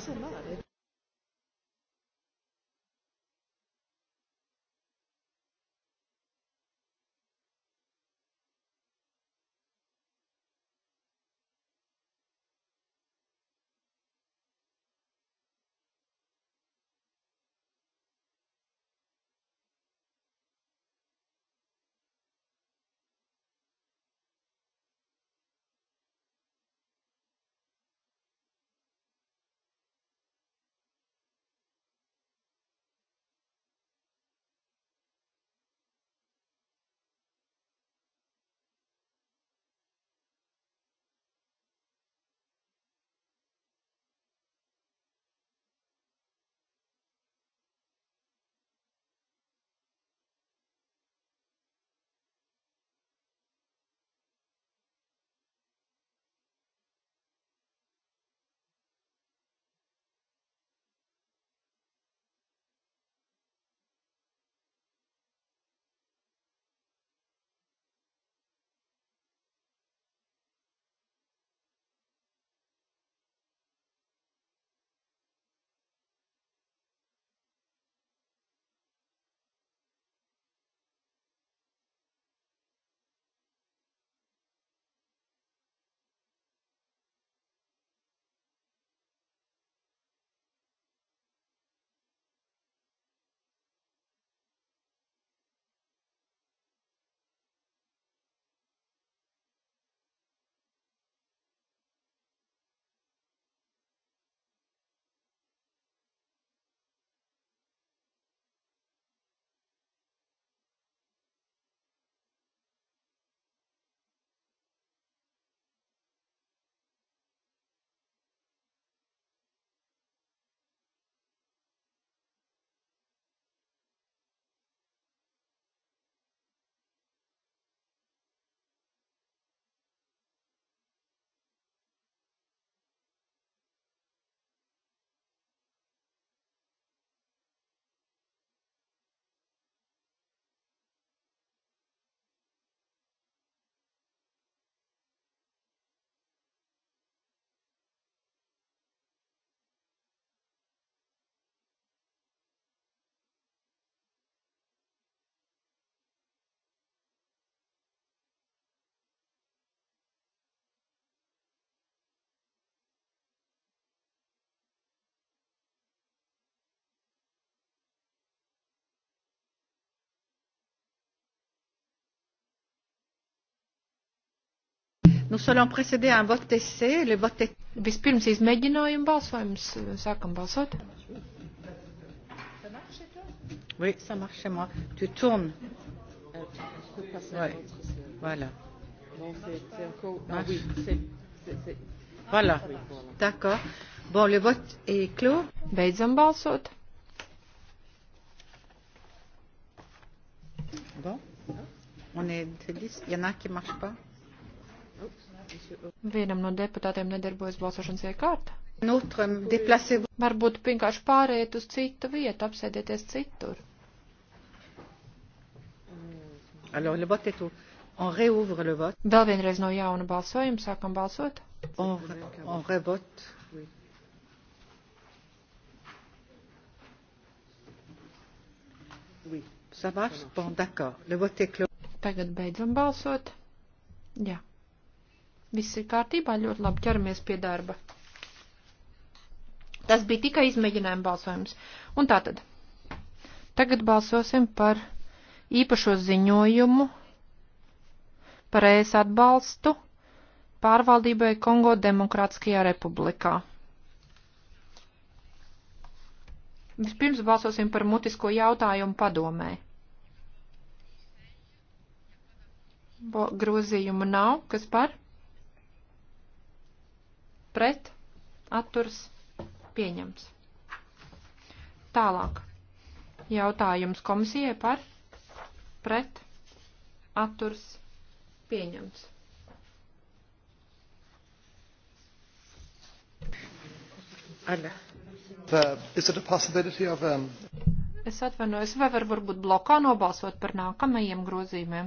Nous nu, allons procéder à un vote essai. Le vote est... Vispirms izmēģinājumu balsojums. Sākam balsot. Oui, ça marche chez moi. Tu tournes. Ouais. Voilà. Non, c'est encore... Ah oui, c'est... Voilà. D'accord. Bon, le vote est clos. Beidzam balsot. Bon. On est 10. Il y en a qui ne marchent pas. Vienam no deputātiem nedarbojas balsošanas iekārta. Varbūt vienkārši pāriet uz citu vietu, apsēdieties citur. Alors, le vote est tout. On réouvre le vote. Vēl vienreiz no jauna balsojuma sākam balsot. On, on revote. Oui. oui. Ça marche? Bon, d'accord. Le vote est clos. Tagad beidzam balsot. Jā. Ja. Viss ir kārtībā, ļoti labi ķeramies pie darba. Tas bija tikai izmēģinājuma balsojums. Un tātad, tagad balsosim par īpašo ziņojumu par ES atbalstu pārvaldībai Kongo Demokrātiskajā republikā. Vispirms balsosim par mutisko jautājumu padomē. Grozījumu nav, kas par? pret, atturs, pieņemts. Tālāk. Jautājums komisijai par pret, atturs, pieņemts. Anna. The, is it a possibility of um, Es atvainojos, vai var varbūt blokā nobalsot par nākamajiem grozījumiem?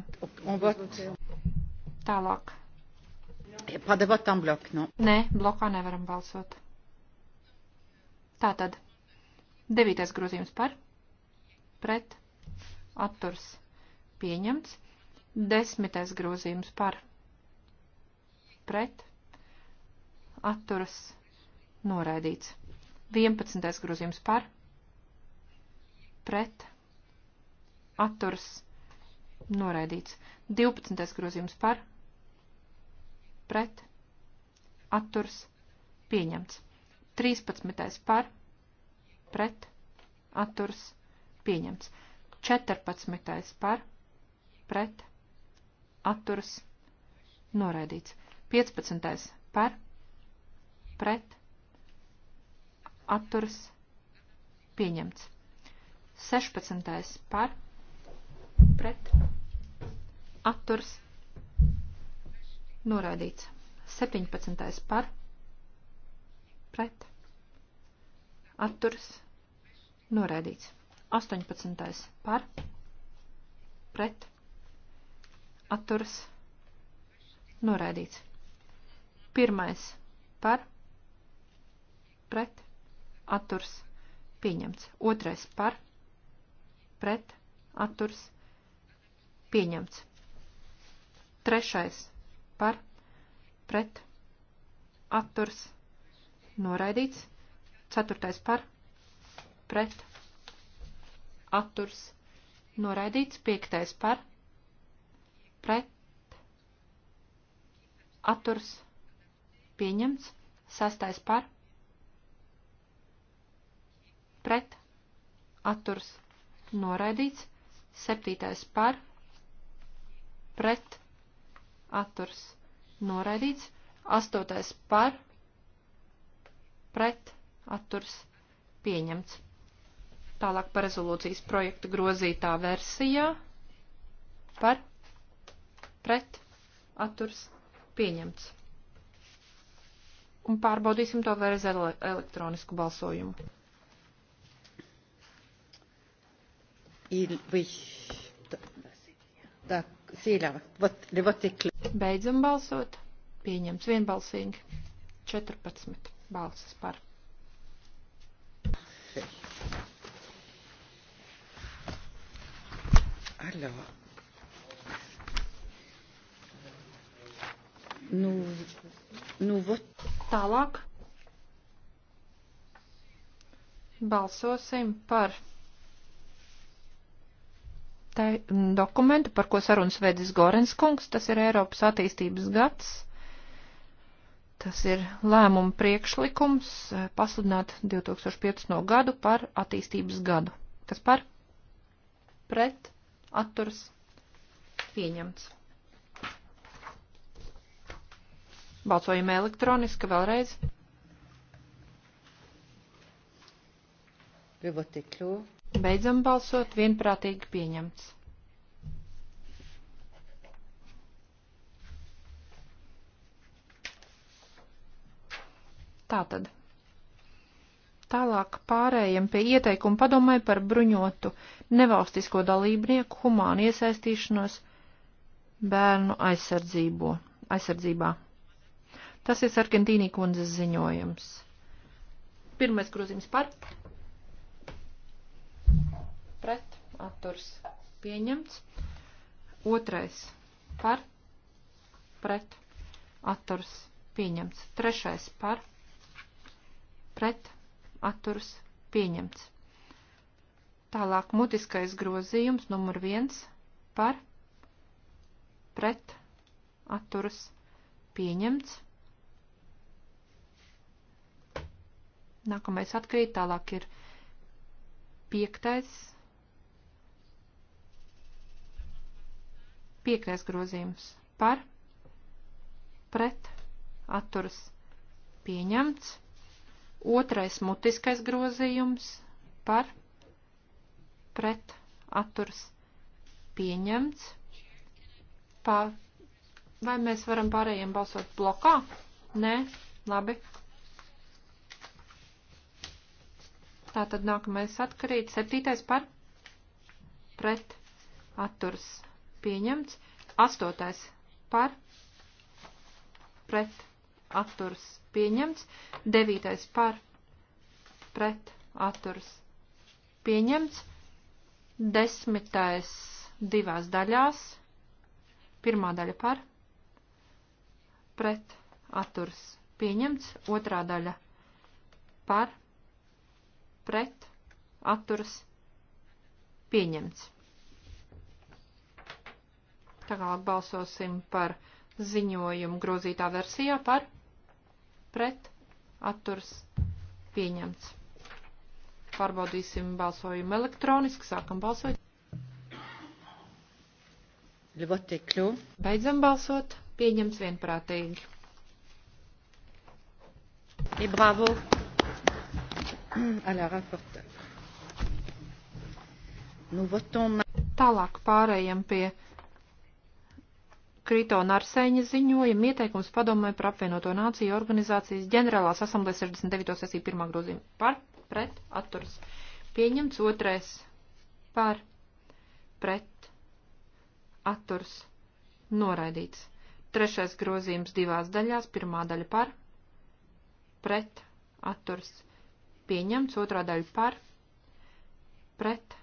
Tālāk. Par debatu tam blok, nu. No. Nē, blokā nevaram balsot. Tātad. Devītais grozījums par. Pret. Atturs. Pieņemts. Desmitais grozījums par. Pret. Atturs. Noraidīts. Vienpadsmitais grozījums par. Pret. Atturs. Noraidīts. Divpadsmitais grozījums par. Pret pret, atturs, pieņemts. 13. par, pret, atturs, pieņemts. 14. par, pret, atturs, noraidīts. 15. par, pret, atturs, pieņemts. 16. par, pret, atturs, pieņemts Noraidīts. 17. par. Pret. Atturs. Noraidīts. 18. par. Pret. Atturs. Noraidīts. Pirmais par. Pret. Atturs. Pieņemts. Otrais par. Pret. Atturs. Pieņemts. Trešais par pret atturs noraidīts. Ceturtais par pret atturs noraidīts. Piektais par pret atturs pieņemts. Sastais par pret atturs noraidīts. Septītais par pret atturs atturs noraidīts, astotais par, pret, atturs pieņemts. Tālāk par rezolūcijas projektu grozītā versijā par, pret, atturs pieņemts. Un pārbaudīsim to vēlreiz ar elektronisku balsojumu. Il, oui. D'accord. Sīļava. Le vote est clos. Beidzam balsot. Pieņemts vienbalsīgi. 14 balsas par. Alors, nous, nous votons. Tālāk balsosim par tai, dokumentu, par ko sarunas vedis Gorens kungs, tas ir Eiropas attīstības gads. Tas ir lēmuma priekšlikums eh, pasludināt 2015. gadu par attīstības gadu. Kas par? Pret, atturs, pieņemts. Balsojam elektroniski vēlreiz. Le vote est clos. Beidzam balsot, vienprātīgi pieņemts. Tātad. Tālāk pārējiem pie ieteikuma padomai par bruņotu nevalstisko dalībnieku humānu iesaistīšanos bērnu aizsardzību, aizsardzībā. Tas ir Sarkantīnī kundzes ziņojums. Pirmais grozījums par pret atturs pieņemts. Otrais par pret atturs pieņemts. Trešais par pret atturs pieņemts. Tālāk mutiskais grozījums numur viens par pret atturas pieņemts. Nākamais atkrīt, tālāk ir piektais Piektais grozījums par, pret, atturas pieņemts. Otrais mutiskais grozījums par, pret, atturas pieņemts. Pa, vai mēs varam pārējiem balsot blokā? Nē, labi. Tā tad nākamais atkarīt. Septītais par pret atturs pieņemts. Astotais par pret atturs pieņemts. Devītais par pret atturs pieņemts. Desmitais divās daļās. Pirmā daļa par pret atturs pieņemts. Otrā daļa par pret atturs pieņemts. Tagad balsosim par ziņojumu grozītā versijā par pret atturs pieņemts. Pārbaudīsim balsojumu elektroniski, sākam balsot. Ļotikļu. Beidzam balsot, pieņems vienprātīgi. Et bravo à la rapporteure. Nous votons. Tālāk pārējiem pie Kritona Arsēņa ziņojuma ieteikums padomē par apvienoto nāciju organizācijas ģenerālās asamblēs 69. sesija 1. grozījuma par, pret, atturs. Pieņemts otrais par, pret, atturs. Noraidīts. Trešais grozījums divās daļās, pirmā daļa par, pret, atturs. Pieņemts otrā daļa par, pret,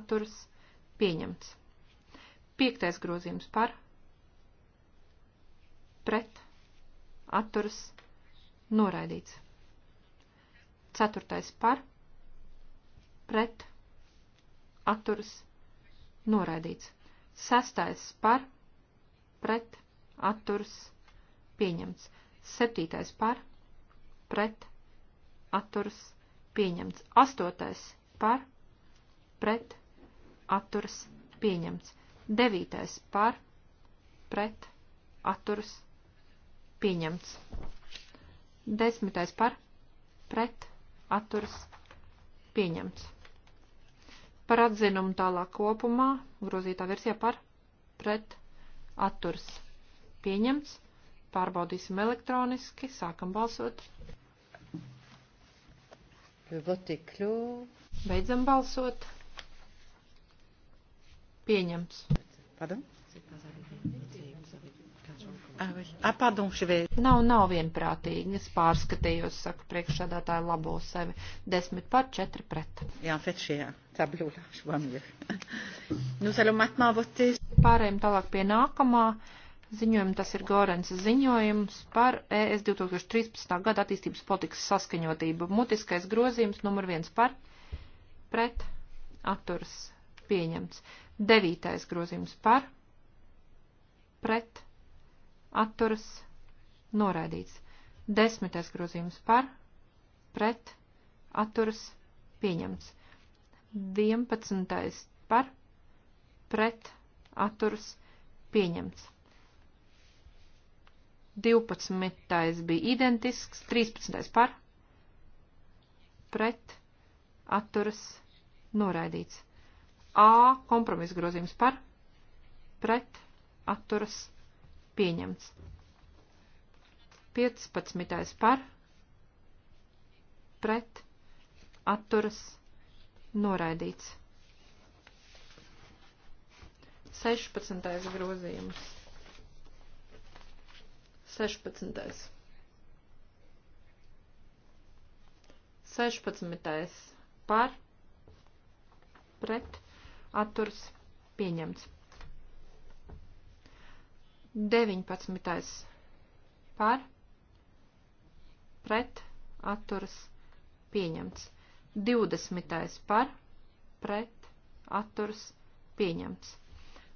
atturs. Pieņemts. Piektais grozījums par, pret, atturas, noraidīts. Ceturtais par, pret, atturas, noraidīts. Sestais par, pret, atturas, pieņemts. Septītais par, pret, atturas, pieņemts. Astotais par, pret, atturas, pieņemts. Devītais par, pret, atturas, pieņemts. Desmitais par, pret, atturas, pieņemts. Par atzinumu tālāk kopumā, grozītā versijā par, pret, atturas, pieņemts. Pārbaudīsim elektroniski, sākam balsot. Beidzam balsot. Pieņemts. Pardon? Ah, ah pardon, nav, nav vienprātīgi. Es pārskatījos, saku, priekšsādātāju labo sevi. Desmit par četri pret. Jā, fet šajā tabļūlā švamļa. Nu, zaļu matmā votis. Pārējiem tālāk pie nākamā ziņojuma. Tas ir Gorens ziņojums par ES 2013. gada attīstības politikas saskaņotību. Mutiskais grozījums numur viens par pret atturas pieņemts. Devītais grozījums par, pret, atturas, noraidīts. Desmitais grozījums par, pret, atturas, pieņemts. Vienpadsmitais par, pret, atturas, pieņemts. 12. bija identisks, 13. par, pret, atturas, noraidīts. A kompromisa grozījums par, pret, atturas, pieņemts. 15. par, pret, atturas, noraidīts. 16. grozījums. 16. 16. par, pret, atturs pieņemts. 19. par pret atturs pieņemts. 20. par pret atturs pieņemts.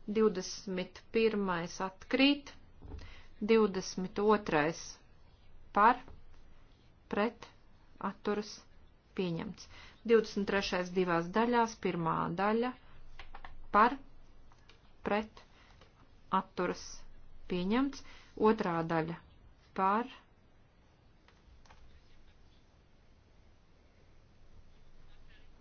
21. atkrīt, 22. par pret atturs pieņemts. 23. divās daļās, pirmā daļa – par pret atturas pieņemts. Otrā daļa par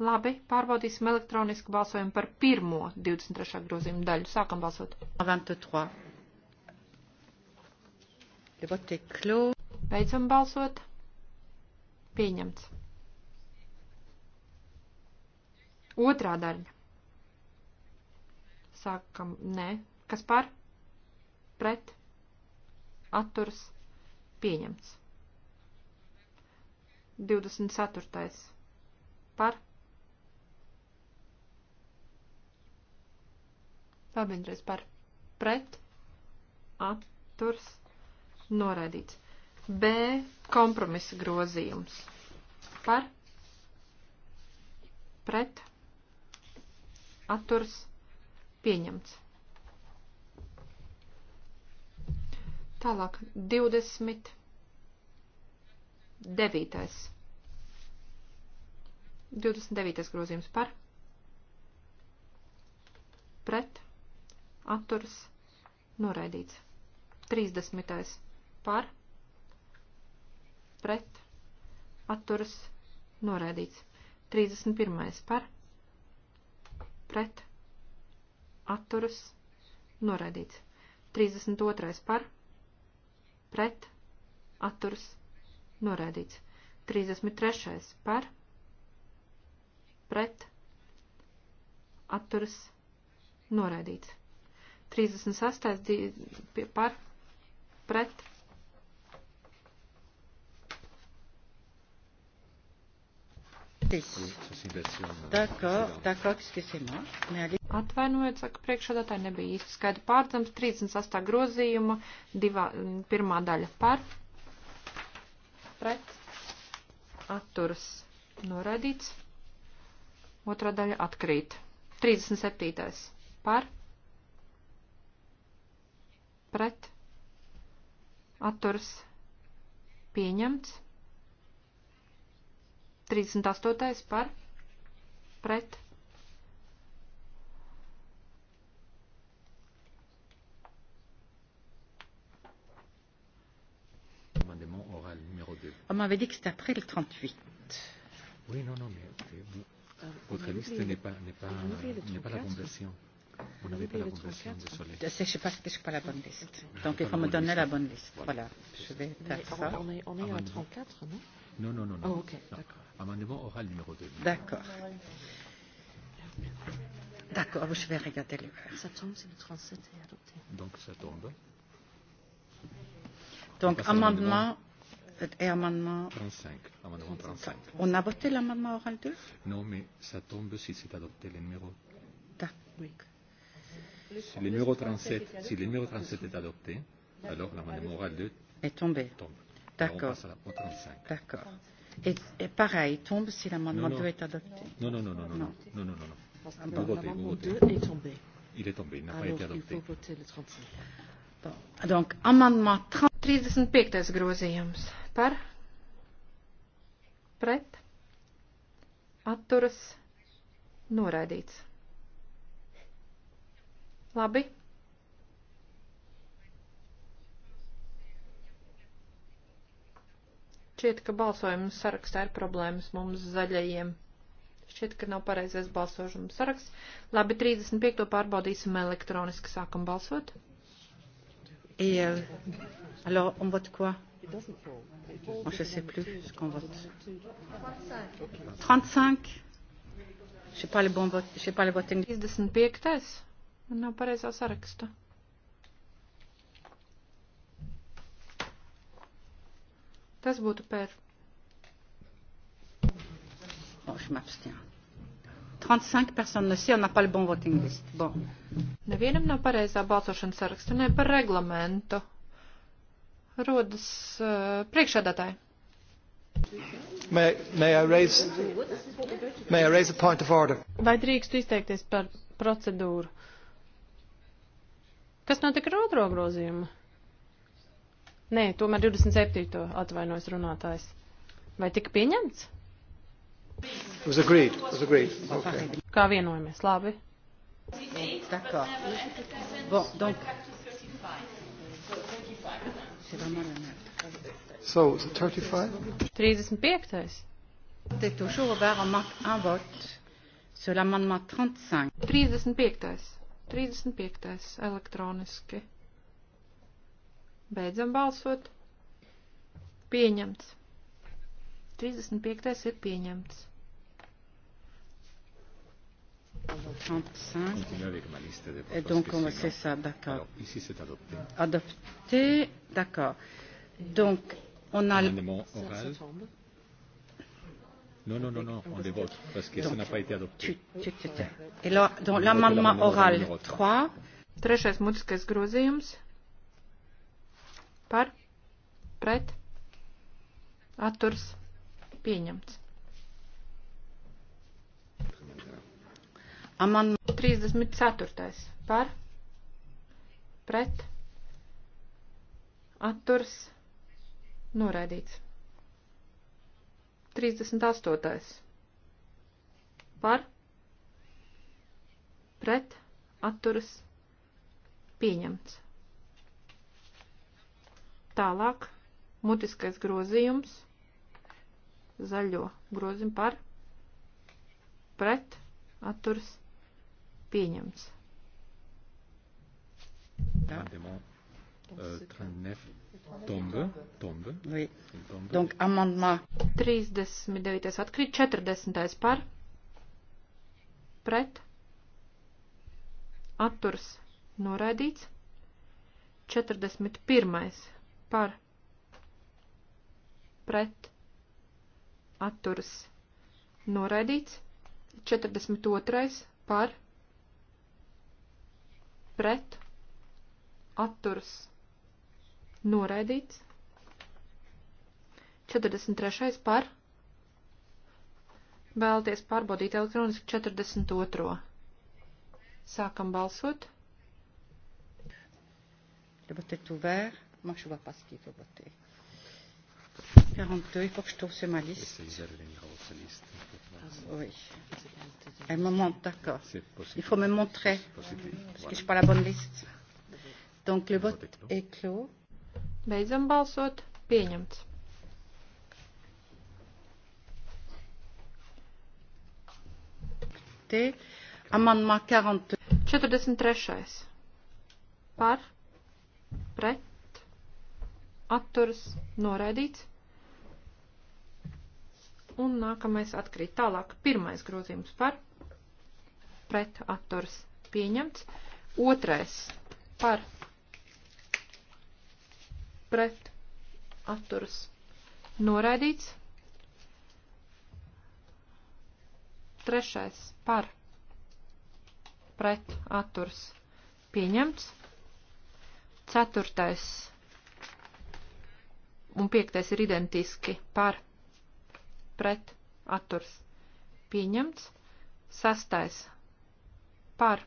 Labi, pārbaudīsim elektronisku balsojumu par pirmo 23. grozījumu daļu. Sākam balsot. 23. Beidzam balsot. Pieņemts. Otrā daļa. Sākam, nē. Kas par? Pret. Atturs. Pieņemts. 24. Par. Vēl vienreiz par. Pret. Atturs. Noraidīts. B. Kompromisa grozījums. Par. Pret. Atturs. Noraidīts Pieņemts. Tālāk 29. 29. grozījums par pret atturas noraidīts. 30. par pret atturas noraidīts. 31. par pret atturas, noraidīts. 32. par, pret, atturas, noraidīts. 33. par, pret, atturas, noraidīts. 36. par, pret, Atvainojiet, saka priekšādātāji, nebija īsti skaidri pārdzams. 38. grozījuma, divā, mm, pirmā daļa par, pret, atturas, noraidīts, otrā daļa atkrīt. 37. par, pret, atturas, pieņemts. 38. par pret. On m'avait dit que c'était après le 38. Oui, non, non, mais euh, vous, votre liste n'est pas, n'est pas, n'est pas la conversion. Vous n'avez pas la conversion, désolé. Je ne sais pas ce que je pas la bonne liste. Donc il faut me donner la bonne liste. Voilà, je vais faire ça. On est, on est à 34, non Non, non, non. non. Oh, ok, non. d'accord. Amendement oral numéro 2. D'accord. D'accord, je vais regarder le verre. Ça tombe si le 37 est adopté. Donc ça tombe. Donc amendement euh, et amendement 35. Amendement 35. On a voté l'amendement oral 2 Non, mais ça tombe si c'est adopté le numéro. D'accord. Oui. Si le numéro 37, si le numéro 37 est adopté, alors l'amendement oral 2 est tombé. tombe. D'accord. D'accord. Et, et pareil, tombe si l'amendement 2 est adopté. Non, non, non, non, non, non, non, non, non. Parce ah que l'amendement 2 est tombé. Il est tombé, il n'a pas ah, été adopté. Il faut voter le 35. Bon. Donc, amendement 30. 35. grozījums par, pret, atturas, noraidīts. Labi. Šķiet, ka balsojums sarakstā ir problēmas mums zaļajiem. Šķiet, ka nav pareizais balsošanas saraksts. Labi, 35. pārbaudīsim elektroniski. Sākam balsot. Et euh, alors, on vote quoi Moi, je ne sais plus ce qu'on vote. 35. Je n'ai pas le bon vote. Je n'ai pas le voting. 35. Nav pareizā saraksta. Tas būtu pēr. Oh, 35 personnes ne sien, n'a pas le bon voting list. Bon. Nevienam nav pareizā balsošanas saraksta, ne par reglamentu. Rodas uh, eh, priekšādātāji. May, may, I raise, may I raise a point of order? Vai drīkstu izteikties par procedūru? Kas notika ar otro grozījumu? Nē, tomēr 27. atvainojas runātājs. Vai tika pieņemts? It was agreed. It was agreed. Okay. Kā vienojamies? Labi. D'accord. Bon, donc. So, 35? 35. C'est toujours ouvert un vote sur l'amendement 35. 35. 35. Elektroniski. Beidzam balsot. Pieņemts. 35. ir pieņemts. 35. Et donc, on c'est ça, d'accord. Alors, ici, c'est adopté. Adopté, d'accord. Donc, on a... Amendement oral. Non, non, non, non, on les vote, parce que donc, ça n'a pas été adopté. Tu, tu, tu, tu. Et là, donc, l'amendement oral 3. Trešais mutiskais grozījums par, pret, atturs, pieņemts. Aman 34. par, pret, atturs, noraidīts. 38. par, pret, atturas, pieņemts. Tālāk mutiskais grozījums zaļo grozim par pret atturs pieņems. Jā. Euh, 39 tombe, tombe. Oui. Tombe. Donc amendement 39 atkrīt, 40 par pret atturs noraidīts, 41 par pret atturas noraidīts, 42. par pret atturas noraidīts, 43. par vēlties pārbaudīt elektroniski 42. Sākam balsot. Debat est ouvert. Moi, je ne vois pas ce qu'il faut voter. 42, il faut que je trouve sur ma liste. Oui. Un moment, d'accord. Il faut me montrer, parce que je n'ai pas la bonne liste. Donc, le vote est clos. Beidzam balsot. Pieņemts. Te amendement 43. Par. Pret atturas noraidīts. Un nākamais atkrīt tālāk. Pirmais grozījums par pret atturas pieņemts. Otrais par pret atturas noraidīts. Trešais par pret atturas pieņemts. Ceturtais un piektais ir identiski par pret atturs pieņemts, sastais par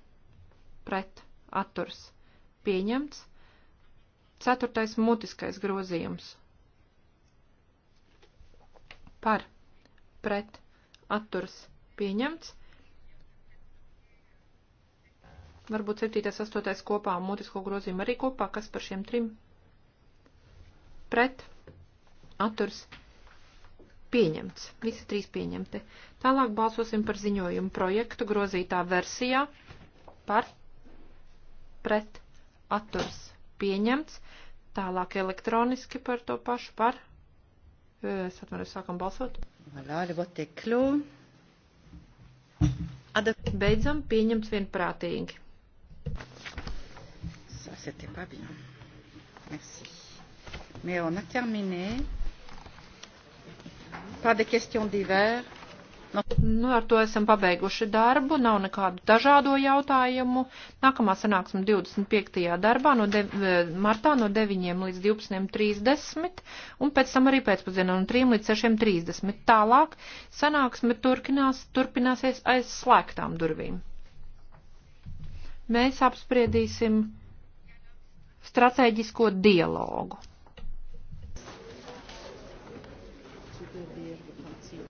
pret atturs pieņemts, ceturtais mutiskais grozījums par pret atturs pieņemts. Varbūt 7. 8. kopā mutisko grozījumu arī kopā, kas par šiem trim pret atturs pieņemts atturs pieņemts. Visi trīs pieņemti. Tālāk balsosim par ziņojumu projektu grozītā versijā par pret atturs pieņemts. Tālāk elektroniski par to pašu par. Es atvainojos, sākam balsot. Voilà, le vote est clos. Beidzam pieņemts vienprātīgi. Ça, c'était pas bien. Merci. Mais on a terminé. Nu, ar to esam pabeiguši darbu, nav nekādu dažādo jautājumu. Nākamā sanāksme 25. darbā no de, eh, martā no 9 līdz 12.30 un pēc tam arī pēcpazienā no 3 līdz 6.30. Tālāk sanāksme turpinās, turpināsies aiz slēgtām durvīm. Mēs apspriedīsim stratēģisko dialogu.